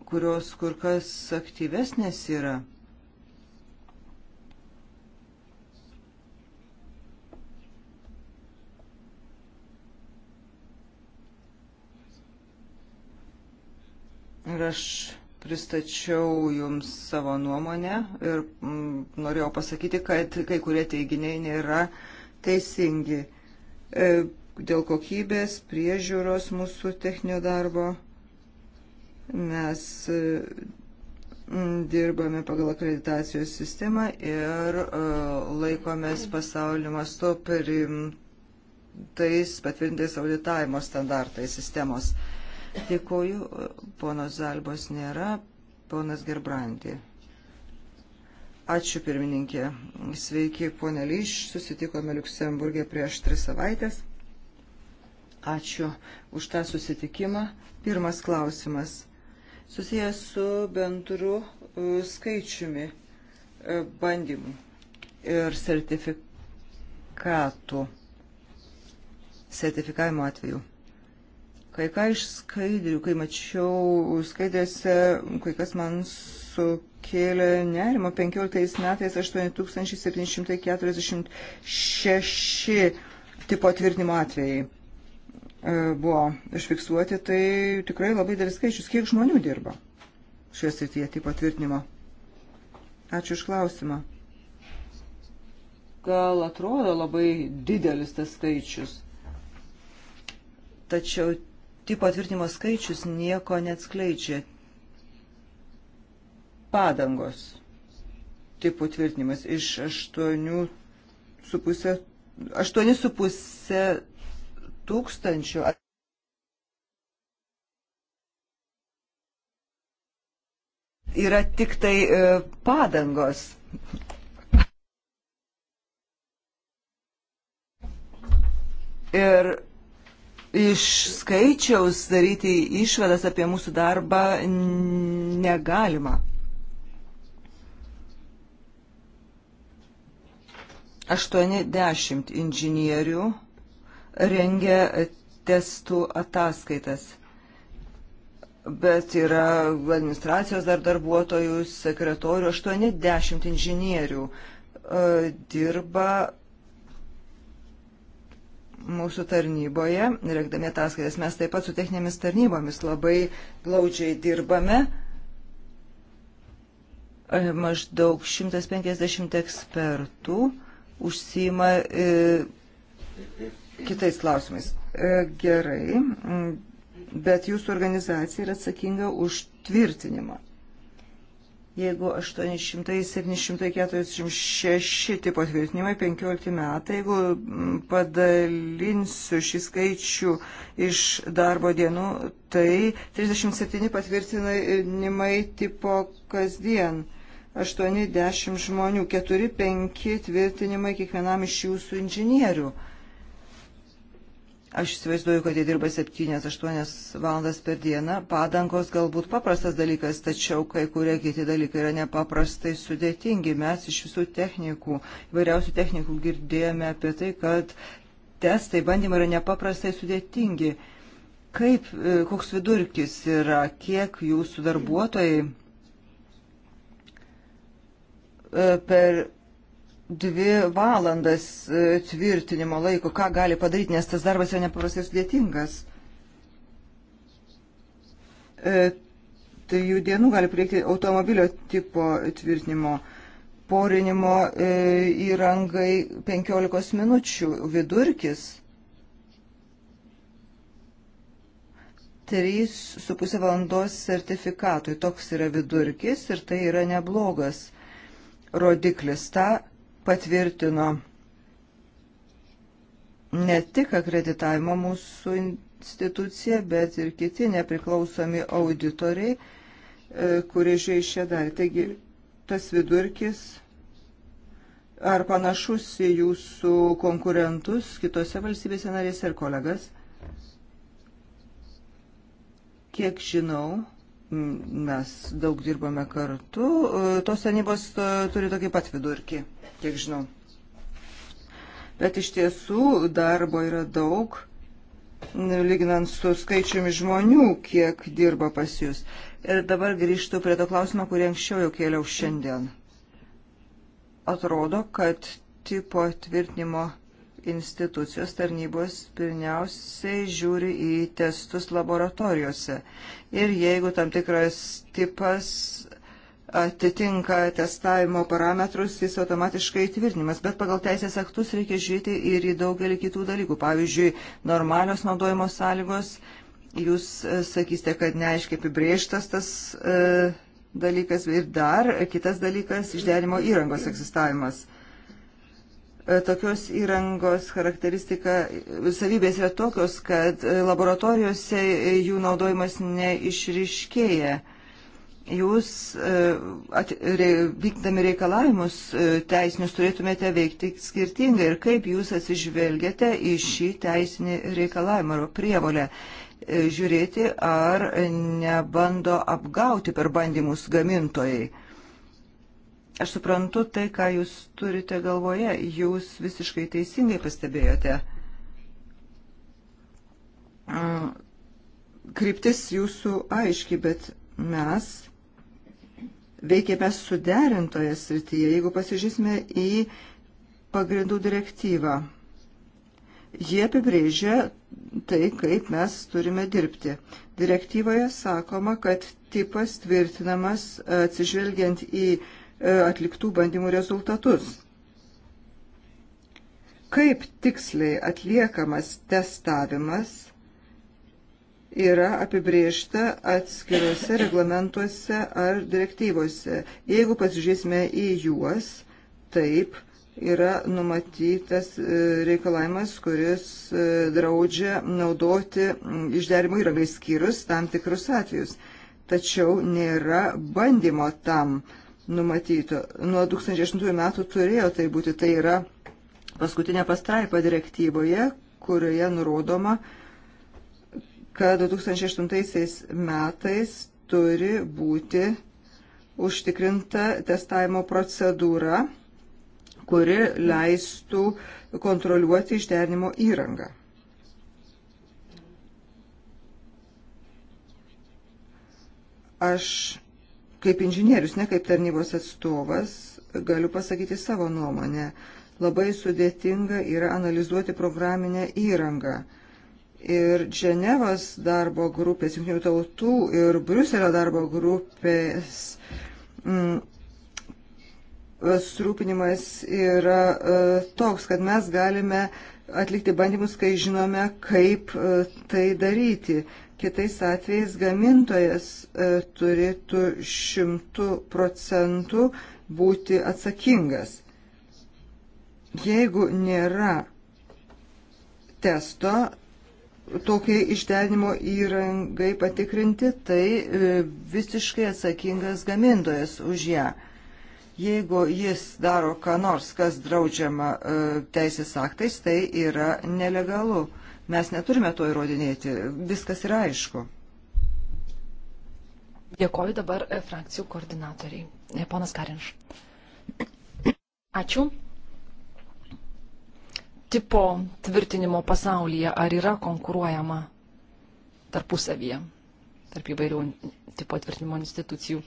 kurios kur kas aktyvesnės yra. Ir aš pristačiau Jums savo nuomonę ir mm, norėjau pasakyti, kad kai kurie teiginiai nėra teisingi e, dėl kokybės, priežiūros mūsų techninio darbo. Mes e, dirbame pagal akreditacijos sistemą ir e, laikomės pasaulio mastu perimtais patvirtintais auditavimo standartais sistemos. E, Dėkoju, ponos Zalbos nėra, ponas Gerbrandi. Ačiū pirmininkė. Sveiki, ponė Lyš, susitikome Luksemburgė prieš tris savaitės. Ačiū už tą susitikimą. Pirmas klausimas. Susijęs su bendru e, skaičiumi e, bandymų ir sertifikatų sertifikavimo atveju. Kai ką iš skaidrių, kai mačiau skaidrėse, kai kas man sukėlė nerimo, 15 metais 8746 tipo tvirtinimo atvejai e, buvo užfiksuoti, tai tikrai labai dėlis skaičius, kiek žmonių dirba šioje srityje tipo tvirtinimo. Ačiū iš klausimą. Gal atrodo labai didelis tas skaičius, tačiau tipo tvirtinimo skaičius nieko neatskleidžia. Padangos tipų tvirtinimas iš 8,5 tūkstančių. Yra tik tai e, padangos. Ir iš skaičiaus daryti išvadas apie mūsų darbą negalima. Aštuoni dešimt inžinierių rengia testų ataskaitas bet yra administracijos dar darbuotojų, sekretorių, 80 inžinierių e, dirba mūsų tarnyboje, rengdami ataskaitas, mes taip pat su techninėmis tarnybomis labai glaudžiai dirbame. E, maždaug 150 ekspertų užsima e, kitais klausimais. E, gerai, bet jūsų organizacija yra atsakinga už tvirtinimą. Jeigu 800-746 tai patvirtinimai 15 metai, jeigu padalinsiu šį skaičių iš darbo dienų, tai 37 patvirtinimai tipo kasdien. 8-10 žmonių, 4-5 tvirtinimai kiekvienam iš jūsų inžinierių. Aš įsivaizduoju, kad jie dirba 7-8 valandas per dieną. Padangos galbūt paprastas dalykas, tačiau kai kurie kiti dalykai yra nepaprastai sudėtingi. Mes iš visų technikų, įvairiausių technikų girdėjome apie tai, kad testai, bandymai yra nepaprastai sudėtingi. Kaip, e, koks vidurkis yra, kiek jūsų darbuotojai e, per dvi valandas e, tvirtinimo laiko, ką gali padaryti, nes tas darbas yra nepaprastai sudėtingas. E, trijų dienų gali priekti automobilio tipo tvirtinimo, porinimo e, įrangai 15 minučių vidurkis. 3,5 valandos sertifikatui. Toks yra vidurkis ir tai yra neblogas rodiklis. Ta patvirtino ne tik akreditavimo mūsų institucija, bet ir kiti nepriklausomi auditoriai, e, kurie žiūrėjo šią dalį. Taigi tas vidurkis ar panašus į jūsų konkurentus kitose valstybėse narėse ir kolegas? Kiek žinau, Mes daug dirbame kartu. E, tos tarnybos e, turi tokį pat vidurkį, kiek žinau. Bet iš tiesų darbo yra daug, lyginant su skaičiumi žmonių, kiek dirba pas jūs. Ir dabar grįžtu prie to klausimo, kurį anksčiau jau kėliau šiandien. Atrodo, kad tipo tvirtinimo institucijos tarnybos pirmiausiai žiūri į testus laboratorijose. Ir jeigu tam tikras tipas atitinka testavimo parametrus, jis automatiškai įtvirtinimas. Bet pagal teisės aktus reikia žiūrėti ir į daugelį kitų dalykų. Pavyzdžiui, normalios naudojimo sąlygos. Jūs e, sakysite, kad neaiškiai apibrieštas tas e, dalykas ir dar kitas dalykas - išderimo įrangos egzistavimas. E, E, tokios įrangos charakteristika, savybės yra tokios, kad e, laboratorijose e, jų naudojimas neišriškėja. Jūs vykdami reikalavimus teisinius turėtumėte veikti skirtingai ir kaip jūs atsižvelgiate į šį teisinį reikalavimą ar prievolę žiūrėti, ar nebando apgauti per bandymus gamintojai Aš suprantu tai, ką jūs turite galvoje. Jūs visiškai teisingai pastebėjote. Mm, kryptis jūsų aiški, bet mes veikiame suderintoje srityje. Jeigu pasižiūrėsime į pagrindų direktyvą, jie apibrėžia tai, kaip mes turime dirbti. Direktyvoje sakoma, kad tipas tvirtinamas atsižvelgiant į uh, E, atliktų bandymų rezultatus. Kaip tiksliai atliekamas testavimas yra apibriešta atskiruose reglamentuose ar direktyvose. Jeigu pasižiūrėsime į juos, taip yra numatytas e, reikalavimas, kuris e, draudžia naudoti išderimo įrangai skyrus tam tikrus atvejus. Tačiau nėra bandymo tam uh, numatyto. Nuo 2008 metų turėjo tai būti. Tai yra paskutinė pastraipa direktyvoje, kurioje nurodoma, kad 2008 metais turi būti užtikrinta testavimo procedūra, kuri leistų kontroliuoti išderinimo įrangą. Aš kaip inžinierius, ne kaip tarnybos atstovas, galiu pasakyti savo nuomonę. Labai sudėtinga yra analizuoti programinę įrangą. Ir Ženevos darbo grupės, Junktinių tautų ir Bruselio darbo grupės mm, surūpinimas yra uh, toks, kad mes galime atlikti bandymus, kai žinome, kaip uh, tai daryti. Kitais atvejais gamintojas e, turėtų šimtų procentų būti atsakingas. Jeigu nėra testo, tokiai išdenimo įrangai patikrinti, tai e, visiškai atsakingas gamintojas už ją. Jeigu jis daro ką nors, kas draudžiama e, teisės aktais, tai yra nelegalu. Mes neturime to įrodinėti, viskas yra aišku. Dėkoju dabar e, frakcijų koordinatoriai. E, ponas Karinš. Ačiū. Tipo tvirtinimo pasaulyje ar yra konkuruojama tarpusavyje, tarp įvairių tipo tvirtinimo institucijų.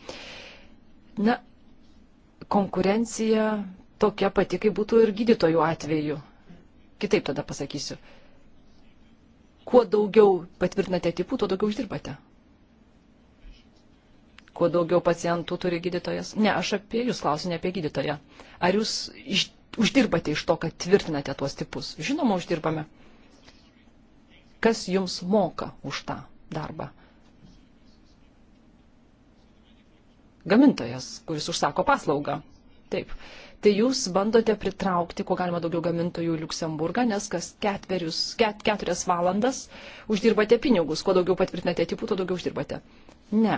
Na, konkurencija tokia pati, kaip būtų ir gydytojų atveju. Kitaip tada pasakysiu kuo daugiau patvirtinate tipų, tuo daugiau uždirbate. Kuo daugiau pacientų turi gydytojas. Ne, aš apie jūs klausiu, ne apie gydytoją. Ar jūs iš, uždirbate iš to, kad tvirtinate tuos tipus? Žinoma, uždirbame. Kas jums moka už tą darbą? Gamintojas, kuris užsako paslaugą. Taip. Uh, Tai jūs bandote pritraukti, kuo galima daugiau gamintojų į Luksemburgą, nes kas ketverius, ket, keturias valandas uždirbate pinigus. Kuo daugiau patvirtinate tipų, tuo daugiau uždirbate. Ne.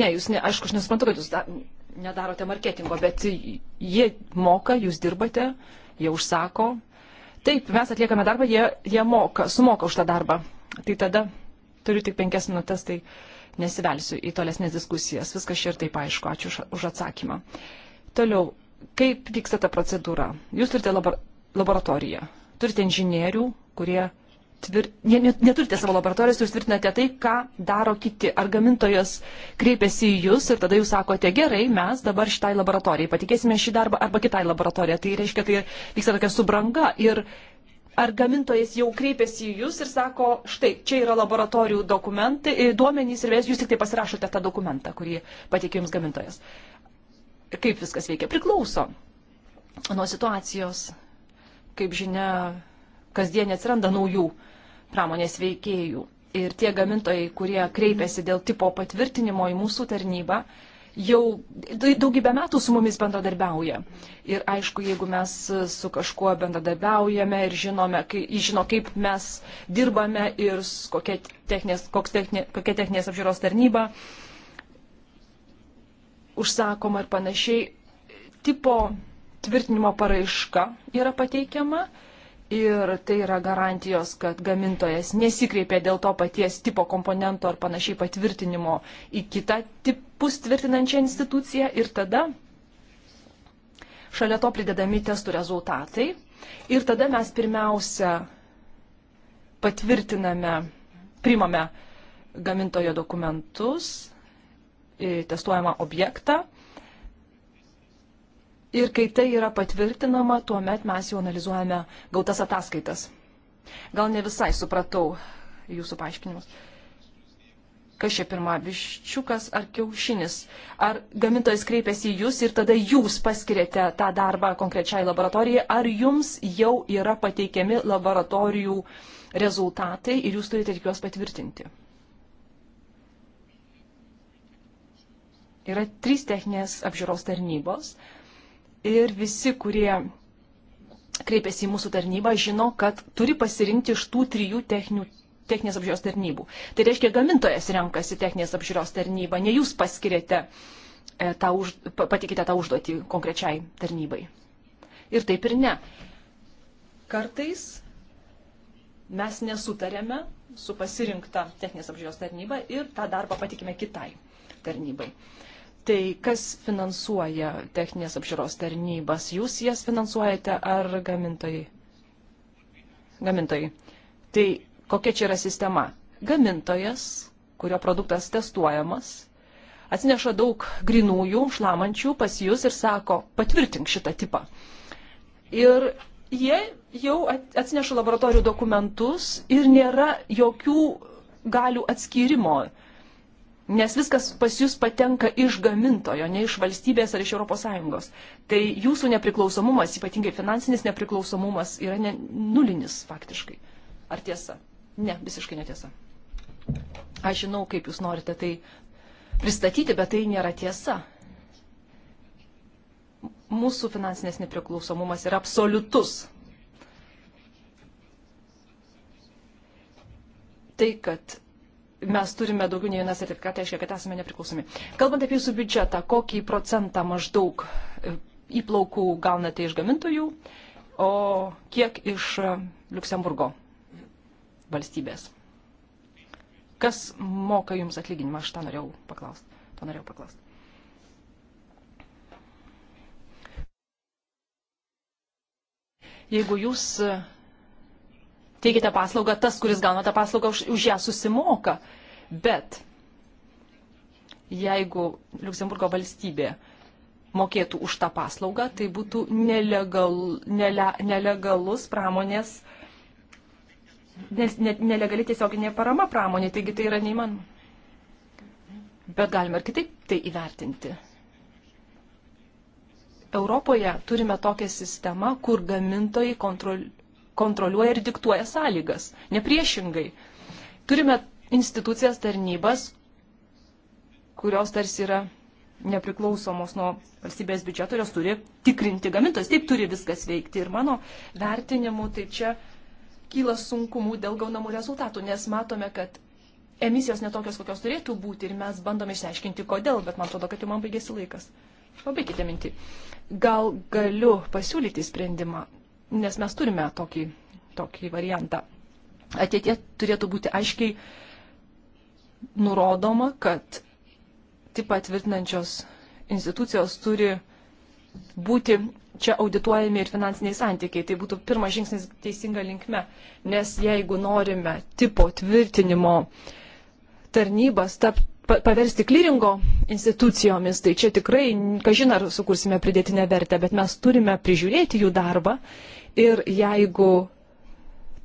Ne, jūs, ne, aišku, aš nesuprantu, kad jūs da, nedarote marketingo, bet jie moka, jūs dirbate, jie užsako. Taip, mes atliekame darbą, jie, jie moka, sumoka už tą darbą. Tai tada turiu tik penkias minutės, tai uh, nesivelsiu į tolesnės diskusijas, viskas šiek tiek aišku, ačiū už atsakymą. Toliau, kaip vyksta ta procedūra? Jūs turite labor laboratoriją, turite inžinierių, kurie tvir... neturite savo laboratorijos, jūs tvirtinate tai, ką daro kiti. Ar gamintojas kreipiasi į jūs ir tada jūs sakote, gerai, mes dabar šitai laboratorijai patikėsime šį darbą arba kitai laboratorijai. Tai reiškia, tai vyksta tokia subranga ir ar gamintojas jau kreipėsi į jūs ir sako, štai, čia yra laboratorijų dokumentai, e, duomenys ir vės, jūs tik tai pasirašote tą dokumentą, kurį pateikė jums gamintojas. Kaip viskas veikia? Priklauso nuo situacijos. Kaip žinia, kasdien atsiranda naujų pramonės veikėjų. Ir tie gamintojai, kurie kreipiasi dėl tipo patvirtinimo į mūsų tarnybą, uh, jau daugybę metų su mumis bendradarbiauja. Ir aišku, jeigu mes su kažkuo bendradarbiaujame ir žinome, kai, žino, kaip mes dirbame ir kokia techninės, techninė, kokia techninės apžiūros tarnyba užsakoma ir panašiai, tipo tvirtinimo paraiška yra pateikiama ir tai yra garantijos, kad gamintojas nesikreipė dėl to paties tipo komponento ar panašiai patvirtinimo į kitą tipus tvirtinančią instituciją ir tada šalia to pridedami testų rezultatai ir tada mes pirmiausia patvirtiname, primame gamintojo dokumentus, testuojamą objektą Ir kai tai yra patvirtinama, tuomet mes jau analizuojame gautas ataskaitas. Gal ne visai supratau jūsų paaiškinimus. Kas čia pirma, viščiukas ar kiaušinis? Ar gamintojas kreipiasi į jūs ir tada jūs paskiriate tą darbą konkrečiai laboratorijai, ar jums jau yra pateikiami laboratorijų rezultatai ir jūs turite tik juos patvirtinti? Yra trys techninės apžiūros tarnybos ir visi, kurie kreipiasi į mūsų tarnybą, žino, kad turi pasirinkti iš tų trijų techninių techninės apžiūros tarnybų. Tai reiškia, gamintojas renkasi techninės apžiūros tarnybą, ne jūs paskiriate, e, tą už, patikite tą užduotį konkrečiai tarnybai. Ir taip ir ne. Kartais mes nesutarėme su pasirinkta techninės apžiūros tarnyba ir tą darbą patikime kitai tarnybai. Tai kas finansuoja techninės apžiūros tarnybas? Jūs jas finansuojate ar gamintojai? Gamintojai. Tai kokia čia yra sistema? Gamintojas, kurio produktas testuojamas, atsineša daug grinųjų, šlamančių pas jūs ir sako, patvirtink šitą tipą. Ir jie jau atsineša laboratorijų dokumentus ir nėra jokių galių atskyrimo Nes viskas pas jūs patenka iš gamintojo, ne iš valstybės ar iš ES. Tai jūsų nepriklausomumas, ypatingai finansinis nepriklausomumas, yra ne, nulinis faktiškai. Ar tiesa? Ne, visiškai netiesa. Aš žinau, kaip jūs norite tai pristatyti, bet tai nėra tiesa. Mūsų finansinės nepriklausomumas yra absoliutus. Tai, kad mes turime daugiau nei vieną sertifikatą, tai reiškia, kad esame nepriklausomi. Kalbant apie jūsų biudžetą, kokį procentą maždaug e, įplaukų gaunate iš gamintojų, o kiek iš e, Luksemburgo valstybės? Kas moka jums atlyginimą? Aš tą norėjau paklausti. To norėjau paklausti. Jeigu jūs e, teikite paslaugą, tas, kuris gauna tą paslaugą, už, už ją susimoka. Bet jeigu Luksemburgo valstybė mokėtų už tą paslaugą, tai būtų nelegal, nele, nelegalus pramonės, nes, ne, nelegali tiesioginė parama pramonė, taigi tai yra neįmanoma. Bet galime ir kitaip tai įvertinti. Europoje turime tokią sistemą, kur gamintojai kontroliuoja kontroliuoja ir diktuoja sąlygas. Nepriešingai. Turime institucijas, tarnybas, kurios tarsi yra nepriklausomos nuo valstybės biudžeto, jos turi tikrinti gamintojus. Taip turi viskas veikti. Ir mano vertinimu, tai čia kyla sunkumų dėl gaunamų rezultatų, nes matome, kad emisijos netokios, kokios turėtų būti ir mes bandome išsiaiškinti, kodėl, bet man atrodo, kad jau man baigėsi laikas. Pabaikite mintį. Gal galiu pasiūlyti sprendimą nes mes turime tokį, tokį variantą. Ateitie turėtų būti aiškiai nurodoma, kad tipą tvirtinančios institucijos turi būti čia audituojami ir finansiniai santykiai. Tai būtų pirmas žingsnis teisinga linkme, nes jeigu norime tipo tvirtinimo tarnybas tap, pa, paversti klyringo institucijomis, tai čia tikrai, kažin ar sukursime pridėtinę vertę, bet mes turime prižiūrėti jų darbą ir jeigu,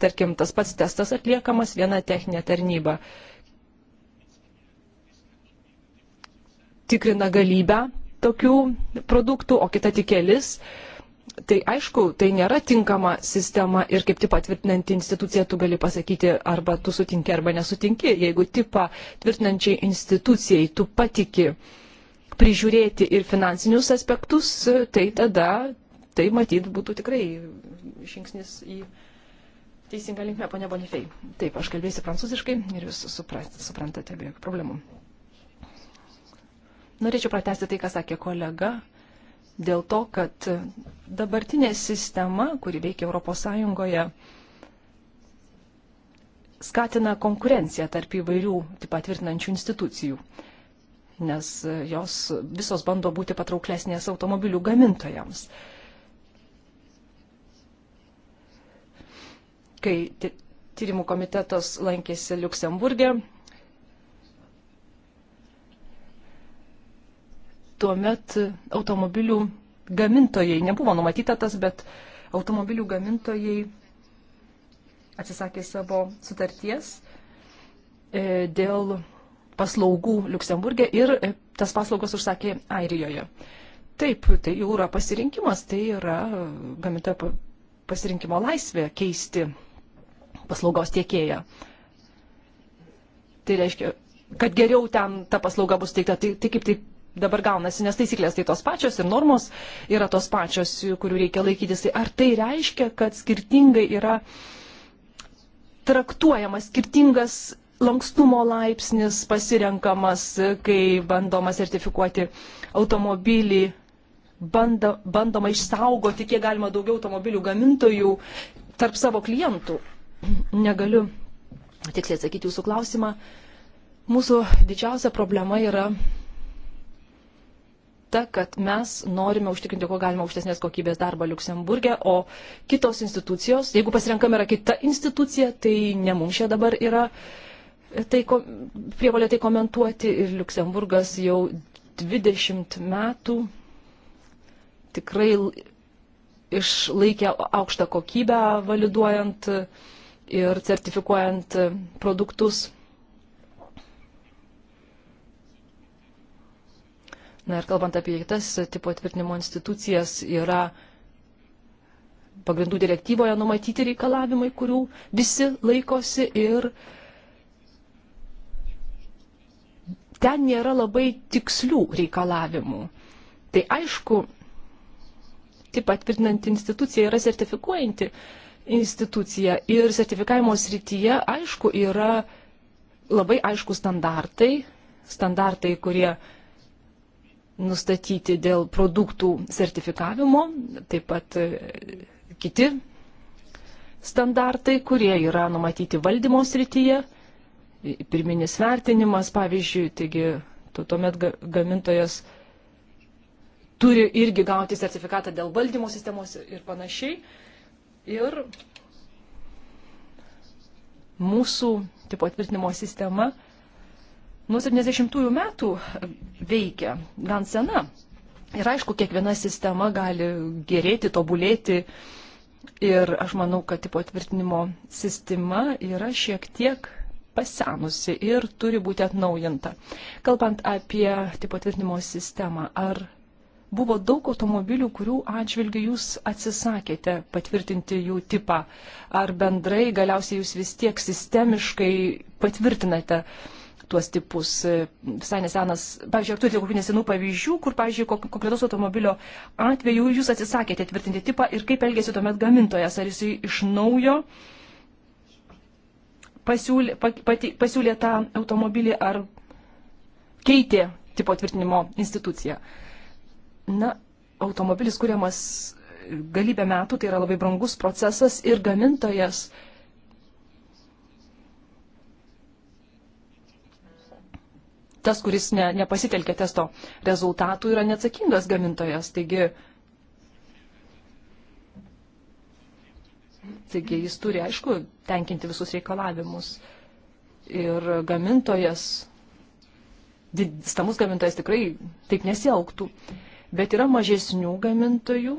tarkim, tas pats testas atliekamas viena techninė tarnyba tikrina galybę tokių produktų, o kita tik kelis, tai aišku, tai nėra tinkama sistema ir kaip tipą tvirtinanti institucija tu gali pasakyti arba tu sutinki arba nesutinki. Jeigu tipą tvirtinančiai institucijai tu patiki prižiūrėti ir finansinius aspektus, tai tada tai matyt būtų tikrai žingsnis į teisingą linkmę, ponia Bonifei. Taip, aš kalbėsiu prancūziškai ir jūs supras, suprantate be jokių problemų. Norėčiau pratesti tai, ką sakė kolega, dėl to, kad dabartinė sistema, kuri veikia ES, skatina konkurenciją tarp įvairių patvirtinančių institucijų, nes jos visos bando būti patrauklesnės automobilių gamintojams. kai tyrimų komitetas lankėsi Luksemburgė. Tuomet automobilių gamintojai, nebuvo numatyta tas, bet automobilių gamintojai atsisakė savo sutarties e, dėl paslaugų Luksemburgė ir e, tas paslaugas užsakė Airijoje. Taip, tai jau yra pasirinkimas, tai yra e, gamintojo pasirinkimo laisvė keisti paslaugos tiekėją. Tai reiškia, kad geriau ten ta paslauga bus teikta. Tai, tai kaip tai dabar gaunasi, nes taisyklės tai tos pačios ir normos yra tos pačios, kurių reikia laikytis. Tai ar tai reiškia, kad skirtingai yra traktuojamas skirtingas lankstumo laipsnis pasirenkamas, kai bandoma sertifikuoti automobilį, banda, bandoma išsaugoti kiek galima daugiau automobilių gamintojų tarp savo klientų negaliu tiksliai atsakyti jūsų klausimą. Mūsų didžiausia problema yra ta, kad mes norime užtikrinti, kuo galima aukštesnės kokybės darbą Luksemburgė, o kitos institucijos, jeigu pasirenkame yra kita institucija, tai ne mums čia dabar yra tai, prievalė tai komentuoti ir Luksemburgas jau 20 metų tikrai išlaikė aukštą kokybę validuojant uh, ir sertifikuojant produktus. Na ir kalbant apie kitas tipo tvirtinimo institucijas, yra pagrindų direktyvoje numatyti reikalavimai, kurių visi laikosi ir ten nėra labai tikslių reikalavimų. Tai aišku, taip patvirtinanti institucija yra sertifikuojanti institucija. Ir sertifikavimo srityje, aišku, yra labai aišku standartai, standartai, kurie nustatyti dėl produktų sertifikavimo, taip pat e, kiti standartai, kurie yra numatyti valdymo srityje, pirminis vertinimas, pavyzdžiui, taigi tu tuomet gamintojas turi irgi gauti sertifikatą dėl valdymo sistemos ir panašiai. Ir mūsų tipo tvirtinimo sistema nuo 70-ųjų metų veikia, gan sena. Ir aišku, kiekviena sistema gali gerėti, tobulėti. Ir aš manau, kad tipo tvirtinimo sistema yra šiek tiek pasenusi ir turi būti atnaujinta. Kalbant apie tipo tvirtinimo sistemą, ar buvo daug automobilių, kurių atžvilgių jūs atsisakėte patvirtinti jų tipą. Ar bendrai galiausiai jūs vis tiek sistemiškai patvirtinate tuos tipus? Visai nesenas, pavyzdžiui, ar turite kokių nesenų pavyzdžių, kur, pavyzdžiui, konkretos automobilio atveju jūs atsisakėte tvirtinti tipą ir kaip elgėsi tuomet gamintojas? Ar jis iš naujo? Pasiūlė, pati, pasiūlė tą automobilį ar keitė tipo tvirtinimo instituciją. Uh, Na, automobilis kuriamas galybę metų, tai yra labai brangus procesas ir gamintojas tas, kuris ne, nepasitelkė testo rezultatų, yra neatsakingas gamintojas. Taigi, taigi jis turi, aišku, tenkinti visus reikalavimus. Ir gamintojas, stambus gamintojas tikrai taip nesielgtų. Uh, bet yra mažesnių gamintojų,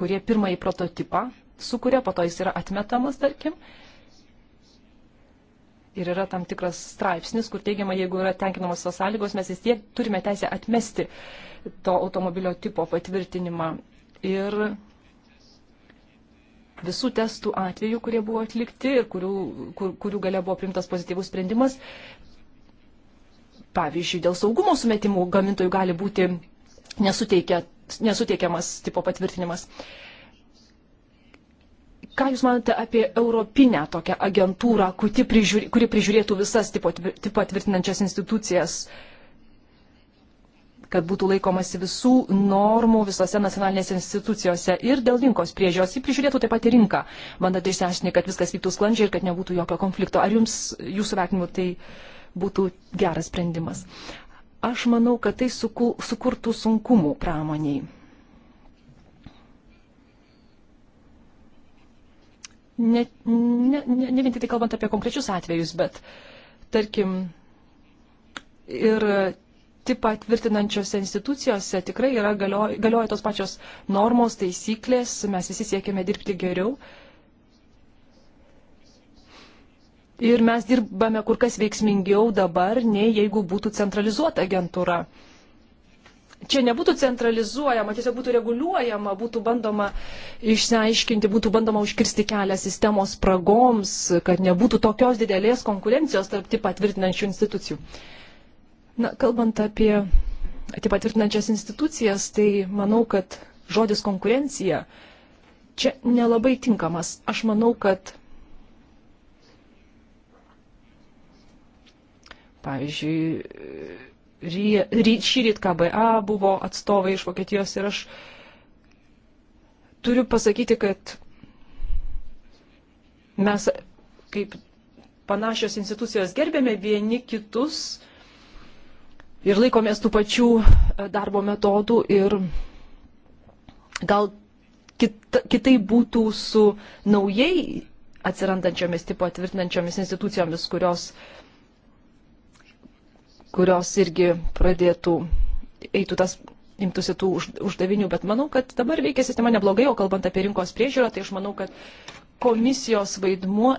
kurie pirmąjį prototipą sukuria, po to jis yra atmetamas, tarkim. Ir yra tam tikras straipsnis, kur teigiama, jeigu yra tenkinamos tos sąlygos, mes vis tiek turime teisę atmesti to automobilio tipo patvirtinimą. Ir visų testų atvejų, kurie buvo atlikti ir kurių, kur, kurių gale buvo primtas pozityvus sprendimas, pavyzdžiui, dėl saugumo sumetimų gamintojų gali būti nesuteikia, nesuteikiamas tipo patvirtinimas. Ką Jūs manote apie europinę tokią agentūrą, kuri, prižiūrė, kuri prižiūrėtų visas tipo, tipo tvirtinančias institucijas, kad būtų laikomasi visų normų visose nacionalinėse institucijose ir dėl rinkos priežios, ji prižiūrėtų taip pat ir rinką, bandant išsiaiškinti, kad viskas vyktų sklandžiai ir kad nebūtų jokio konflikto. Ar Jums, Jūsų vertinimu, tai uh, būtų geras sprendimas. Aš manau, kad tai sukurtų sunkumų pramoniai. Ne, ne, ne, ne vien tik tai kalbant apie konkrečius atvejus, bet tarkim ir tipą tvirtinančiose institucijose tikrai yra galioja, galioja tos pačios normos, taisyklės, mes visi siekiame dirbti geriau, Ir mes dirbame kur kas veiksmingiau dabar, nei jeigu būtų centralizuota agentūra. Čia nebūtų centralizuojama, tiesiog būtų reguliuojama, būtų bandoma išsiaiškinti, būtų bandoma užkirsti kelią sistemos spragoms, kad nebūtų tokios didelės konkurencijos tarp tik patvirtinančių institucijų. Na, kalbant apie tik patvirtinančias institucijas, tai manau, kad žodis konkurencija čia nelabai tinkamas. Aš manau, kad Pavyzdžiui, ry, ry, šį rytą KBA buvo atstovai iš Vokietijos ir aš turiu pasakyti, kad mes kaip panašios institucijos gerbėme vieni kitus ir laikomės tų pačių e, darbo metodų ir gal kita, kitai būtų su naujai atsirandančiomis tipo atvirtinančiomis institucijomis, kurios uh, kurios irgi pradėtų, eitų tas, imtųsi tų uždavinių, bet manau, kad dabar veikia sistema neblogai, o kalbant apie rinkos priežiūrą, tai aš manau, kad komisijos vaidmuo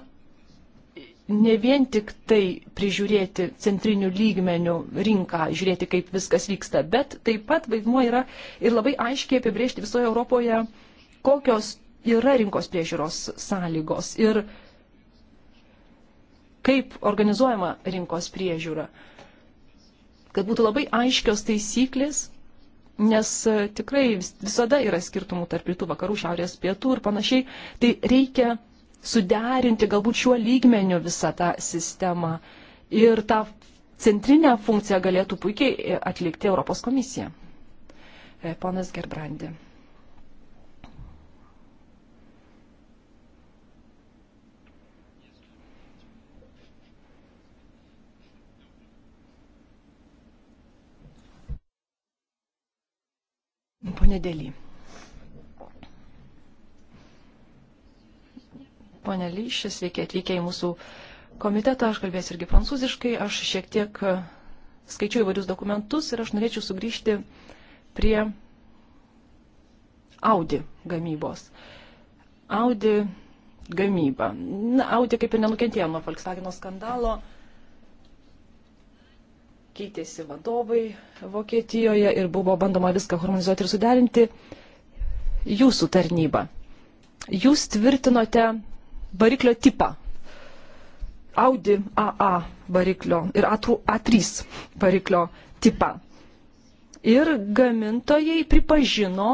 ne vien tik tai prižiūrėti centrinių lygmenių rinką, žiūrėti, kaip viskas vyksta, bet taip pat vaidmuo yra ir labai aiškiai apibriežti visoje Europoje, kokios yra rinkos priežiūros sąlygos ir kaip organizuojama rinkos priežiūra. Uh, kad būtų labai aiškios taisyklės, nes e, tikrai visada yra skirtumų tarp rytų, vakarų, šiaurės, pietų ir panašiai. Tai reikia suderinti galbūt šiuo lygmeniu visą tą sistemą ir tą centrinę funkciją galėtų puikiai e, atlikti Europos komisija. E, ponas Gerbrandi. Pone Dėly. Pone Lyšis, sveiki atvykę į mūsų komitetą, aš kalbėsiu irgi prancūziškai, aš šiek tiek skaičiu įvairius dokumentus ir aš norėčiau sugrįžti prie Audi gamybos. Audi gamyba. Na, Audi kaip ir nenukentėjo nuo Volkswagen skandalo keitėsi vadovai Vokietijoje ir buvo bandoma viską harmonizuoti ir suderinti jūsų tarnybą. Jūs tvirtinote variklio tipą. Audi AA variklio ir A3 variklio tipą. Ir gamintojai pripažino,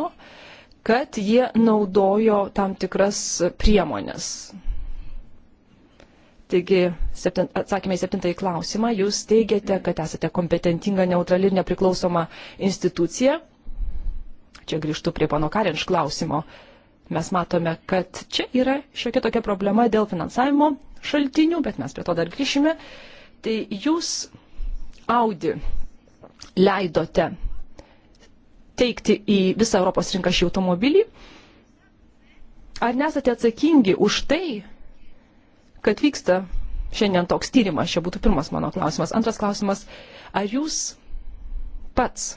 kad jie naudojo tam tikras priemonės, Taigi, septint, atsakymai į septintąjį klausimą, jūs teigiate, kad esate kompetentinga, neutrali ir nepriklausoma institucija. Čia grįžtu prie pano Karinš klausimo. Mes matome, kad čia yra šiokia tokia problema dėl finansavimo šaltinių, bet mes prie to dar grįšime. Tai jūs Audi leidote teikti į visą Europos rinką šį automobilį. Ar nesate atsakingi už tai, kad vyksta šiandien toks tyrimas? Čia būtų pirmas mano klausimas. Antras klausimas, ar jūs pats,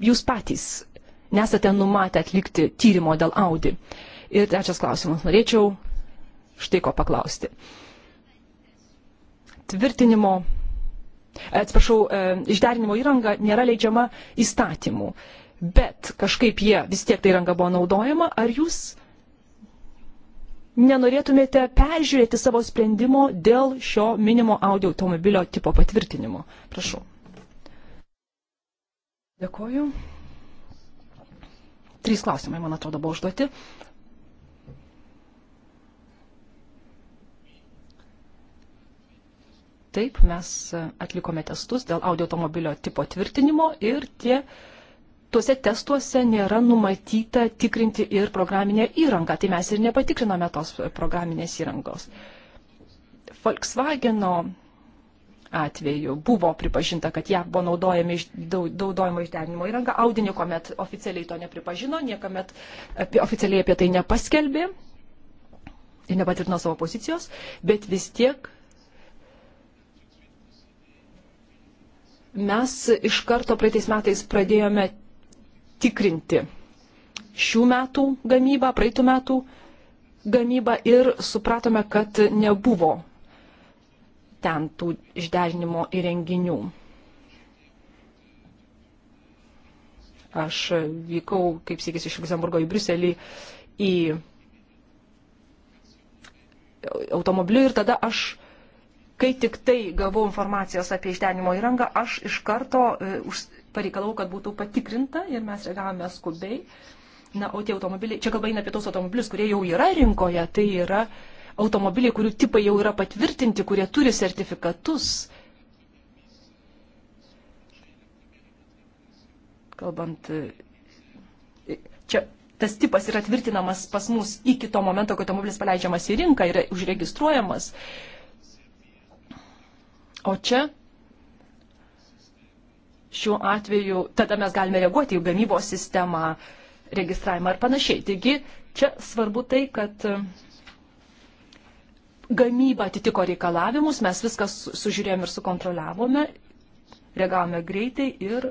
jūs patys nesate numatę atlikti tyrimo dėl Audi? Ir trečias klausimas, norėčiau štai ko paklausti. Tvirtinimo, e, atsiprašau, e, išderinimo įranga nėra leidžiama įstatymų, bet kažkaip jie vis tiek ta įranga buvo naudojama, ar jūs nenorėtumėte peržiūrėti savo sprendimo dėl šio minimo audio automobilio tipo patvirtinimo? Prašau. Dėkoju. Trys klausimai, man atrodo, buvo užduoti. Taip, mes atlikome testus dėl audio automobilio tipo tvirtinimo ir tie uh, tuose testuose nėra numatyta tikrinti ir programinę įrangą, tai mes ir nepatikrinome tos programinės įrangos. Volkswageno atveju buvo pripažinta, kad ją buvo naudojama iš, naudojama išderinimo įranga, Audi niekuomet oficialiai to nepripažino, niekuomet apie, oficialiai apie tai nepaskelbė ir nepatvirtino savo pozicijos, bet vis tiek mes iš karto praeitais metais pradėjome tikrinti šių metų gamybą, praeitų metų gamybą ir supratome, kad nebuvo ten tų išderinimo įrenginių. Aš vykau, kaip sėkis, iš Luxemburgo į Briuselį į automobiliu ir tada aš, kai tik tai gavau informacijos apie išdenimo įrangą, aš iš karto e, už, pareikalau, kad būtų patikrinta ir mes reagavome skubiai. Na, o tie automobiliai, čia kalba eina apie tos automobilius, kurie jau yra rinkoje, tai yra automobiliai, kurių tipai jau yra patvirtinti, kurie turi sertifikatus. Kalbant, čia tas tipas yra tvirtinamas pas mus iki to momento, kai automobilis paleidžiamas į rinką ir užregistruojamas. O čia šiuo atveju tada mes galime reaguoti į gamybos sistemą, registravimą ir panašiai. Taigi čia svarbu tai, kad e, gamyba atitiko reikalavimus, mes viskas sužiūrėjom ir sukontroliavome, reagavome greitai ir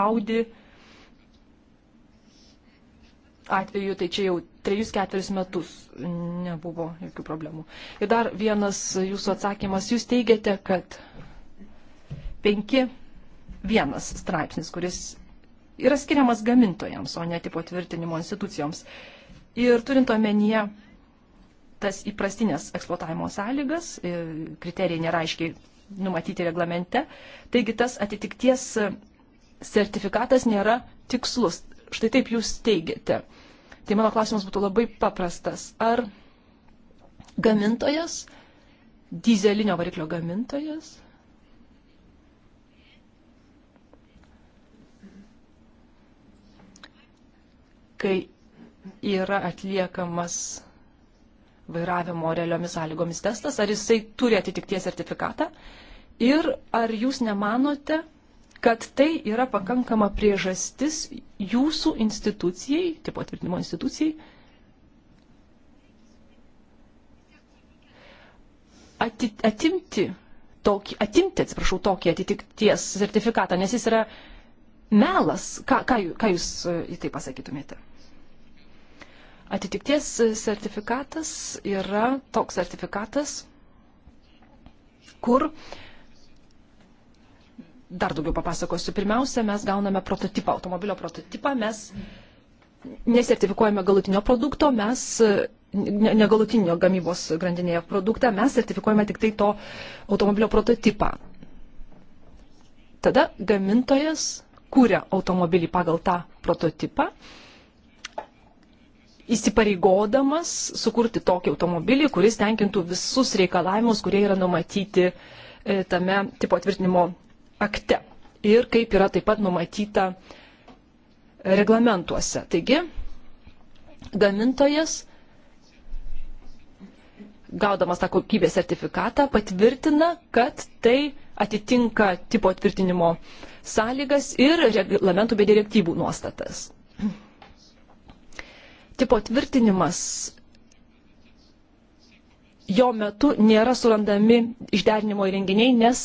Audi atveju, tai čia jau trejus, ketverius metus nebuvo jokių problemų. Ir dar vienas jūsų atsakymas. Jūs teigiate, kad penki vienas straipsnis, kuris yra skiriamas gamintojams, o ne tipo tvirtinimo institucijoms. Ir turint omenyje tas įprastinės eksploatavimo sąlygas, e, kriterijai nėra aiškiai numatyti reglamente, taigi tas atitikties sertifikatas nėra tikslus. Štai taip jūs teigiate. Tai mano klausimas būtų labai paprastas. Ar gamintojas, dizelinio variklio gamintojas, kai yra atliekamas vairavimo realiomis sąlygomis testas, ar jisai turi atitikties sertifikatą ir ar jūs nemanote, kad tai yra pakankama priežastis jūsų institucijai, tipo tvirtinimo institucijai, atimti tokį, atimti, atsiprašau, tokį atitikties sertifikatą, nes jis yra melas. Ką, ką, ką jūs e, į tai pasakytumėte? Atitikties sertifikatas yra toks sertifikatas, kur dar daugiau papasakosiu. Pirmiausia, mes gauname prototipą, automobilio prototipą, mes nesertifikuojame galutinio produkto, mes negalutinio gamybos grandinėje produktą, mes sertifikuojame tik tai to automobilio prototipą. Tada gamintojas kūrė automobilį pagal tą prototipą įsipareigodamas sukurti tokį automobilį, kuris tenkintų visus reikalavimus, kurie yra numatyti e, tame tipo tvirtinimo akte ir kaip yra taip pat numatyta reglamentuose. Taigi, gamintojas, gaudamas tą kokybės sertifikatą, patvirtina, kad tai atitinka tipo tvirtinimo sąlygas ir reglamentų bei direktyvų nuostatas tipo tvirtinimas jo metu nėra surandami išderinimo įrenginiai, nes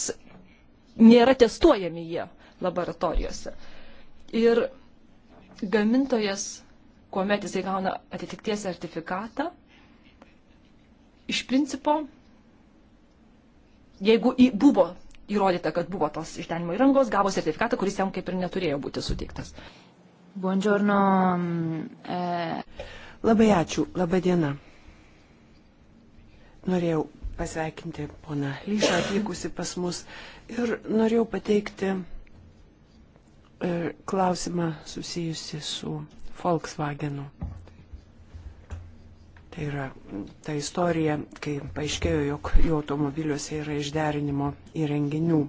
nėra testuojami jie laboratorijose. Ir gamintojas, kuomet jisai gauna atitikties sertifikatą, iš principo, jeigu į, buvo įrodyta, kad buvo tos išdenimo įrangos, gavo sertifikatą, kuris jam kaip ir neturėjo būti suteiktas. Buongiorno. E... Labai ačiū, laba diena. Norėjau pasveikinti poną Lyšą atvykusi pas mus ir norėjau pateikti e, klausimą susijusi su Volkswagenu. Tai yra ta istorija, kai paaiškėjo, jog jų automobiliuose yra išderinimo įrenginių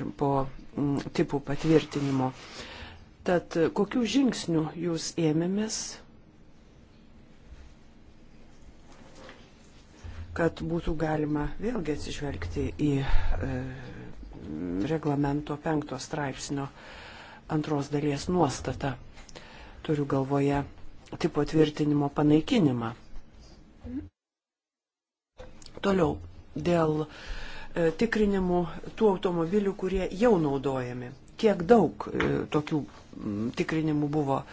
ir po m, tipų patvirtinimo. Uh, Tad kokių žingsnių jūs ėmėmės, kad būtų galima vėlgi atsižvelgti į e, reglamento penkto straipsnio antros dalies nuostatą. Turiu galvoje tipo tvirtinimo panaikinimą. Toliau, dėl e, tikrinimų tų automobilių, kurie jau naudojami kiek daug e, tokių tikrinimų buvo e,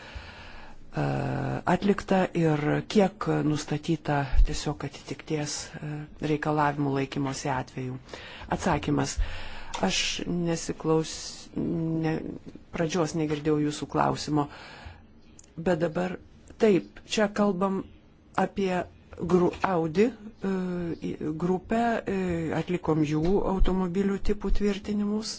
atlikta ir kiek nustatyta tiesiog atitikties e, reikalavimų laikymosi atveju. Atsakymas. Aš nesiklaus, ne, pradžios negirdėjau jūsų klausimo, bet dabar taip, čia kalbam apie gru, Audi grupę, atlikom jų automobilių tipų tvirtinimus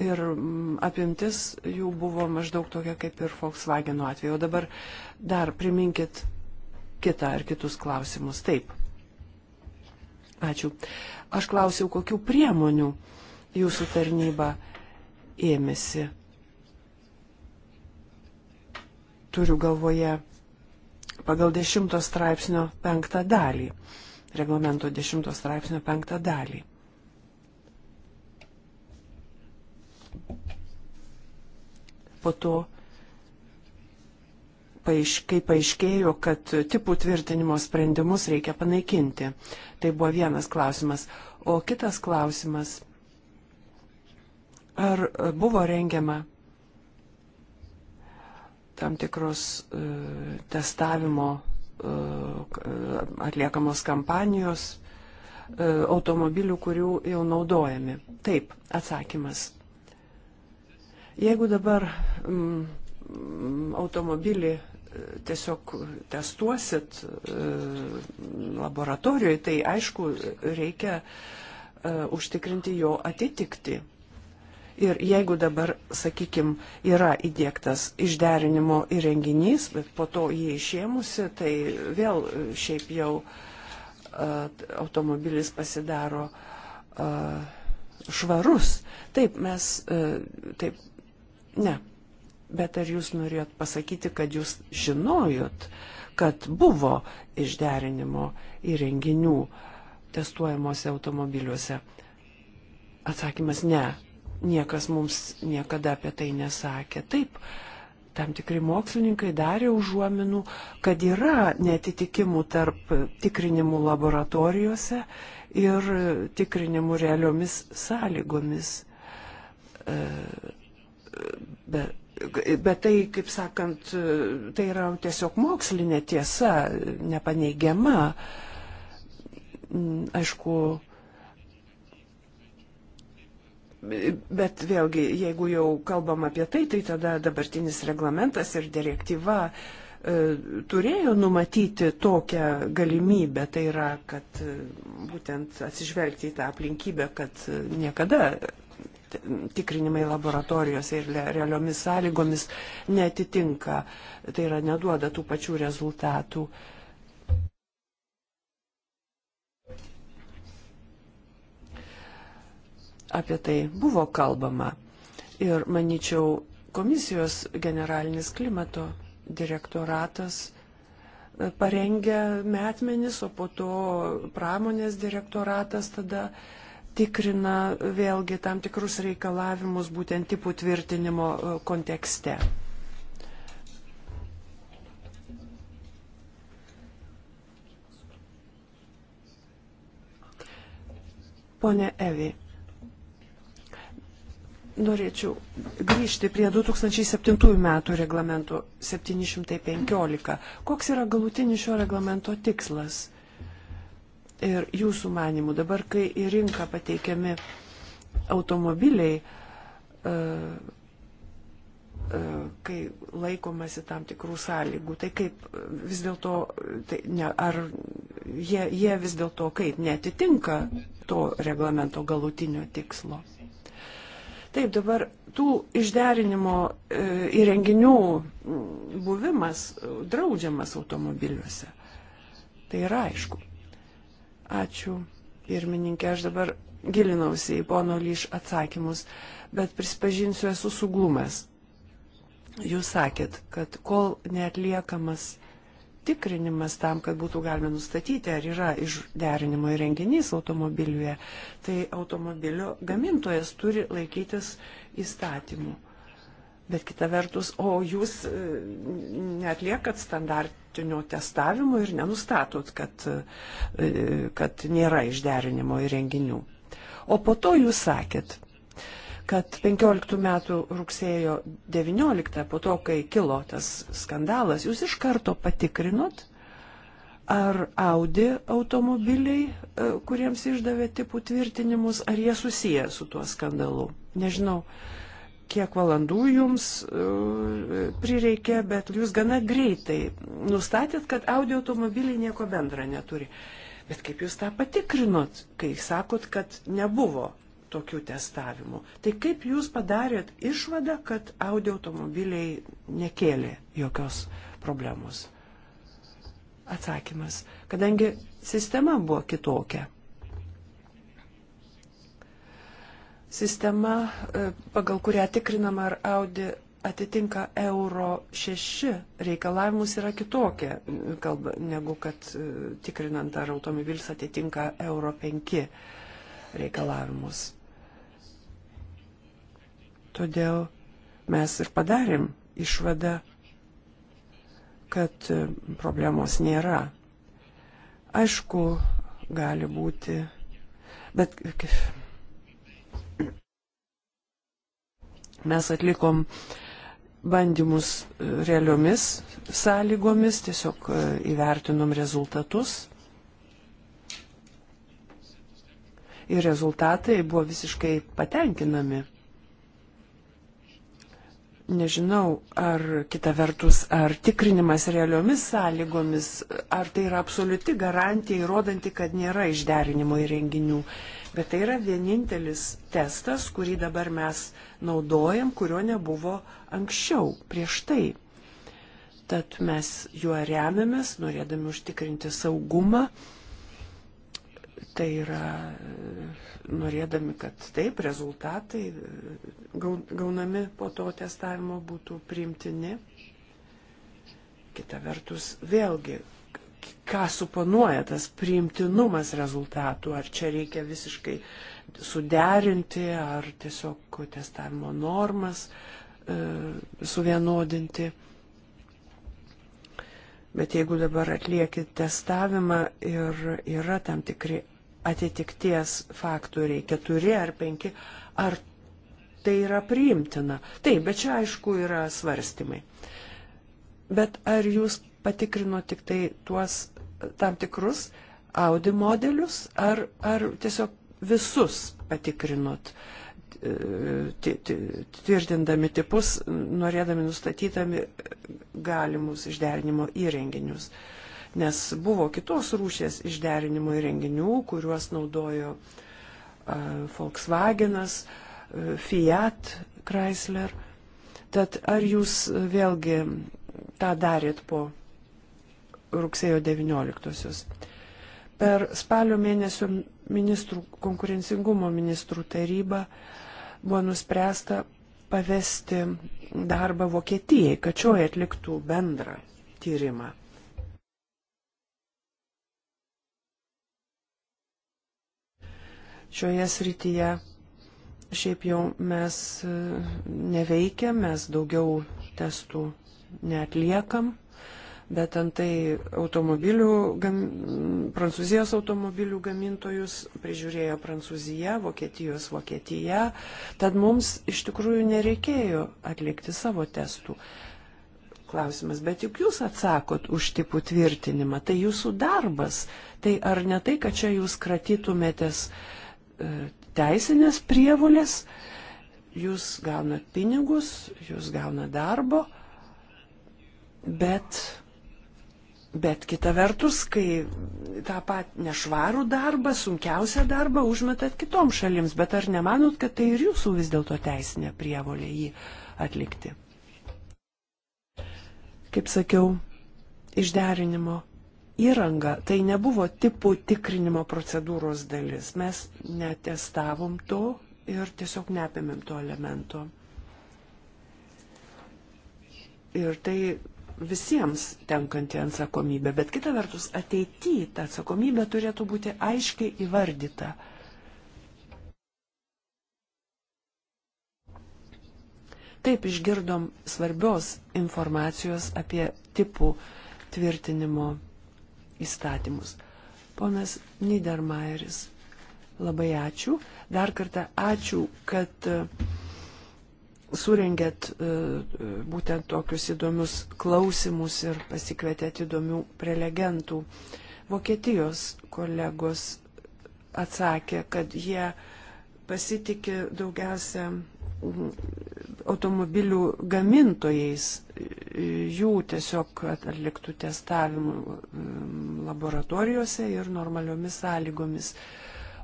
ir mm, apimtis jų buvo maždaug tokia kaip ir Volkswagen atveju. O dabar dar priminkit kitą ar kitus klausimus. Taip. Ačiū. Aš klausiau, kokių priemonių jūsų tarnyba ėmėsi. Turiu galvoje pagal 10 straipsnio penktą dalį. Reglamento 10 straipsnio penktą dalį. Po to, kai paaiškėjo, kad tipų tvirtinimo sprendimus reikia panaikinti. Tai buvo vienas klausimas. O kitas klausimas. Ar buvo rengiama tam tikros uh, testavimo uh, atliekamos kampanijos uh, automobilių, kurių jau naudojami? Taip, atsakymas Jeigu dabar mm, mm automobilį e, tiesiog testuosit e, laboratorijoje, tai aišku, reikia e, užtikrinti jo atitikti. Ir jeigu dabar, sakykime, yra įdėktas išderinimo įrenginys, bet po to jį išėmusi, tai vėl šiaip jau automobilis pasidaro švarus. Taip, mes taip Ne. Bet ar jūs norėjot pasakyti, kad jūs žinojot, kad buvo išderinimo įrenginių testuojamuose automobiliuose? Atsakymas ne. Niekas mums niekada apie tai nesakė. Taip, tam tikri mokslininkai darė užuominų, kad yra netitikimų tarp tikrinimų laboratorijose ir tikrinimų realiomis sąlygomis. E, bet, bet tai, kaip sakant, tai yra tiesiog mokslinė tiesa, nepaneigiama. Aišku, Bet vėlgi, jeigu jau kalbam apie tai, tai tada dabartinis reglamentas ir direktyva e, turėjo numatyti tokią galimybę, tai yra, kad e, būtent atsižvelgti į tą aplinkybę, kad e, niekada tikrinimai laboratorijose ir realiomis sąlygomis netitinka, tai yra neduoda tų pačių rezultatų. Apie tai buvo kalbama ir, manyčiau, komisijos generalinis klimato direktoratas e, parengia metmenis, o po to pramonės direktoratas tada uh, tikrina vėlgi tam tikrus reikalavimus būtent tipų tvirtinimo e, kontekste. Pone Evi, norėčiau grįžti prie 2007 metų reglamento 715. Koks yra galutinis šio reglamento tikslas? Ir jūsų manimų, dabar, kai į rinką pateikiami automobiliai, e, e, kai laikomasi tam tikrų sąlygų, tai kaip vis dėlto, tai ne, ar jie, jie vis dėlto kaip netitinka to reglamento galutinio tikslo. Taip, dabar tų išderinimo e, įrenginių buvimas draudžiamas automobiliuose. Tai yra aišku. Ačiū, pirmininkė. Aš dabar gilinausi į pono Lyš atsakymus, bet prisipažinsiu, esu suglumęs. Jūs sakėt, kad kol neatliekamas tikrinimas tam, kad būtų galima nustatyti, ar yra išderinimo įrenginys automobiliuje, tai automobilio gamintojas turi laikytis įstatymų. Bet kita vertus, o jūs e, netliekat standartinio testavimo ir nenustatot, kad, e, kad nėra išderinimo įrenginių. O po to jūs sakėt, kad 15 metų rugsėjo 19, po to, kai kilo tas skandalas, jūs iš karto patikrinot, ar Audi automobiliai, e, kuriems išdavė tipų tvirtinimus, ar jie susiję su tuo skandalu. Nežinau kiek valandų jums e, prireikė, bet jūs gana greitai nustatėt, kad audio automobiliai nieko bendra neturi. Bet kaip jūs tą patikrinot, kai sakot, kad nebuvo tokių testavimų? Tai kaip jūs padarėt išvadą, kad audio automobiliai nekėlė jokios problemos? Atsakymas. Kadangi sistema buvo kitokia. sistema, e, pagal kurią tikrinama, ar Audi atitinka euro 6 reikalavimus yra kitokie, kalba, negu kad e, tikrinant, ar automobilis atitinka euro 5 reikalavimus. Todėl mes ir padarėm išvadą, kad e, problemos nėra. Aišku, gali būti, bet kaip Mes atlikom bandymus e, realiomis sąlygomis, tiesiog e, įvertinom rezultatus. Ir rezultatai buvo visiškai patenkinami. Nežinau, ar kita vertus, ar tikrinimas realiomis sąlygomis, ar tai yra absoliuti garantija įrodanti, kad nėra išderinimo įrenginių. renginių Bet tai yra vienintelis testas, kurį dabar mes naudojam, kurio nebuvo anksčiau, prieš tai. Tad mes juo remiamės, norėdami užtikrinti saugumą. Tai yra norėdami, kad taip rezultatai e, gaunami po to testavimo būtų priimtini. Kita vertus, vėlgi ką suponuoja tas priimtinumas rezultatų, ar čia reikia visiškai suderinti, ar tiesiog testavimo normas e, suvienodinti. Bet jeigu dabar atlieki testavimą ir yra tam tikri atitikties faktoriai, keturi ar penki, ar tai yra priimtina. Taip, bet čia aišku yra svarstymai. Bet ar jūs patikrino tik tai tuos tam tikrus Audi modelius, ar, ar tiesiog visus patikrinot, e, tvirtindami tipus, norėdami nustatytami galimus išderinimo įrenginius. Nes buvo kitos rūšės išderinimo įrenginių, kuriuos naudojo e, Volkswagenas, e, Fiat, Chrysler. Tad ar jūs vėlgi tą darėt po rugsėjo 19-osios. Per spalio mėnesio ministrų, konkurencingumo ministrų tarybą buvo nuspręsta pavesti darbą Vokietijai, kad šioje atliktų bendrą tyrimą. Šioje srityje šiaip jau mes neveikiam, mes daugiau testų netliekam bet antai automobilių, gam, prancūzijos automobilių gamintojus prižiūrėjo Prancūzija, Vokietijos Vokietija, tad mums iš tikrųjų nereikėjo atlikti savo testų. Klausimas, bet juk jūs atsakot už tipų tvirtinimą, tai jūsų darbas, tai ar ne tai, kad čia jūs kratytumėtės e, teisinės prievolės, jūs gaunat pinigus, jūs gaunat darbo, bet Bet kita vertus, kai tą pat nešvarų darbą, sunkiausią darbą užmetat kitom šalims, bet ar nemanot, kad tai ir jūsų vis dėlto teisinė prievolė jį atlikti? Kaip sakiau, išderinimo įranga tai nebuvo tipų tikrinimo procedūros dalis. Mes netestavom to ir tiesiog neapėmėm to elemento. Ir tai visiems tenkanti atsakomybė, bet kita vertus ateityje ta atsakomybė turėtų būti aiškiai įvardyta. Taip išgirdom svarbios informacijos apie tipų tvirtinimo įstatymus. Ponas Niedermayeris, labai ačiū. Dar kartą ačiū, kad uh, surengėt e, e, būtent tokius įdomius klausimus ir pasikvietėt įdomių prelegentų. Vokietijos kolegos atsakė, kad jie pasitikė daugiausia automobilių gamintojais, jų tiesiog atliktų testavimų laboratorijose ir normaliomis sąlygomis.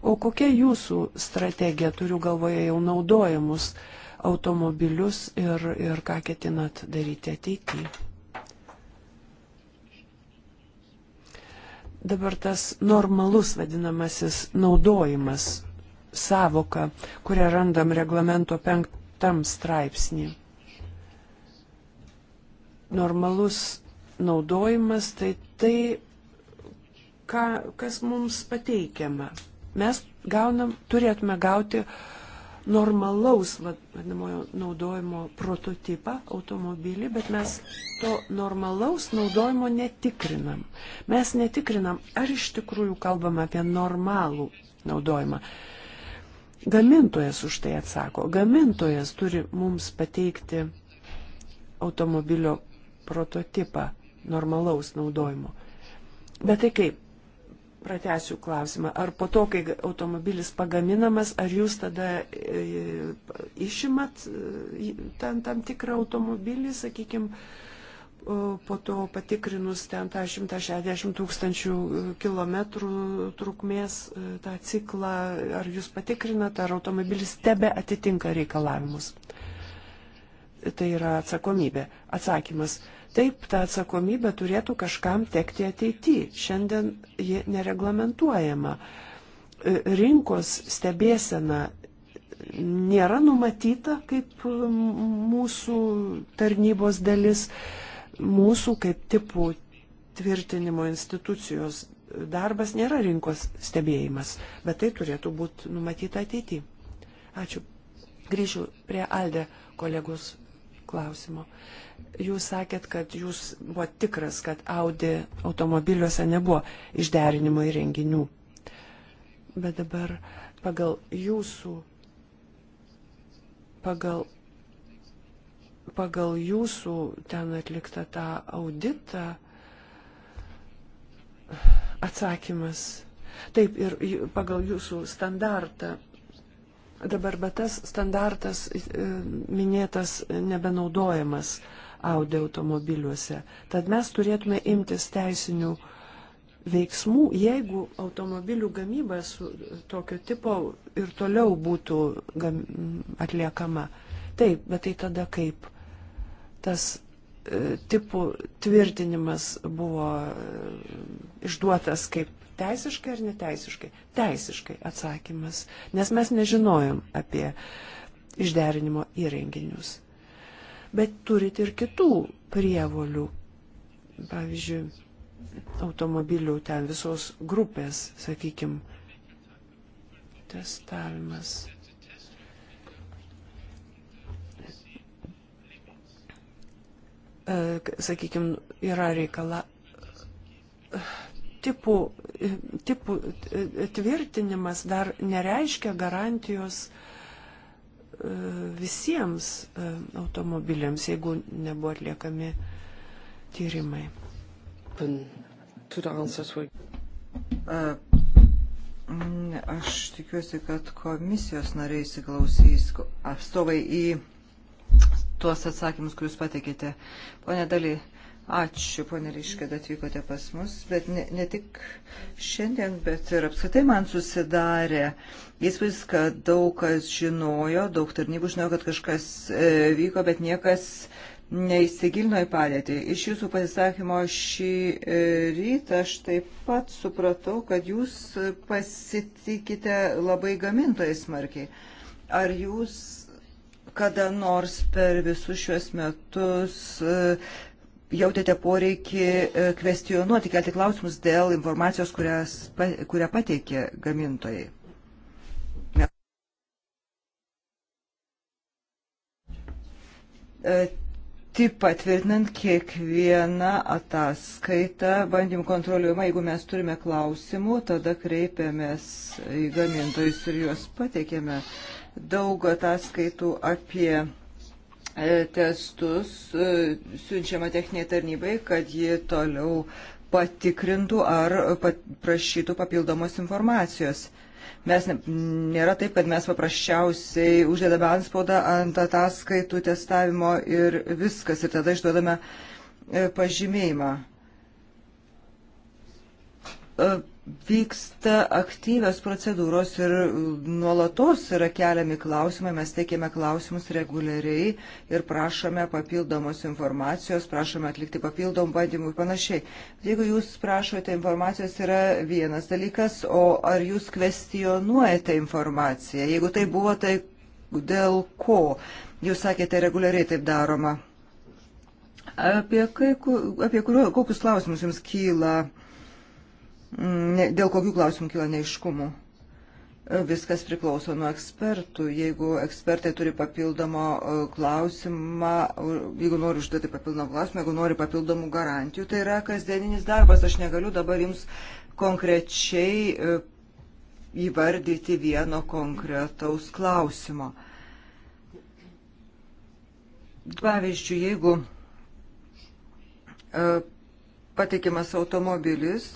O kokia jūsų strategija, turiu galvoje jau naudojamus uh, automobilius ir, ir ką ketinat daryti ateityje. Dabar tas normalus vadinamasis naudojimas savoka, kurią randam reglamento penktam straipsnį. Normalus naudojimas, tai tai, ką, kas mums pateikiama. Mes gaunam, turėtume gauti uh, normalaus vadinamojo naudojimo prototipą automobilį, bet mes to normalaus naudojimo netikrinam. Mes netikrinam, ar iš tikrųjų kalbam apie normalų naudojimą. Gamintojas už tai atsako. Gamintojas turi mums pateikti automobilio prototipą normalaus naudojimo. Bet tai kaip? pratesiu klausimą. Ar po to, kai automobilis pagaminamas, ar jūs tada e, išimat e, ten tam tikrą automobilį, sakykime, po to patikrinus ten tą 160 tūkstančių e, kilometrų trukmės tą ciklą, ar jūs patikrinat, ar automobilis tebe atitinka reikalavimus. Tai yra atsakomybė. Atsakymas. Taip, ta atsakomybė turėtų kažkam tekti ateityje. Šiandien ji nereglamentuojama. E, rinkos stebėsena nėra numatyta kaip mūsų tarnybos dalis, mūsų kaip tipų tvirtinimo institucijos darbas nėra rinkos stebėjimas, bet tai turėtų būti numatyta ateityje. Ačiū. Grįšiu prie Alde kolegos klausimo. Jūs sakėt, kad jūs buvo tikras, kad Audi automobiliuose nebuvo išderinimo įrenginių. Bet dabar pagal jūsų, pagal, pagal jūsų ten atliktą tą auditą atsakymas. Taip, ir pagal jūsų standartą Dabar bet tas standartas e, minėtas nebenaudojamas Audi automobiliuose. Tad mes turėtume imtis teisinių veiksmų, jeigu automobilių gamyba su tokio tipo ir toliau būtų atliekama. Taip, bet tai tada kaip tas e, tipų tvirtinimas buvo e, išduotas kaip Teisiškai ar neteisiškai? Teisiškai atsakymas, nes mes nežinojom apie išderinimo įrenginius. Bet turite ir kitų prievolių. Pavyzdžiui, automobilių ten visos grupės, sakykime, testavimas. E, sakykime, yra reikala tipų, e, tipų e, tvirtinimas dar nereiškia garantijos e, visiems automobiliams, jeigu nebuvo atliekami tyrimai. Mm, aš tikiuosi, kad komisijos nariai įsiklausys atstovai į tuos atsakymus, kuriuos pateikėte. Pone Daly, Ačiū, ponė Ryškė, kad atvykote pas mus, bet ne, ne tik šiandien, bet ir apskritai man susidarė įspūdis, kad daug kas žinojo, daug tarnybų žinojo, kad kažkas e, vyko, bet niekas neįsigilino į padėtį. Iš jūsų pasisakymo šį e, rytą aš taip pat supratau, kad jūs pasitikite labai gamintojai smarkiai. Ar jūs kada nors per visus šiuos metus e, jautėte poreikį e, kvestionuoti, kelti klausimus dėl informacijos, kurias, kurią pateikė gamintojai. E, Taip patvirtinant kiekvieną ataskaitą bandymų kontroliuojama, jeigu mes turime klausimų, tada kreipiamės į gamintojus ir juos pateikėme. Daug ataskaitų apie E, testus e, siunčiama techniniai tarnybai, kad ji toliau patikrintų ar prašytų papildomos informacijos. Mes nėra taip, kad mes paprasčiausiai uždedame anspaudą ant ataskaitų testavimo ir viskas, ir tada išduodame e, pažymėjimą vyksta aktyvios procedūros ir nuolatos yra keliami klausimai, mes teikiame klausimus reguliariai ir prašome papildomos informacijos, prašome atlikti papildomų bandymų ir panašiai. Jeigu jūs prašote informacijos yra vienas dalykas, o ar jūs kvestionuojate informaciją? Jeigu tai buvo, tai dėl ko? Jūs sakėte, reguliariai taip daroma. Apie, kai, apie kuriuo, kokius klausimus jums kyla? dėl kokių klausimų kyla neiškumų. Viskas priklauso nuo ekspertų. Jeigu ekspertai turi papildomą e, klausimą, jeigu nori užduoti papildomą klausimą, jeigu nori papildomų garantijų, tai yra kasdieninis darbas. Aš negaliu dabar jums konkrečiai e, įvardyti vieno konkretaus klausimo. Pavyzdžiui, jeigu e, patikimas automobilis,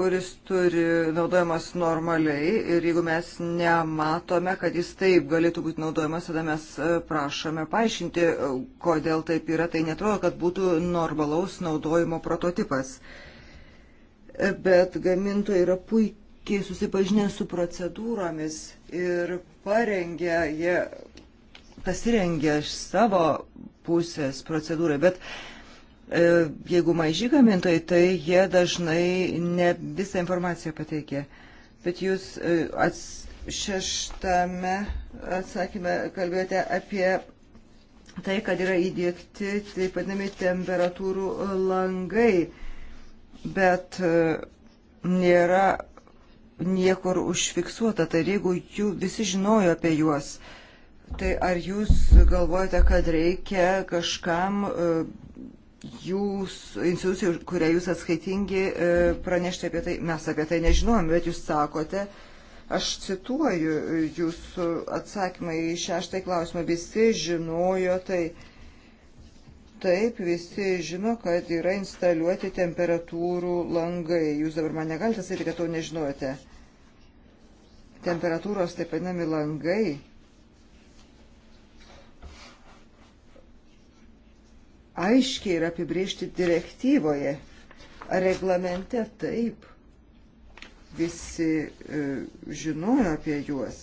kuris turi naudojamas normaliai ir jeigu mes nematome, kad jis taip galėtų būti naudojamas, tada mes e, prašome paaiškinti, e, kodėl taip yra. Tai netrodo, kad būtų normalaus naudojimo prototipas. E, bet gamintojai yra puikiai susipažinę su procedūromis ir parengė, jie pasirengė iš savo pusės procedūrai. Bet uh, E, jeigu maži gamintojai, tai jie dažnai ne visą informaciją pateikia. Bet jūs e, ats, šeštame atsakymė kalbėjote apie tai, kad yra įdėkti taip vadinami temperatūrų langai, bet e, nėra niekur užfiksuota. Tai jeigu jų visi žinojo apie juos, tai ar jūs galvojate, kad reikia kažkam jūs, institucijų, kuria jūs atskaitingi, e, pranešti apie tai, mes apie tai nežinojom, bet jūs sakote, aš cituoju jūsų atsakymą į šeštąjį klausimą, visi žinojo tai. Taip, visi žino, kad yra instaliuoti temperatūrų langai. Jūs dabar man negalite sakyti, kad to nežinote. Temperatūros taip vadinami langai aiškiai yra apibriežti direktyvoje, reglamente taip. Visi e, žinojo apie juos,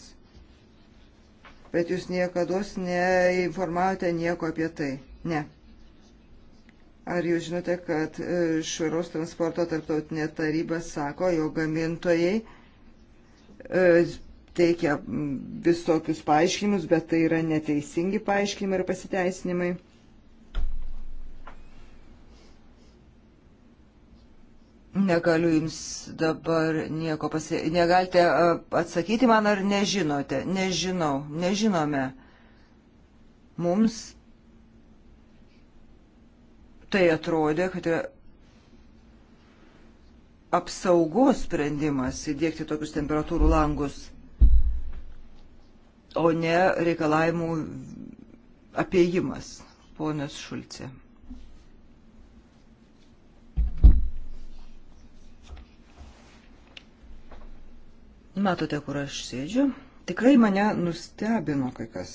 bet jūs niekada neinformavote nieko apie tai. Ne. Ar jūs žinote, kad e, švaros transporto tarptautinė taryba sako, jo gamintojai e, teikia visokius paaiškinimus, bet tai yra neteisingi paaiškinimai ir pasiteisinimai. Negaliu jums dabar nieko pasakyti. Negalite atsakyti man ar nežinote? Nežinau, nežinome. Mums tai atrodė, kad yra apsaugos sprendimas įdėkti tokius temperatūrų langus, o ne reikalavimų apėjimas, ponas Šulcė. Matote, kur aš sėdžiu. Tikrai mane nustebino kai kas.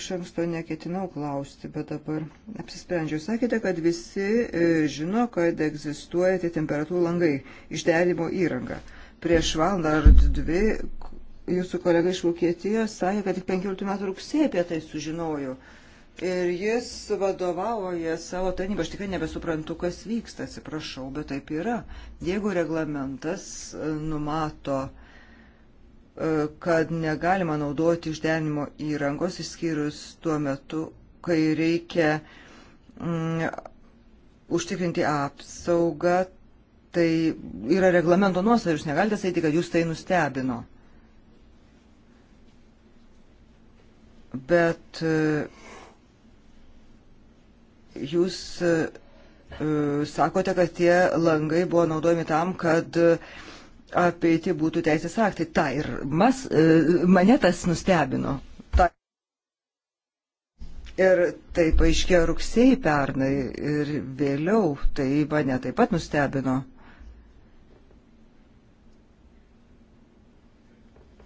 Iš anksto neketinau klausti, bet dabar apsisprendžiau. Sakėte, kad visi e, žino, kad egzistuoja tie temperatūrų langai išderimo įranga. Prieš valandą ar dvi jūsų kolega iš Vokietijos sakė, kad tik 15 metų rugsėje apie tai sužinojo. Ir jis vadovauja savo tarnybą. Aš tikrai nebesuprantu, kas vyksta, atsiprašau, bet taip yra. Jeigu reglamentas e, numato, e, kad negalima naudoti išdenimo įrangos, išskyrus tuo metu, kai reikia mm, užtikrinti apsaugą, tai yra reglamento nuostata, jūs negalite sakyti, kad jūs tai nustebino. Bet uh, Jūs e, e, sakote, kad tie langai buvo naudojami tam, kad apeiti būtų teisės aktai. Ta ir mas, e, mane tas nustebino. Ta. Ir tai paaiškėjo rugsėjai pernai ir vėliau tai mane taip pat nustebino.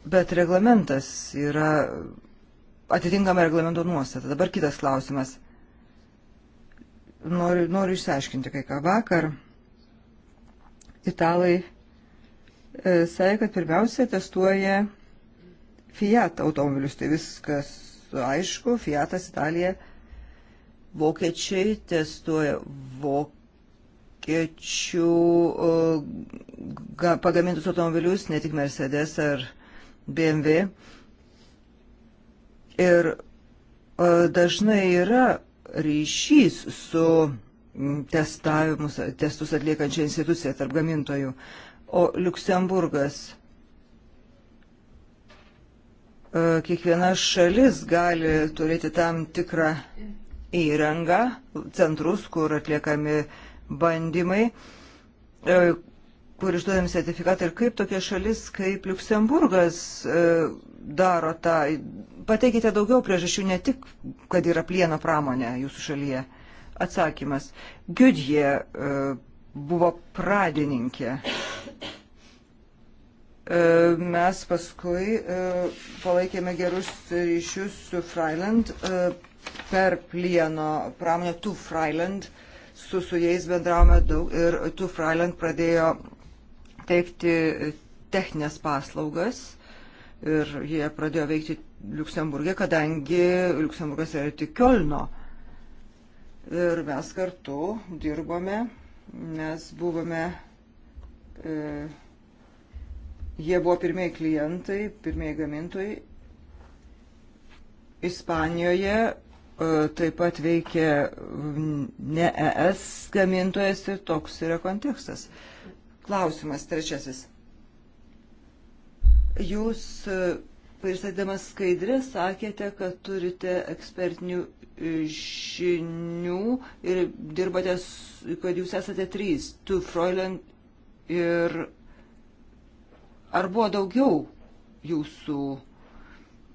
Bet reglamentas yra atitinkama reglamento nuostata. Dabar kitas klausimas noriu, noriu išsiaiškinti kai ką. Vakar italai e, sakė, kad pirmiausia testuoja Fiat automobilius. Tai viskas aišku, Fiatas Italija. Vokiečiai testuoja vokiečių o, e, ga, pagamintus automobilius, ne tik Mercedes ar BMW. Ir o, e, dažnai yra ryšys su mm, testavimus, testus atliekančia institucija tarp gamintojų. O Luksemburgas, e, kiekviena šalis gali turėti tam tikrą įrangą, centrus, kur atliekami bandymai, e, kur išduodami sertifikatą ir kaip tokia šalis kaip Luksemburgas e, daro tą? Pateikite daugiau priežasčių, ne tik, kad yra plieno pramonė jūsų šalyje. Atsakymas. Gudje buvo pradininkė. E, mes paskui e, palaikėme gerus ryšius su Freiland e, per plieno pramonę Tu Freiland. Su, su jais bendravome daug ir Tu Freiland pradėjo teikti techninės paslaugas ir jie pradėjo veikti Luksemburgė, kadangi Luksemburgas yra tik Kielno. Ir mes kartu dirbome, mes buvome, e, jie buvo pirmieji klientai, pirmieji gamintojai. Ispanijoje e, taip pat veikia ne ES gamintojas ir toks yra kontekstas. Klausimas trečiasis Jūs e, pristatydamas skaidrės sakėte, kad turite ekspertinių e, žinių ir dirbate, kad jūs esate trys, tu, Froiland ir ar buvo daugiau jūsų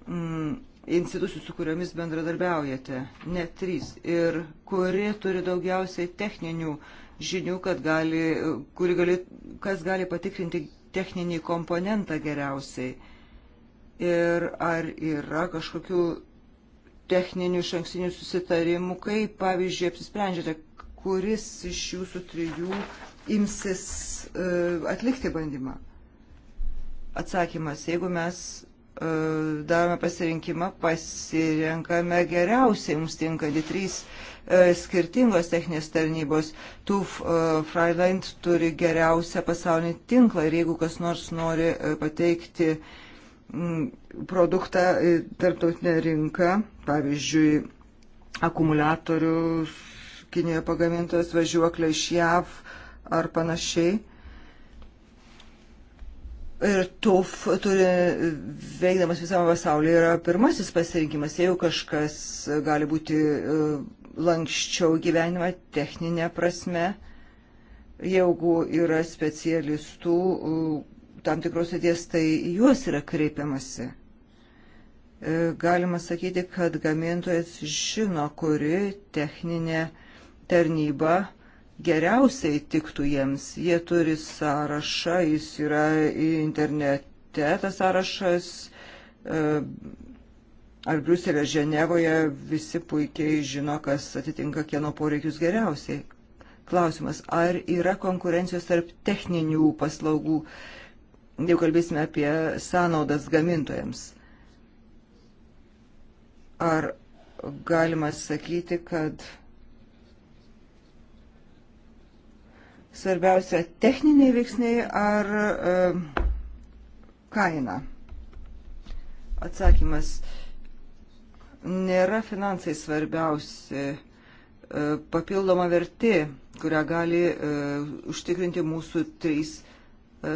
mm, institucijų, su kuriomis bendradarbiaujate, ne trys, ir kuri turi daugiausiai techninių žinių, kad gali, kuri gali, kas gali patikrinti techninį komponentą geriausiai ir ar yra kažkokių techninių šanksinių susitarimų, kaip pavyzdžiui apsisprendžiate, kuris iš jūsų trijų imsis uh, atlikti bandymą. Atsakymas, jeigu mes uh, darome pasirinkimą, pasirenkame geriausiai mums tinkantį trys uh, E, skirtingos techninės tarnybos. TUF e, Freiland turi geriausią pasaulinį tinklą ir jeigu kas nors nori e, pateikti produktą į tarptautinę rinką, pavyzdžiui, akumuliatorius Kinijoje pagamintas važiuoklė iš JAV ar panašiai. Ir TUF turi, veikdamas visame pasaulyje, yra pirmasis pasirinkimas. Jeigu kažkas gali būti lankščiau gyvenimą techninę prasme, jeigu yra specialistų tam tikros sėdės, tai juos yra kreipiamasi. E, galima sakyti, kad gamintojas žino, kuri techninė tarnyba geriausiai tiktų jiems. Jie turi sąrašą, jis yra internete, tas sąrašas e, ar Briuselio Ženevoje visi puikiai žino, kas atitinka kieno poreikius geriausiai. Klausimas, ar yra konkurencijos tarp techninių paslaugų, jau kalbėsime apie sąnaudas gamintojams. Ar galima sakyti, kad svarbiausia techniniai veiksniai ar e, kaina? Atsakymas. E, nėra finansai svarbiausi e, papildoma vertė, kurią gali e, užtikrinti mūsų trys e,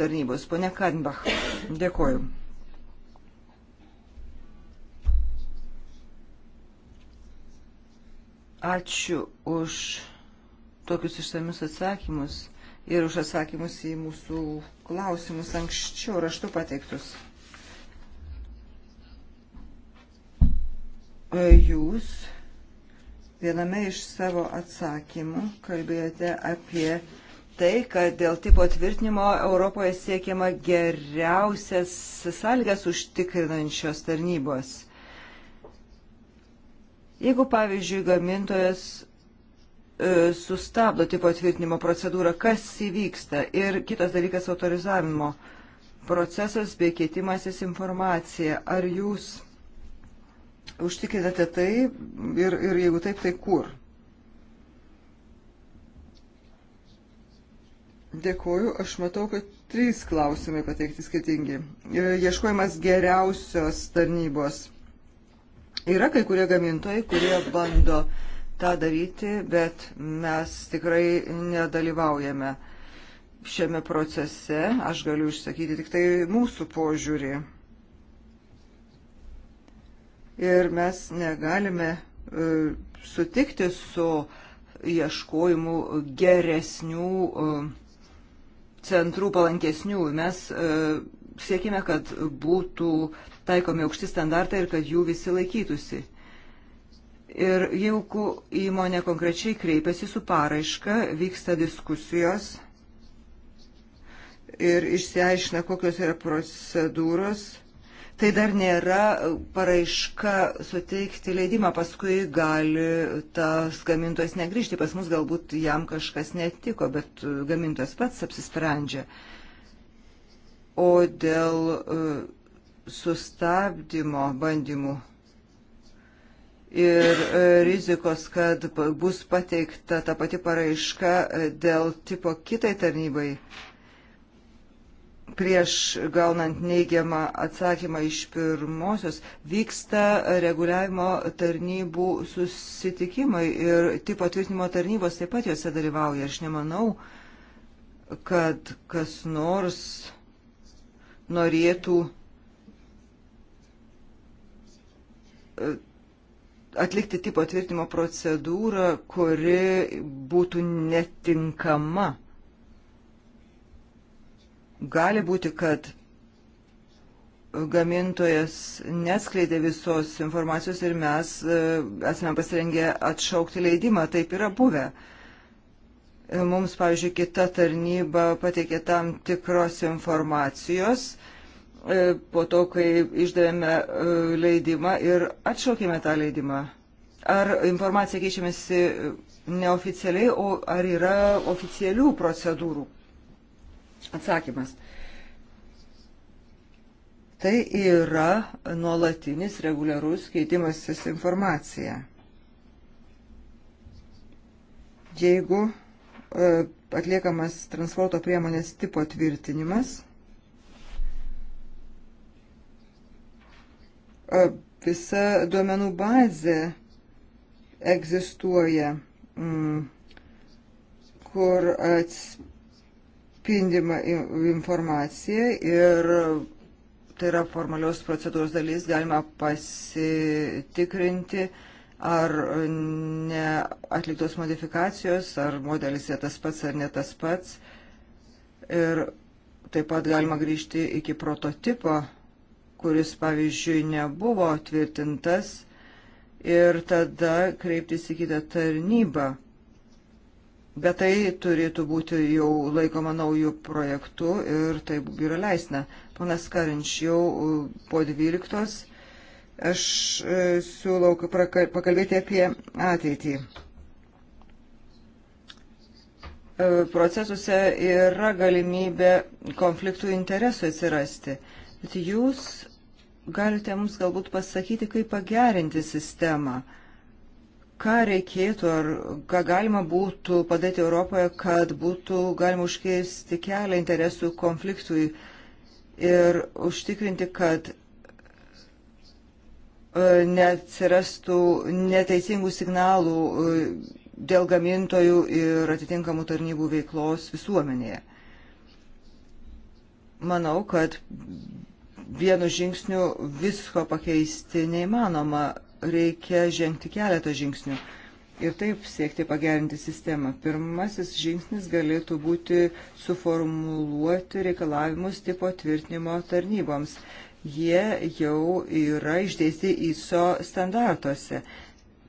tarnybos. Pone Kadenbach, dėkoju. Ačiū už tokius išsamius atsakymus ir už atsakymus į mūsų klausimus anksčiau raštu pateiktus. E, jūs viename iš savo atsakymų kalbėjote apie tai, kad dėl tipo tvirtinimo Europoje siekiama geriausias sąlygas užtikrinančios tarnybos. Jeigu, pavyzdžiui, gamintojas e, sustabdo tipo tvirtinimo procedūrą, kas įvyksta ir kitas dalykas autorizavimo procesas bei keitimasis informacija, ar jūs užtikrinate tai ir, ir jeigu taip, tai kur? Dėkuoju, aš matau, kad trys klausimai pateikti skirtingi. E, ieškojimas geriausios tarnybos. Yra kai kurie gamintojai, kurie bando tą daryti, bet mes tikrai nedalyvaujame šiame procese. Aš galiu išsakyti tik tai mūsų požiūrį ir mes negalime e, sutikti su ieškojimu geresnių e, centrų palankesnių. Mes e, siekime, kad būtų taikomi aukšti standartai ir kad jų visi laikytųsi. Ir jeigu įmonė konkrečiai kreipiasi su paraiška, vyksta diskusijos ir išsiaiškina, kokios yra procedūros tai dar nėra paraiška suteikti leidimą, paskui gali tas gamintojas negryžti, pas mus galbūt jam kažkas netiko, bet gamintojas pats apsisprendžia. O dėl e, sustabdymo bandymų ir e, rizikos, kad bus pateikta ta pati paraiška e, dėl tipo kitai tarnybai prieš gaunant neigiamą atsakymą iš pirmosios vyksta reguliavimo tarnybų susitikimai ir tipo tvirtinimo tarnybos taip pat juose dalyvauja. Aš nemanau, kad kas nors norėtų e, atlikti tipo tvirtinimo procedūrą, kuri būtų netinkama Gali būti, kad gamintojas neskleidė visos informacijos ir mes e, esame pasirengę atšaukti leidimą. Taip yra buvę. Mums, pavyzdžiui, kita tarnyba pateikė tam tikros informacijos e, po to, kai išdavėme e, leidimą ir atšaukėme tą leidimą. Ar informacija keičiamasi neoficialiai, o ar yra oficialių procedūrų Atsakymas. Tai yra nuolatinis reguliarus keitimasis informacija. Jeigu e, atliekamas transporto priemonės tipo tvirtinimas, e, visa duomenų bazė egzistuoja, mm, kur atspėja atspindima informacija ir tai yra formalios procedūros dalis, galima pasitikrinti, ar atliktos modifikacijos, ar modelis yra tas pats ar ne tas pats. Ir taip pat galima grįžti iki prototipo, kuris, pavyzdžiui, nebuvo tvirtintas ir tada kreiptis į kitą tarnybą Bet tai turėtų būti jau laikoma naujų projektų ir tai yra leisna. Ponas Karinč, jau uh, po 12 aš uh, siūlau pakalbėti apie ateitį. Uh, procesuose yra galimybė konfliktų interesų atsirasti. Bet jūs galite mums galbūt pasakyti, kaip pagerinti sistemą ką reikėtų ar ką galima būtų padaryti Europoje, kad būtų galima užkirsti kelią interesų konfliktui ir užtikrinti, kad e, neatsirastų neteisingų signalų e, dėl gamintojų ir atitinkamų tarnybų veiklos visuomenėje. Manau, kad vienu žingsniu visko pakeisti neįmanoma reikia žengti keletą žingsnių ir taip siekti pagerinti sistemą. Pirmasis žingsnis galėtų būti suformuluoti reikalavimus tipo tvirtinimo tarnyboms. Jie jau yra išdėsti ISO standartuose.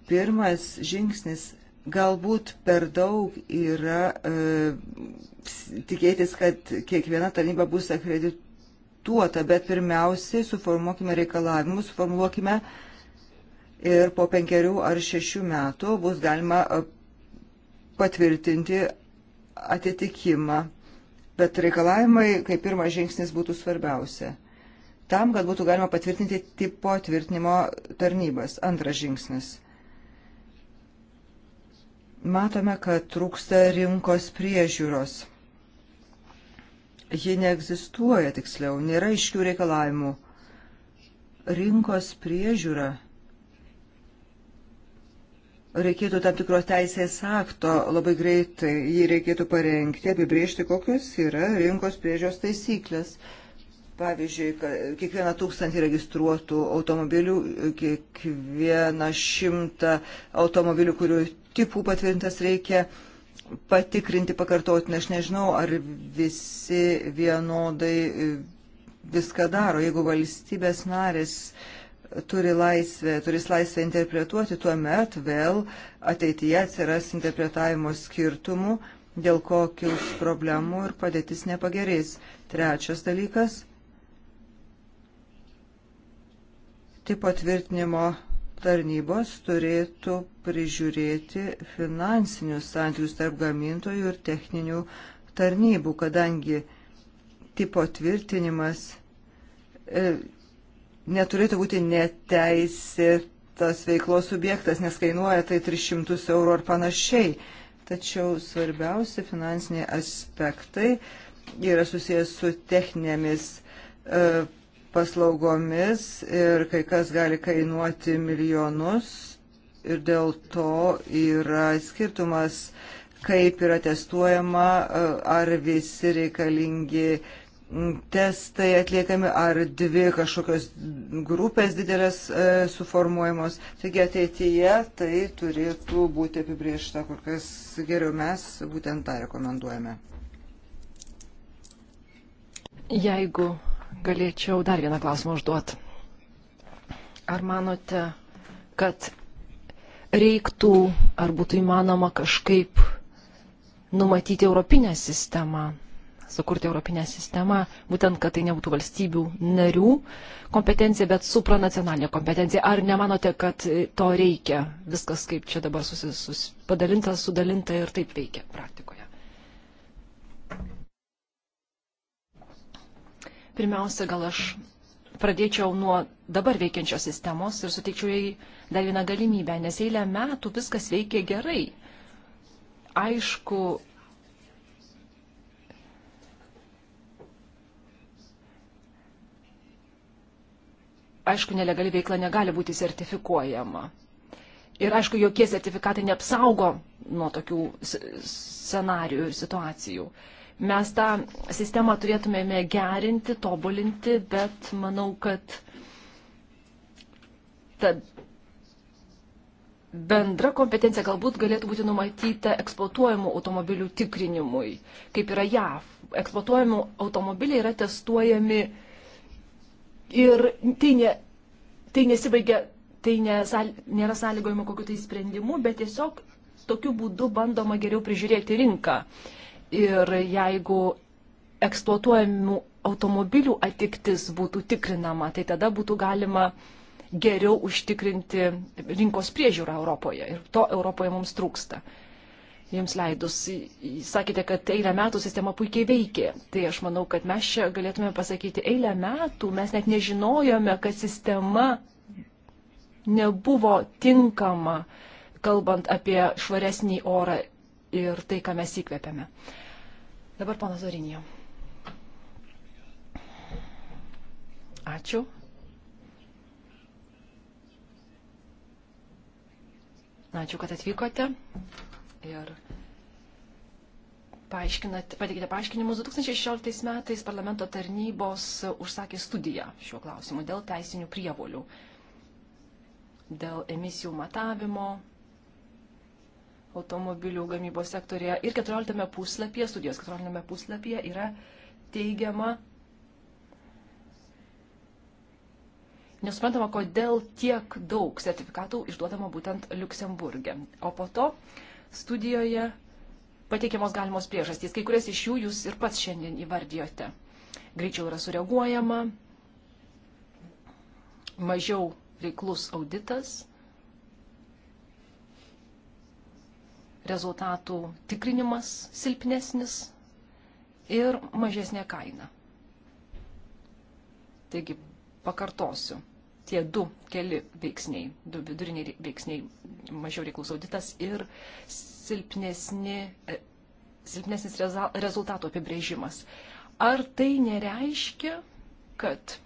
Pirmas žingsnis galbūt per daug yra e, tikėtis, kad kiekviena tarnyba bus akredituota, bet pirmiausiai suformuokime reikalavimus, suformuokime e, ir po penkerių ar šešių metų bus galima e, patvirtinti atitikimą. Bet reikalavimai, kaip pirmas žingsnis, būtų svarbiausia. Tam, kad būtų galima patvirtinti tipo tvirtinimo tarnybas. Antras žingsnis. Matome, kad trūksta rinkos priežiūros. Ji neegzistuoja tiksliau, nėra iškių reikalavimų. Rinkos priežiūra reikėtų tam tikros teisės akto labai greitai, jį reikėtų parengti, apibriežti, kokios yra rinkos priežios taisyklės. Pavyzdžiui, kiekvieną tūkstantį registruotų automobilių, kiekvieną šimtą automobilių, kurių tipų patvirtintas reikia patikrinti pakartotinai. Aš nežinau, ar visi vienodai viską daro, jeigu valstybės narės uh, turi laisvę, turis laisvę interpretuoti, tuo met vėl ateityje atsiras interpretavimo skirtumų, dėl ko kils problemų ir padėtis nepagerės. Trečias dalykas - tipo tvirtinimo tarnybos turėtų prižiūrėti finansinius santykius tarp gamintojų ir techninių tarnybų, kadangi tipo tvirtinimas e, neturėtų būti neteisėtas veiklos subjektas, nes kainuoja tai 300 eurų ar panašiai. Tačiau svarbiausi finansiniai aspektai yra susijęs su techninėmis e, paslaugomis ir kai kas gali kainuoti milijonus ir dėl to yra skirtumas, kaip yra testuojama, e, ar visi reikalingi testai atliekami, ar dvi kažkokios grupės didelės e, suformuojamos. Taigi ateityje tai turėtų būti apibriešta kur kas geriau. Mes būtent tą rekomenduojame. Jeigu galėčiau dar vieną klausimą užduoti. Ar manote, kad reiktų, ar būtų įmanoma kažkaip numatyti europinę sistemą sukurti Europinę sistemą, būtent, kad tai nebūtų valstybių narių kompetencija, bet supranacionalinė kompetencija. Ar nemanote, kad to reikia? Viskas kaip čia dabar susis, sus, padalinta, sudalinta ir taip veikia praktikoje. Pirmiausia, gal aš pradėčiau nuo dabar veikiančios sistemos ir suteikčiau jai dar vieną galimybę, nes eilę metų viskas veikia gerai. Aišku, aišku, nelegali veikla negali būti sertifikuojama. Ir aišku, jokie sertifikatai neapsaugo nuo tokių scenarių ir situacijų. Mes tą sistemą turėtumėme gerinti, tobulinti, bet manau, kad ta bendra kompetencija galbūt galėtų būti numatyta eksploatuojamų automobilių tikrinimui, kaip yra JAV. Eksploatuojamų automobiliai yra testuojami Ir tai, ne, tai nesibaigia, tai ne, nėra sąlygojama kokiu tai sprendimu, bet tiesiog tokiu būdu bandoma geriau prižiūrėti rinką. Ir jeigu eksploatuojamų automobilių atiktis būtų tikrinama, tai tada būtų galima geriau užtikrinti rinkos priežiūrą Europoje. Ir to Europoje mums trūksta jums leidus. Sakėte, kad eilę metų sistema puikiai veikė. Tai aš manau, kad mes čia galėtume pasakyti, eilę metų mes net nežinojome, kad sistema nebuvo tinkama, kalbant apie švaresnį orą ir tai, ką mes įkvepiame. Dabar ponas Zorinė. Ačiū. Ačiū, kad atvykote ir pateikite paaiškinimus. 2016 metais parlamento tarnybos užsakė studiją šiuo klausimu dėl teisinių prievolių, dėl emisijų matavimo automobilių gamybos sektorėje. Ir 14 puslapyje, studijos 14 puslapyje yra teigiama, nesuprantama, kodėl tiek daug sertifikatų išduodama būtent Luksemburgė. O po to studijoje pateikiamos galimos priežastys. Kai kurias iš jų jūs ir pats šiandien įvardijote. Greičiau yra sureaguojama, mažiau reiklus auditas, rezultatų tikrinimas silpnesnis ir mažesnė kaina. Taigi, pakartosiu tie du keli veiksniai, du viduriniai veiksniai, mažiau reiklaus auditas ir silpnesni, e, silpnesnis rezultato apibrėžimas. Ar tai nereiškia, kad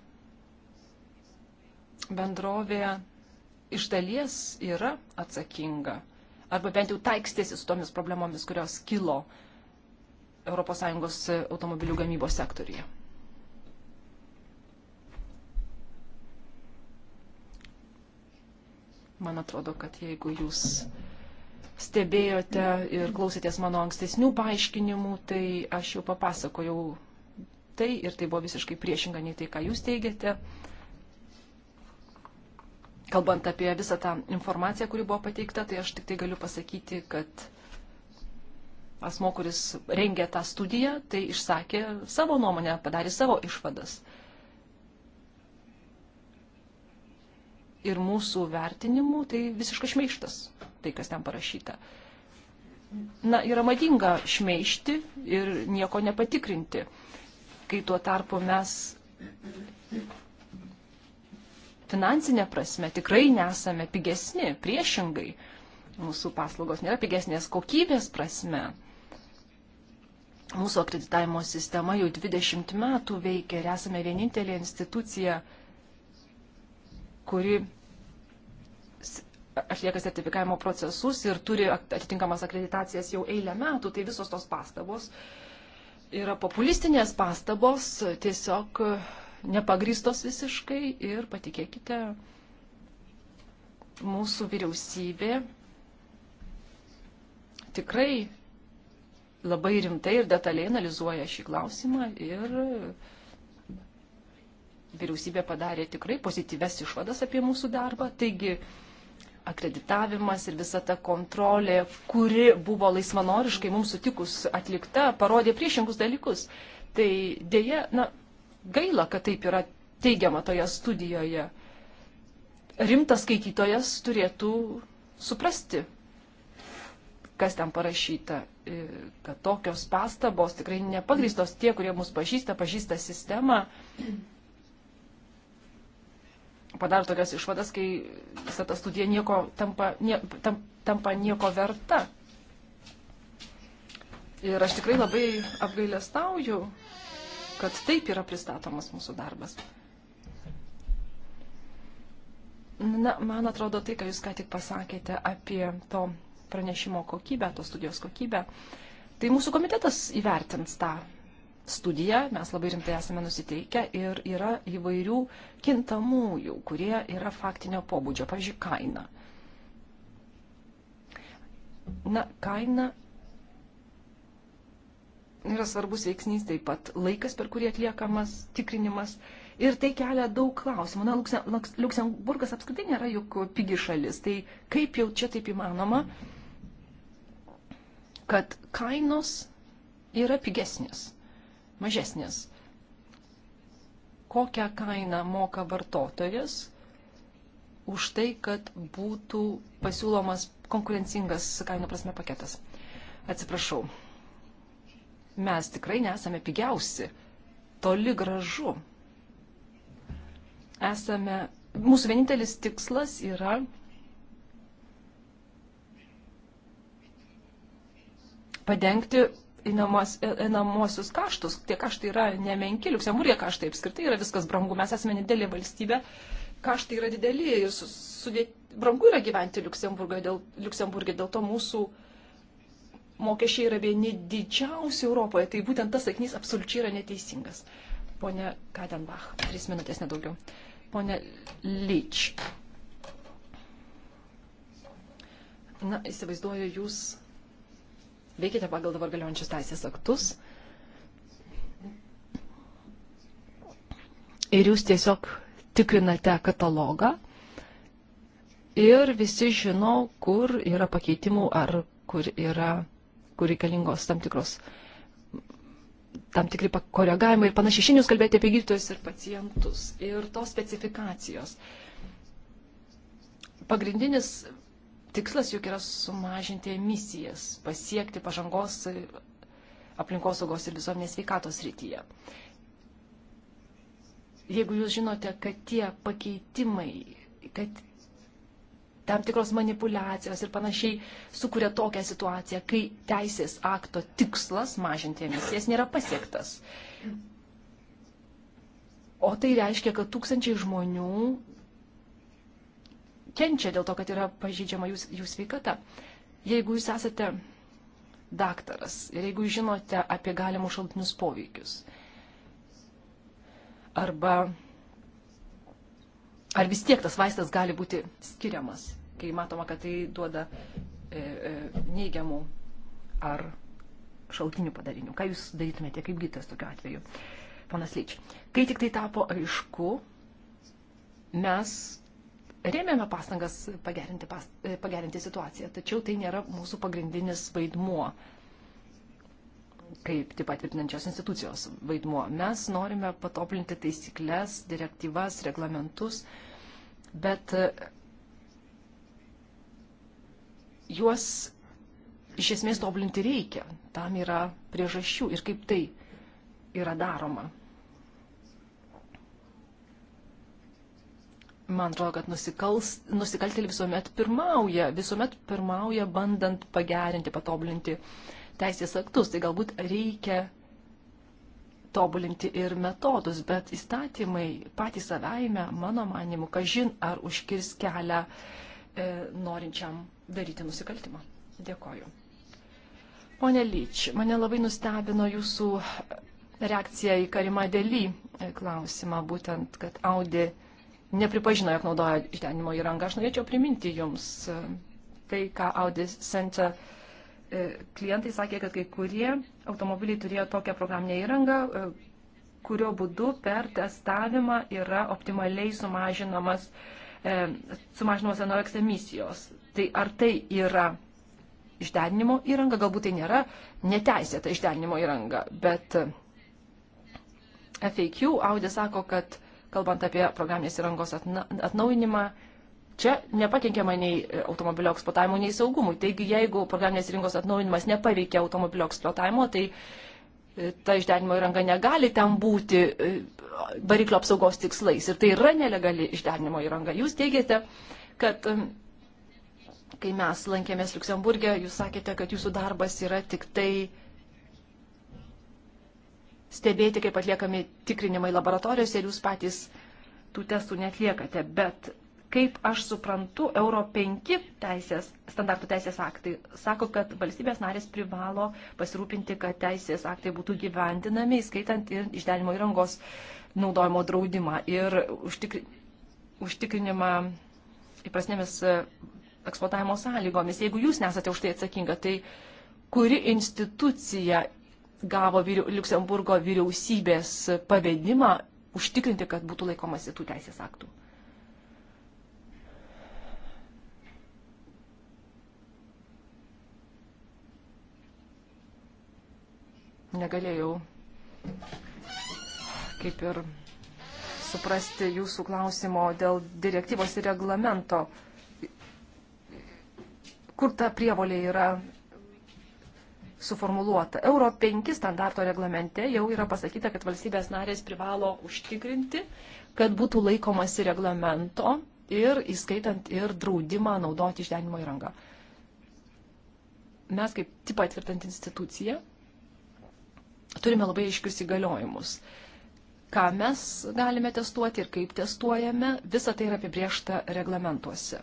bendrovė iš dalies yra atsakinga, arba bent jau taikstėsi su tomis problemomis, kurios kilo ES automobilių gamybos sektoriuje? Man atrodo, kad jeigu jūs stebėjote ir klausėtės mano ankstesnių paaiškinimų, tai aš jau papasakojau tai ir tai buvo visiškai priešinga nei tai, ką jūs teigiate. Kalbant apie visą tą informaciją, kuri buvo pateikta, tai aš tik tai galiu pasakyti, kad asmo, kuris rengė tą studiją, tai išsakė savo nuomonę, padarė savo išvadas. ir mūsų vertinimu, tai visiškai šmeištas, tai kas ten parašyta. Na, yra madinga šmeišti ir nieko nepatikrinti, kai tuo tarpu mes finansinė prasme tikrai nesame pigesni, priešingai. Mūsų paslaugos nėra pigesnės kokybės prasme. Mūsų akreditavimo sistema jau 20 metų veikia ir esame vienintelė institucija, kuri atlieka sertifikavimo procesus ir turi atitinkamas akreditacijas jau eilę metų, tai visos tos pastabos yra populistinės pastabos, tiesiog nepagristos visiškai ir patikėkite, mūsų vyriausybė tikrai labai rimtai ir detaliai analizuoja šį klausimą ir vyriausybė padarė tikrai pozityves išvadas apie mūsų darbą. Taigi, akreditavimas ir visa ta kontrolė, kuri buvo laisvanoriškai mums sutikus atlikta, parodė priešingus dalykus. Tai dėja, na, gaila, kad taip yra teigiama toje studijoje. Rimtas skaitytojas turėtų suprasti, kas ten parašyta, kad tokios pastabos tikrai nepagristos tie, kurie mus pažįsta, pažįsta sistemą padaro tokias išvadas, kai visa ta studija nieko tampa, nie, tam, tampa nieko verta. Ir aš tikrai labai apgailestauju, kad taip yra pristatomas mūsų darbas. Na, man atrodo, tai, ką jūs ką tik pasakėte apie to pranešimo kokybę, tos studijos kokybę, tai mūsų komitetas įvertins tą studiją, mes labai rimtai esame nusiteikę ir yra įvairių kintamųjų, kurie yra faktinio pobūdžio, pavyzdžiui, kaina. Na, kaina yra svarbus veiksnys, taip pat laikas, per kurį atliekamas tikrinimas. Ir tai kelia daug klausimų. Na, Luksemburgas apskritai nėra juk pigi šalis. Tai kaip jau čia taip įmanoma, kad kainos yra pigesnės mažesnės. Kokią kainą moka vartotojas už tai, kad būtų pasiūlomas konkurencingas kainų prasme paketas. Atsiprašau, mes tikrai nesame pigiausi, toli gražu. Esame, mūsų vienintelis tikslas yra padengti E, einamosius kaštus. Tie kaštai yra nemenki, Liuksemburgė kaštai apskritai yra viskas brangu, mes esame didelė valstybė, kaštai yra dideli ir su, sudėt, brangu yra gyventi Liuksemburgė dėl, Liuksemburgė, dėl to mūsų mokesčiai yra vieni didžiausi Europoje. Tai būtent tas sakinys absoliučiai yra neteisingas. Pone Kadenbach, trys minutės nedaugiau. Pone Lyč. Na, įsivaizduoju, jūs veikite pagal dabar galiojančius teisės aktus. Ir jūs tiesiog tikrinate katalogą ir visi žino, kur yra pakeitimų ar kur yra, kur reikalingos tam tikros tam tikri koregavimai ir panašiai. Šiandien jūs kalbėjote apie gydytojus ir pacientus ir tos specifikacijos. Pagrindinis tikslas juk yra sumažinti emisijas, pasiekti pažangos aplinkosaugos ir visuomenės veikatos rytyje. Jeigu jūs žinote, kad tie pakeitimai, kad tam tikros manipulacijos ir panašiai sukuria tokią situaciją, kai teisės akto tikslas mažinti emisijas nėra pasiektas. O tai reiškia, kad tūkstančiai žmonių kenčia dėl to, kad yra pažydžiama jūs, jų sveikata. Jeigu jūs esate daktaras ir jeigu jūs žinote apie galimus šaltinius poveikius, arba ar vis tiek tas vaistas gali būti skiriamas, kai matoma, kad tai duoda e, e, neigiamų ar šaltinių padarinių. Ką jūs darytumėte kaip gytas tokiu atveju? Panas Lyč, kai tik tai tapo aišku, mes rėmėme pastangas pagerinti, pas, pagerinti situaciją, tačiau tai nėra mūsų pagrindinis vaidmuo kaip taip patvirtinančios institucijos vaidmuo. Mes norime patoplinti taisyklės, direktyvas, reglamentus, bet e, juos iš esmės tobulinti reikia. Tam yra priežasčių ir kaip tai yra daroma. Man atrodo, kad nusikals, nusikaltėliai visuomet pirmauja, visuomet pirmauja bandant pagerinti, patobulinti teisės aktus. Tai galbūt reikia tobulinti ir metodus, bet įstatymai patys savaime, mano manimu, kažin ar užkirs kelią e, norinčiam daryti nusikaltimą. Dėkoju. Pone Lyč, mane labai nustebino jūsų reakcija į Karimą Dėly e, klausimą, būtent, kad Audi nepripažino, jog naudoja išdenimo įrangą. Aš norėčiau priminti jums e, tai, ką Audi Center e, klientai sakė, kad kai kurie automobiliai turėjo tokią programinę įrangą, e, kurio būdu per testavimą yra optimaliai sumažinamas, sumažinamas NOX emisijos. Tai ar tai yra išdenimo įranga, galbūt tai nėra neteisėta išdenimo įranga, bet FAQ Audi sako, kad kalbant apie programinės įrangos atnaujinimą, čia nepakenkiama nei automobilio eksploatavimo, nei saugumui. Taigi, jeigu programinės įrangos atnaujinimas nepaveikia automobilio eksploatavimo, tai e, ta išdenimo įranga negali ten būti e, variklio apsaugos tikslais. Ir tai yra nelegali išdenimo įranga. Jūs teigiate, kad e, kai mes lankėmės Luksemburgė, jūs sakėte, kad jūsų darbas yra tik tai uh, stebėti, kaip atliekami tikrinimai laboratorijose ir jūs patys tų testų netliekate. Bet kaip aš suprantu, Euro 5 teisės, standartų teisės aktai sako, kad valstybės narės privalo pasirūpinti, kad teisės aktai būtų gyvendinami, įskaitant ir išdenimo įrangos naudojimo draudimą ir užtikri, užtikrinimą įprasnėmis e, eksploatavimo sąlygomis. Jeigu jūs nesate už tai atsakinga, tai kuri institucija gavo vyriau, Luksemburgo vyriausybės pavedimą užtikrinti, kad būtų laikomasi tų teisės aktų. Negalėjau kaip ir suprasti jūsų klausimo dėl direktyvos ir reglamento, kur ta prievolė yra suformuluota. Euro 5 standarto reglamente jau yra pasakyta, kad valstybės narės privalo užtikrinti, kad būtų laikomasi reglamento ir įskaitant ir draudimą naudoti išdenimo įrangą. Mes kaip tipą atvirtant instituciją turime labai aiškius įgaliojimus. Ką mes galime testuoti ir kaip testuojame, visa tai yra apibriešta reglamentuose.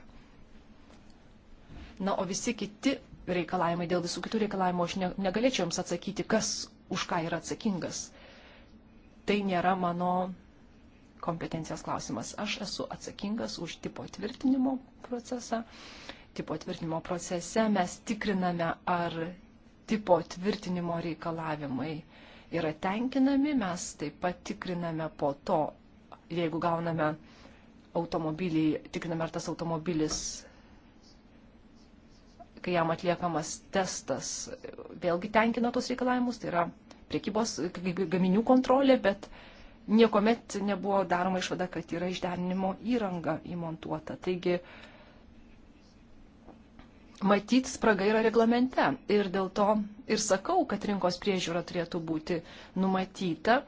Na, o visi kiti reikalavimai, dėl visų kitų reikalavimų aš ne, negalėčiau jums atsakyti, kas už ką yra atsakingas. Tai nėra mano kompetencijos klausimas. Aš esu atsakingas už tipo tvirtinimo procesą. Tipo tvirtinimo procese mes tikriname, ar tipo tvirtinimo reikalavimai yra tenkinami. Mes taip pat tikriname po to, jeigu gauname automobilį, tikriname, ar tas automobilis kai jam atliekamas testas, vėlgi tenkina tos reikalavimus, tai yra priekybos gaminių kontrolė, bet niekuomet nebuvo daroma išvada, kad yra išderinimo įranga įmontuota. Taigi, matyt, spraga yra reglamente ir dėl to ir sakau, kad rinkos priežiūra turėtų būti numatyta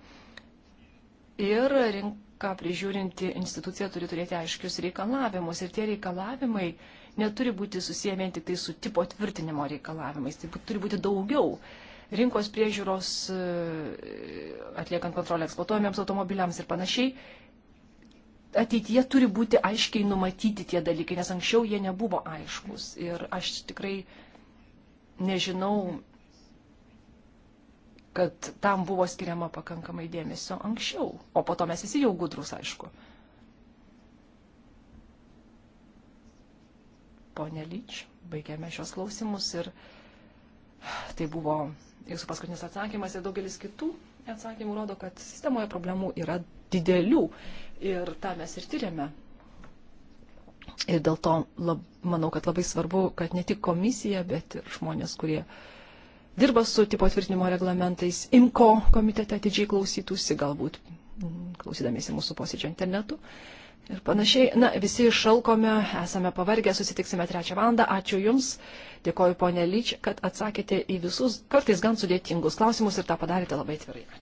ir rinka prižiūrinti institucija turi turėti aiškius reikalavimus ir tie reikalavimai neturi būti susiję vien tik tai su tipo tvirtinimo reikalavimais. Tai turi būti daugiau rinkos priežiūros, e, atliekant kontrolę eksploatuojamiems automobiliams ir panašiai. Ateityje turi būti aiškiai numatyti tie dalykai, nes anksčiau jie nebuvo aiškus. Ir aš tikrai nežinau, kad tam buvo skiriama pakankamai dėmesio anksčiau. O po to mes visi jau gudrus, aišku. ponė Lyč, baigėme šios klausimus ir tai buvo jūsų paskutinis atsakymas ir daugelis kitų atsakymų rodo, kad sistemoje problemų yra didelių ir tą mes ir tyrėme. Ir dėl to lab, manau, kad labai svarbu, kad ne tik komisija, bet ir žmonės, kurie dirba su tipo tvirtinimo reglamentais, IMCO komitete atidžiai klausytųsi, galbūt klausydamėsi mūsų posėdžio internetu. Uh, ir panašiai. Na, visi išalkome, esame pavargę, susitiksime trečią valandą. Ačiū Jums, dėkoju ponė Lyč, kad atsakėte į visus kartais gan sudėtingus klausimus ir tą padarėte labai tvirtai.